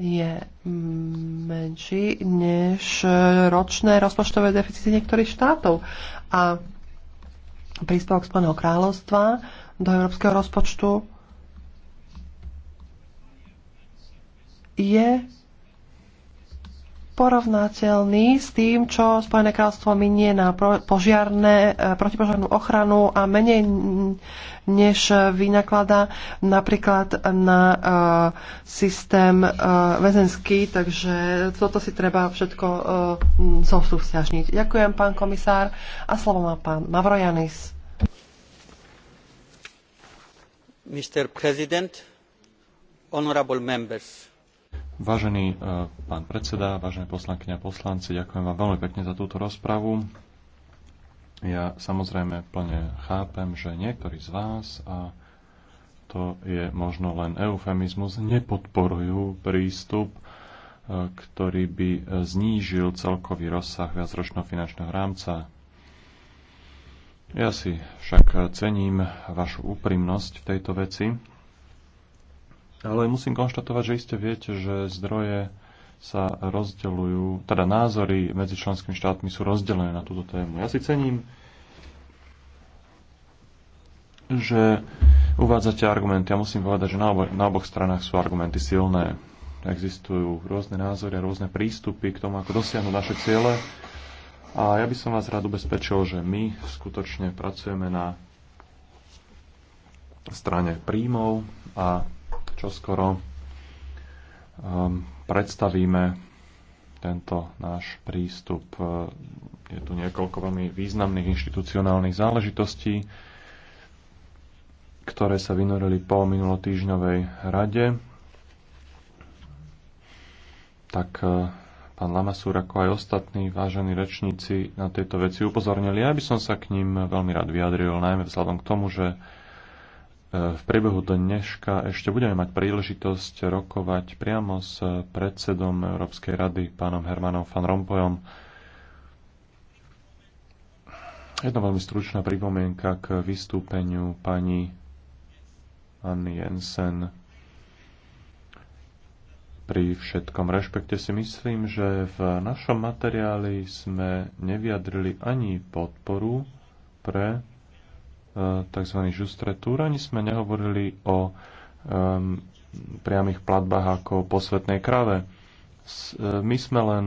je mm, menší než ročné rozpočtové deficity niektorých štátov. A príspevok Spojeného kráľovstva do európskeho rozpočtu je porovnateľný s tým, čo Spojené kráľstvo minie na požiarne, eh, protipožiarnú ochranu a menej než vynaklada napríklad na eh, systém eh, väzenský, takže toto si treba všetko zosúvzťažniť. Ďakujem, pán komisár. A slovo má pán Mavrojanis. Mr. President, honorable members, Vážený e, pán predseda, vážené poslankyne a poslanci, ďakujem vám veľmi pekne za túto rozpravu. Ja samozrejme plne chápem, že niektorí z vás, a to je možno len eufemizmus, nepodporujú prístup, e, ktorý by znížil celkový rozsah viacročného finančného rámca. Ja si však cením vašu úprimnosť v tejto veci ale musím konštatovať, že iste viete, že zdroje sa rozdeľujú, teda názory medzi členskými štátmi sú rozdelené na túto tému. Ja si cením, že uvádzate argumenty. Ja musím povedať, že na, obo- na oboch stranách sú argumenty silné. Existujú rôzne názory a rôzne prístupy k tomu, ako dosiahnuť naše ciele. A ja by som vás rád ubezpečil, že my skutočne pracujeme na strane príjmov a čoskoro um, predstavíme tento náš prístup. Uh, je tu niekoľko veľmi významných inštitucionálnych záležitostí, ktoré sa vynorili po minulotýžňovej rade. Tak uh, pán Lamasúr, ako aj ostatní vážení rečníci na tejto veci upozornili. Ja by som sa k ním veľmi rád vyjadril, najmä vzhľadom k tomu, že v priebehu dneška ešte budeme mať príležitosť rokovať priamo s predsedom Európskej rady, pánom Hermanom van Rompojom. Jedna veľmi stručná pripomienka k vystúpeniu pani Anny Jensen. Pri všetkom rešpekte si myslím, že v našom materiáli sme neviadrili ani podporu pre tzv. žustre túr, ani sme nehovorili o um, priamých platbách ako posvetnej krave. S, e, my sme len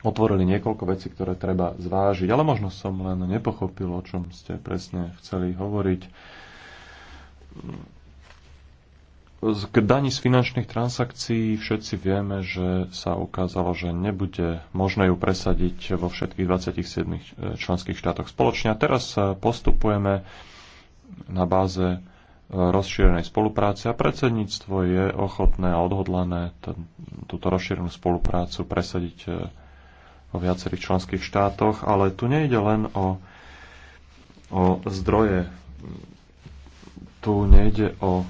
otvorili niekoľko vecí, ktoré treba zvážiť, ale možno som len nepochopil, o čom ste presne chceli hovoriť k daní z finančných transakcií všetci vieme, že sa ukázalo, že nebude možné ju presadiť vo všetkých 27 e, členských štátoch spoločne. A teraz e, postupujeme na báze e, rozšírenej spolupráce a predsedníctvo je ochotné a odhodlané túto rozšírenú spoluprácu presadiť vo viacerých členských štátoch, ale tu nejde len o, o zdroje, tu nejde o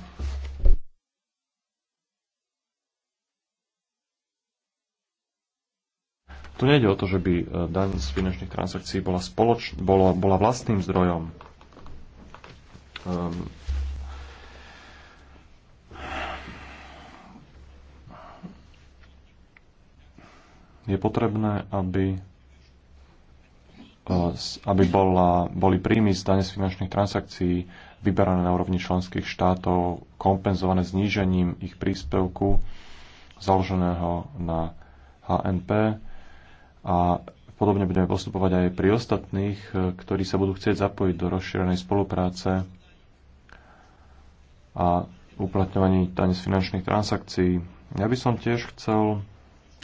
Tu nejde o to, že by e, daň z finančných transakcií bola, spoloč, bola, bola vlastným zdrojom. Um, je potrebné, aby, e, aby bola, boli príjmy z dane z finančných transakcií vyberané na úrovni členských štátov, kompenzované znížením ich príspevku založeného na HNP a podobne budeme postupovať aj pri ostatných, e, ktorí sa budú chcieť zapojiť do rozšírenej spolupráce a uplatňovaní dane z finančných transakcií. Ja by som tiež chcel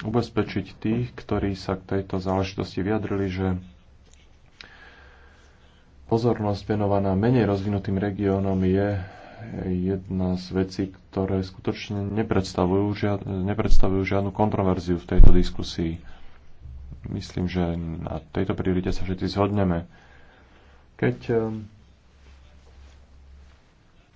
ubezpečiť tých, ktorí sa k tejto záležitosti vyjadrili, že pozornosť venovaná menej rozvinutým regiónom je jedna z vecí, ktoré skutočne nepredstavujú, nepredstavujú žiadnu kontroverziu v tejto diskusii. Myslím, že na tejto priorite sa všetci zhodneme. Keď eh,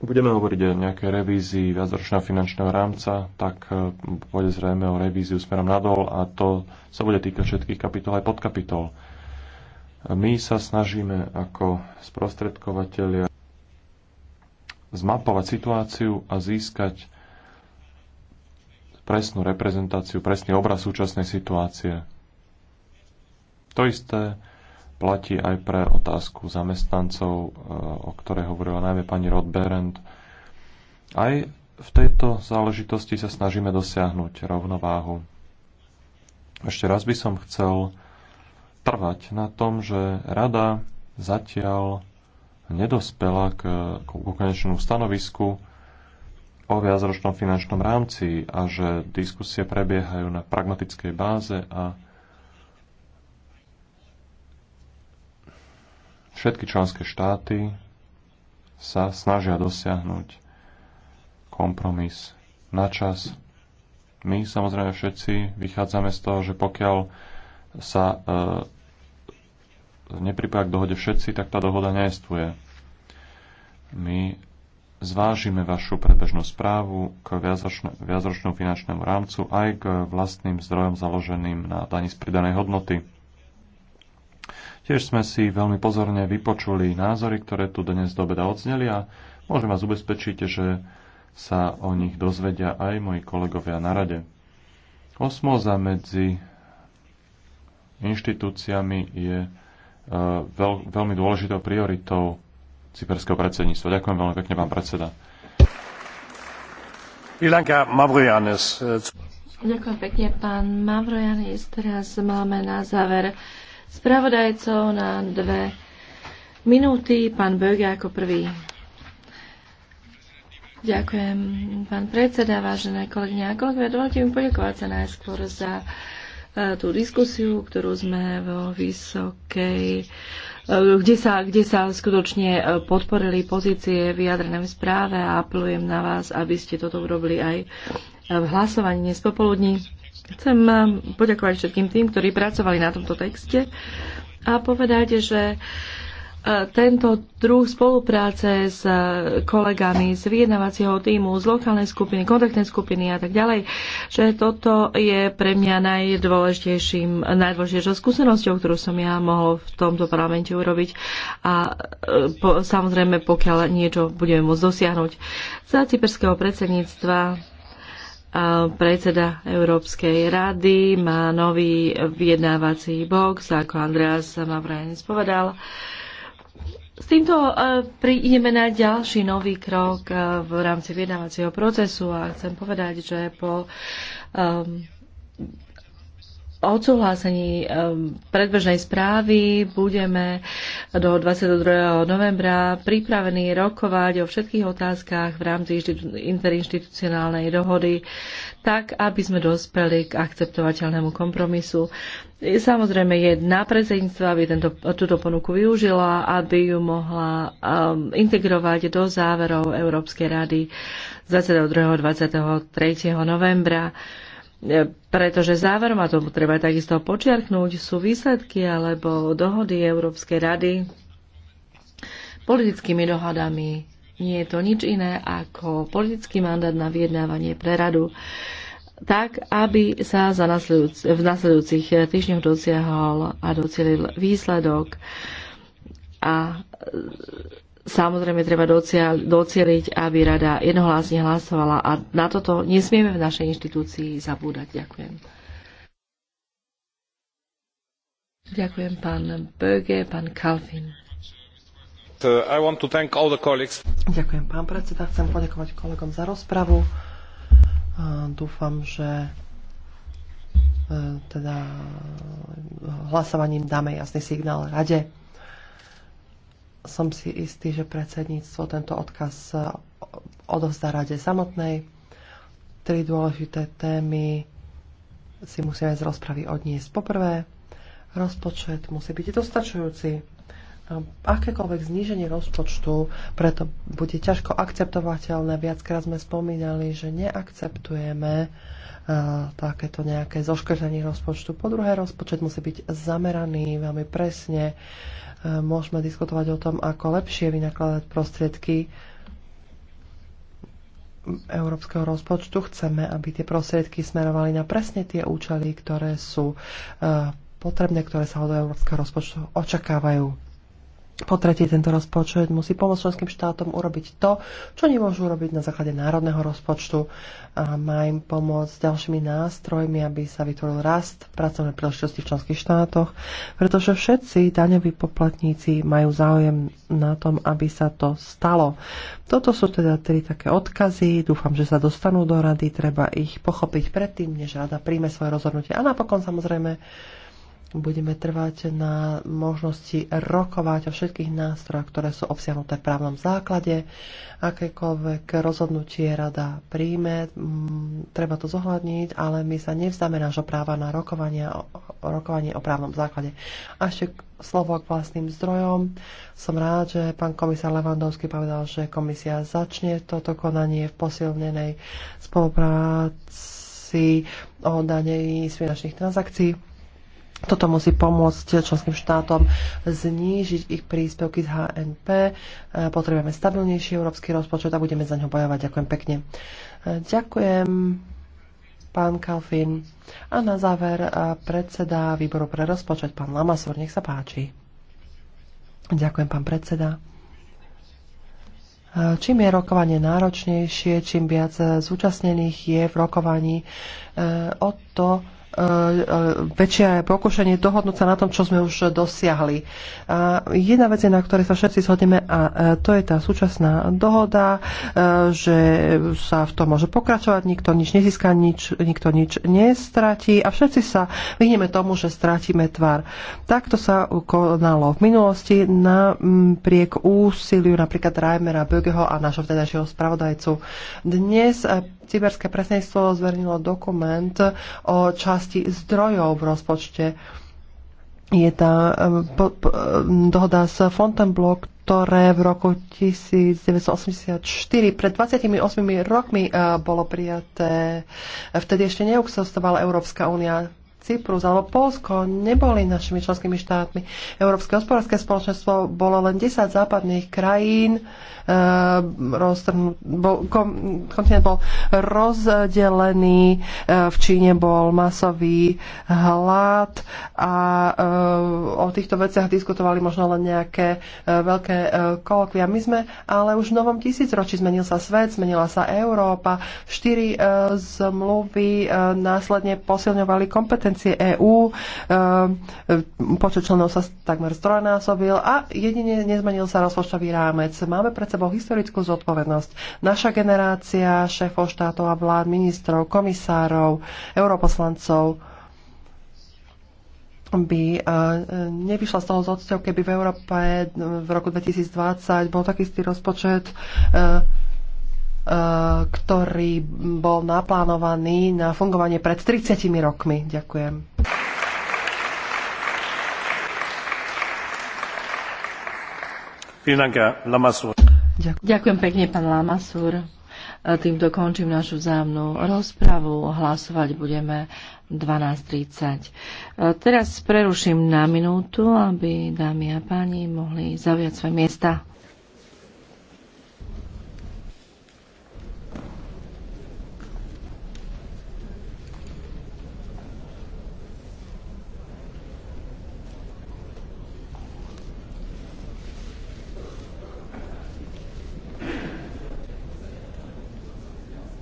budeme hovoriť o nejakej revízii viacročného finančného rámca, tak eh, pôjde zrejme o revíziu smerom nadol a to sa bude týkať všetkých kapitol aj podkapitol. My sa snažíme ako sprostredkovateľia zmapovať situáciu a získať presnú reprezentáciu, presný obraz súčasnej situácie. To isté platí aj pre otázku zamestnancov, e, o ktorej hovorila najmä pani Rodberend. Aj v tejto záležitosti sa snažíme dosiahnuť rovnováhu. Ešte raz by som chcel trvať na tom, že rada zatiaľ nedospela k, k konečnému stanovisku o viacročnom finančnom rámci a že diskusie prebiehajú na pragmatickej báze a Všetky členské štáty sa snažia dosiahnuť kompromis na čas. My samozrejme všetci vychádzame z toho, že pokiaľ sa e, nepripoja k dohode všetci, tak tá dohoda neestvuje. My zvážime vašu predbežnú správu k viacročnému finančnému rámcu aj k vlastným zdrojom založeným na daní z pridanej hodnoty. Tiež sme si veľmi pozorne vypočuli názory, ktoré tu dnes do obeda odzneli a môžem vás ubezpečiť, že sa o nich dozvedia aj moji kolegovia na rade. Osmoza medzi inštitúciami je e, veľ, veľmi dôležitou prioritou cyperského predsedníctva. Ďakujem veľmi pekne, pán predseda. Ďakujem pekne, pán Mavrojanis. Teraz máme na záver spravodajcov na dve minúty. Pán Böge ako prvý. Ďakujem, pán predseda, vážené kolegyne a kolegovia. Dovolte mi poďakovať sa najskôr za e, tú diskusiu, ktorú sme vo vysokej, e, kde sa, kde sa skutočne e, podporili pozície vyjadrené v správe a apelujem na vás, aby ste toto urobili aj v hlasovaní dnes popoludní. Chcem poďakovať všetkým tým, ktorí pracovali na tomto texte a povedať, že e, tento druh spolupráce s e, kolegami z vyjednávacieho týmu, z lokálnej skupiny, kontaktnej skupiny a tak ďalej, že toto je pre mňa najdôležitejším, najdôležitejšou skúsenosťou, ktorú som ja mohol v tomto parlamente urobiť a e, po, samozrejme, pokiaľ niečo budeme môcť dosiahnuť. Za cyperského predsedníctva predseda Európskej rady, má nový vyjednávací box, ako Andreas Mavranis spovedal. S týmto e, prídeme na ďalší nový krok e, v rámci vyjednávacieho procesu a chcem povedať, že po e, odsúhlasení e, predbežnej správy budeme do 22. novembra pripravení rokovať o všetkých otázkach v rámci interinstitucionálnej dohody, tak aby sme dospeli k akceptovateľnému kompromisu. Samozrejme, je na predsedníctvo, aby tento, túto ponuku využila, aby ju mohla um, integrovať do záverov Európskej rady 22. 23. novembra. E, pretože záverom, a tomu treba takisto počiarknúť, sú výsledky alebo dohody Európskej rady politickými dohadami. Nie je to nič iné ako politický mandát na vyjednávanie pre radu tak, aby sa za nasledujúc, v nasledujúcich týždňoch dosiahol a docielil výsledok a Samozrejme, treba docieliť, aby rada jednohlásne hlasovala a na toto nesmieme v našej inštitúcii zabúdať. Ďakujem. Ďakujem pán Böge, pán Kalfin. Uh, Ďakujem pán predseda, chcem poďakovať kolegom za rozpravu. Uh, dúfam, že uh, teda hlasovaním dáme jasný signál rade som si istý, že predsedníctvo tento odkaz e, odovzdá rade samotnej. Tri dôležité témy si musíme z rozpravy odniesť. Poprvé, rozpočet musí byť dostačujúci. Akékoľvek zníženie rozpočtu preto bude ťažko akceptovateľné. Viackrát sme spomínali, že neakceptujeme e, takéto nejaké zoškrtanie rozpočtu. Po druhé, rozpočet musí byť zameraný veľmi presne môžeme diskutovať o tom, ako lepšie vynakladať prostriedky európskeho rozpočtu. Chceme, aby tie prostriedky smerovali na presne tie účely, ktoré sú eh, potrebné, ktoré sa od európskeho rozpočtu očakávajú. Po tento rozpočet musí pomôcť členským štátom urobiť to, čo nemôžu urobiť na základe národného rozpočtu. A má im pomôcť ďalšími nástrojmi, aby sa vytvoril rast pracovnej príležitosti v členských štátoch, pretože všetci daňoví poplatníci majú záujem na tom, aby sa to stalo. Toto sú teda tri také odkazy. Dúfam, že sa dostanú do rady. Treba ich pochopiť predtým, než rada príjme svoje rozhodnutie. A napokon samozrejme budeme trvať na možnosti rokovať o všetkých nástrojoch, ktoré sú obsiahnuté v právnom základe. Akékoľvek rozhodnutie rada príjme, mm, treba to zohľadniť, ale my sa nevzdáme nášho práva na rokovanie, rokovanie o právnom základe. A ešte slovo k vlastným zdrojom. Som rád, že pán komisár Levandovský povedal, že komisia začne toto konanie v posilnenej spolupráci o danej z finančných transakcií toto musí pomôcť členským štátom znížiť ich príspevky z HNP. E, potrebujeme stabilnejší európsky rozpočet a budeme za ňo bojovať. Ďakujem pekne. E, ďakujem, pán Kalfin. A na záver e, predseda výboru pre rozpočet, pán Lamasur, nech sa páči. Ďakujem, pán predseda. Čím je rokovanie náročnejšie, čím viac zúčastnených je v rokovaní, o to E, e, väčšie pokušenie dohodnúť sa na tom, čo sme už dosiahli. A jedna vec, na ktorej sa všetci zhodneme, a e, to je tá súčasná dohoda, že sa v tom môže pokračovať, nikto nič nezíska, nič, nikto nič nestratí a všetci sa vyhneme tomu, že stratíme tvár. Takto sa konalo v minulosti napriek úsiliu napríklad Reimera, Bögeho a nášho vtedajšieho spravodajcu. Dnes Ciberské presnejstvo zverejnilo dokument o časti zdrojov v rozpočte. Je tá eh, po, po, eh, dohoda s Fontainebleau, ktoré v roku 1984, pred 28 rokmi, eh, bolo prijaté. Vtedy ešte neexistovala Európska únia Cyprus alebo Polsko neboli našimi členskými štátmi. Európske hospodárske spoločenstvo bolo len 10 západných krajín, e, eh, bol, kom, kontinent bol rozdelený, e, v Číne bol masový hlad a e, o týchto veciach diskutovali možno len nejaké e, veľké e, kolokvia. My sme ale už v novom tisícročí zmenil sa svet, zmenila sa Európa, štyri e, zmluvy e, následne posilňovali kompetencie kompetencie EÚ. Eh, počet členov sa takmer strojnásobil a jedine nezmenil sa rozpočtový rámec. Máme pred sebou historickú zodpovednosť. Naša generácia šéfov štátov a vlád, ministrov, komisárov, europoslancov, by eh, nevyšla z toho z keby v Európe v roku 2020 bol taký istý rozpočet eh, Eh, ktorý bol naplánovaný na fungovanie pred 30 rokmi. Ďakujem. Ďakujem pekne, pán Lamasur. Eh, Týmto končím našu vzájomnú rozpravu. Hlasovať budeme 12.30. Eh, teraz preruším na minútu, aby dámy a páni mohli zaujať svoje miesta.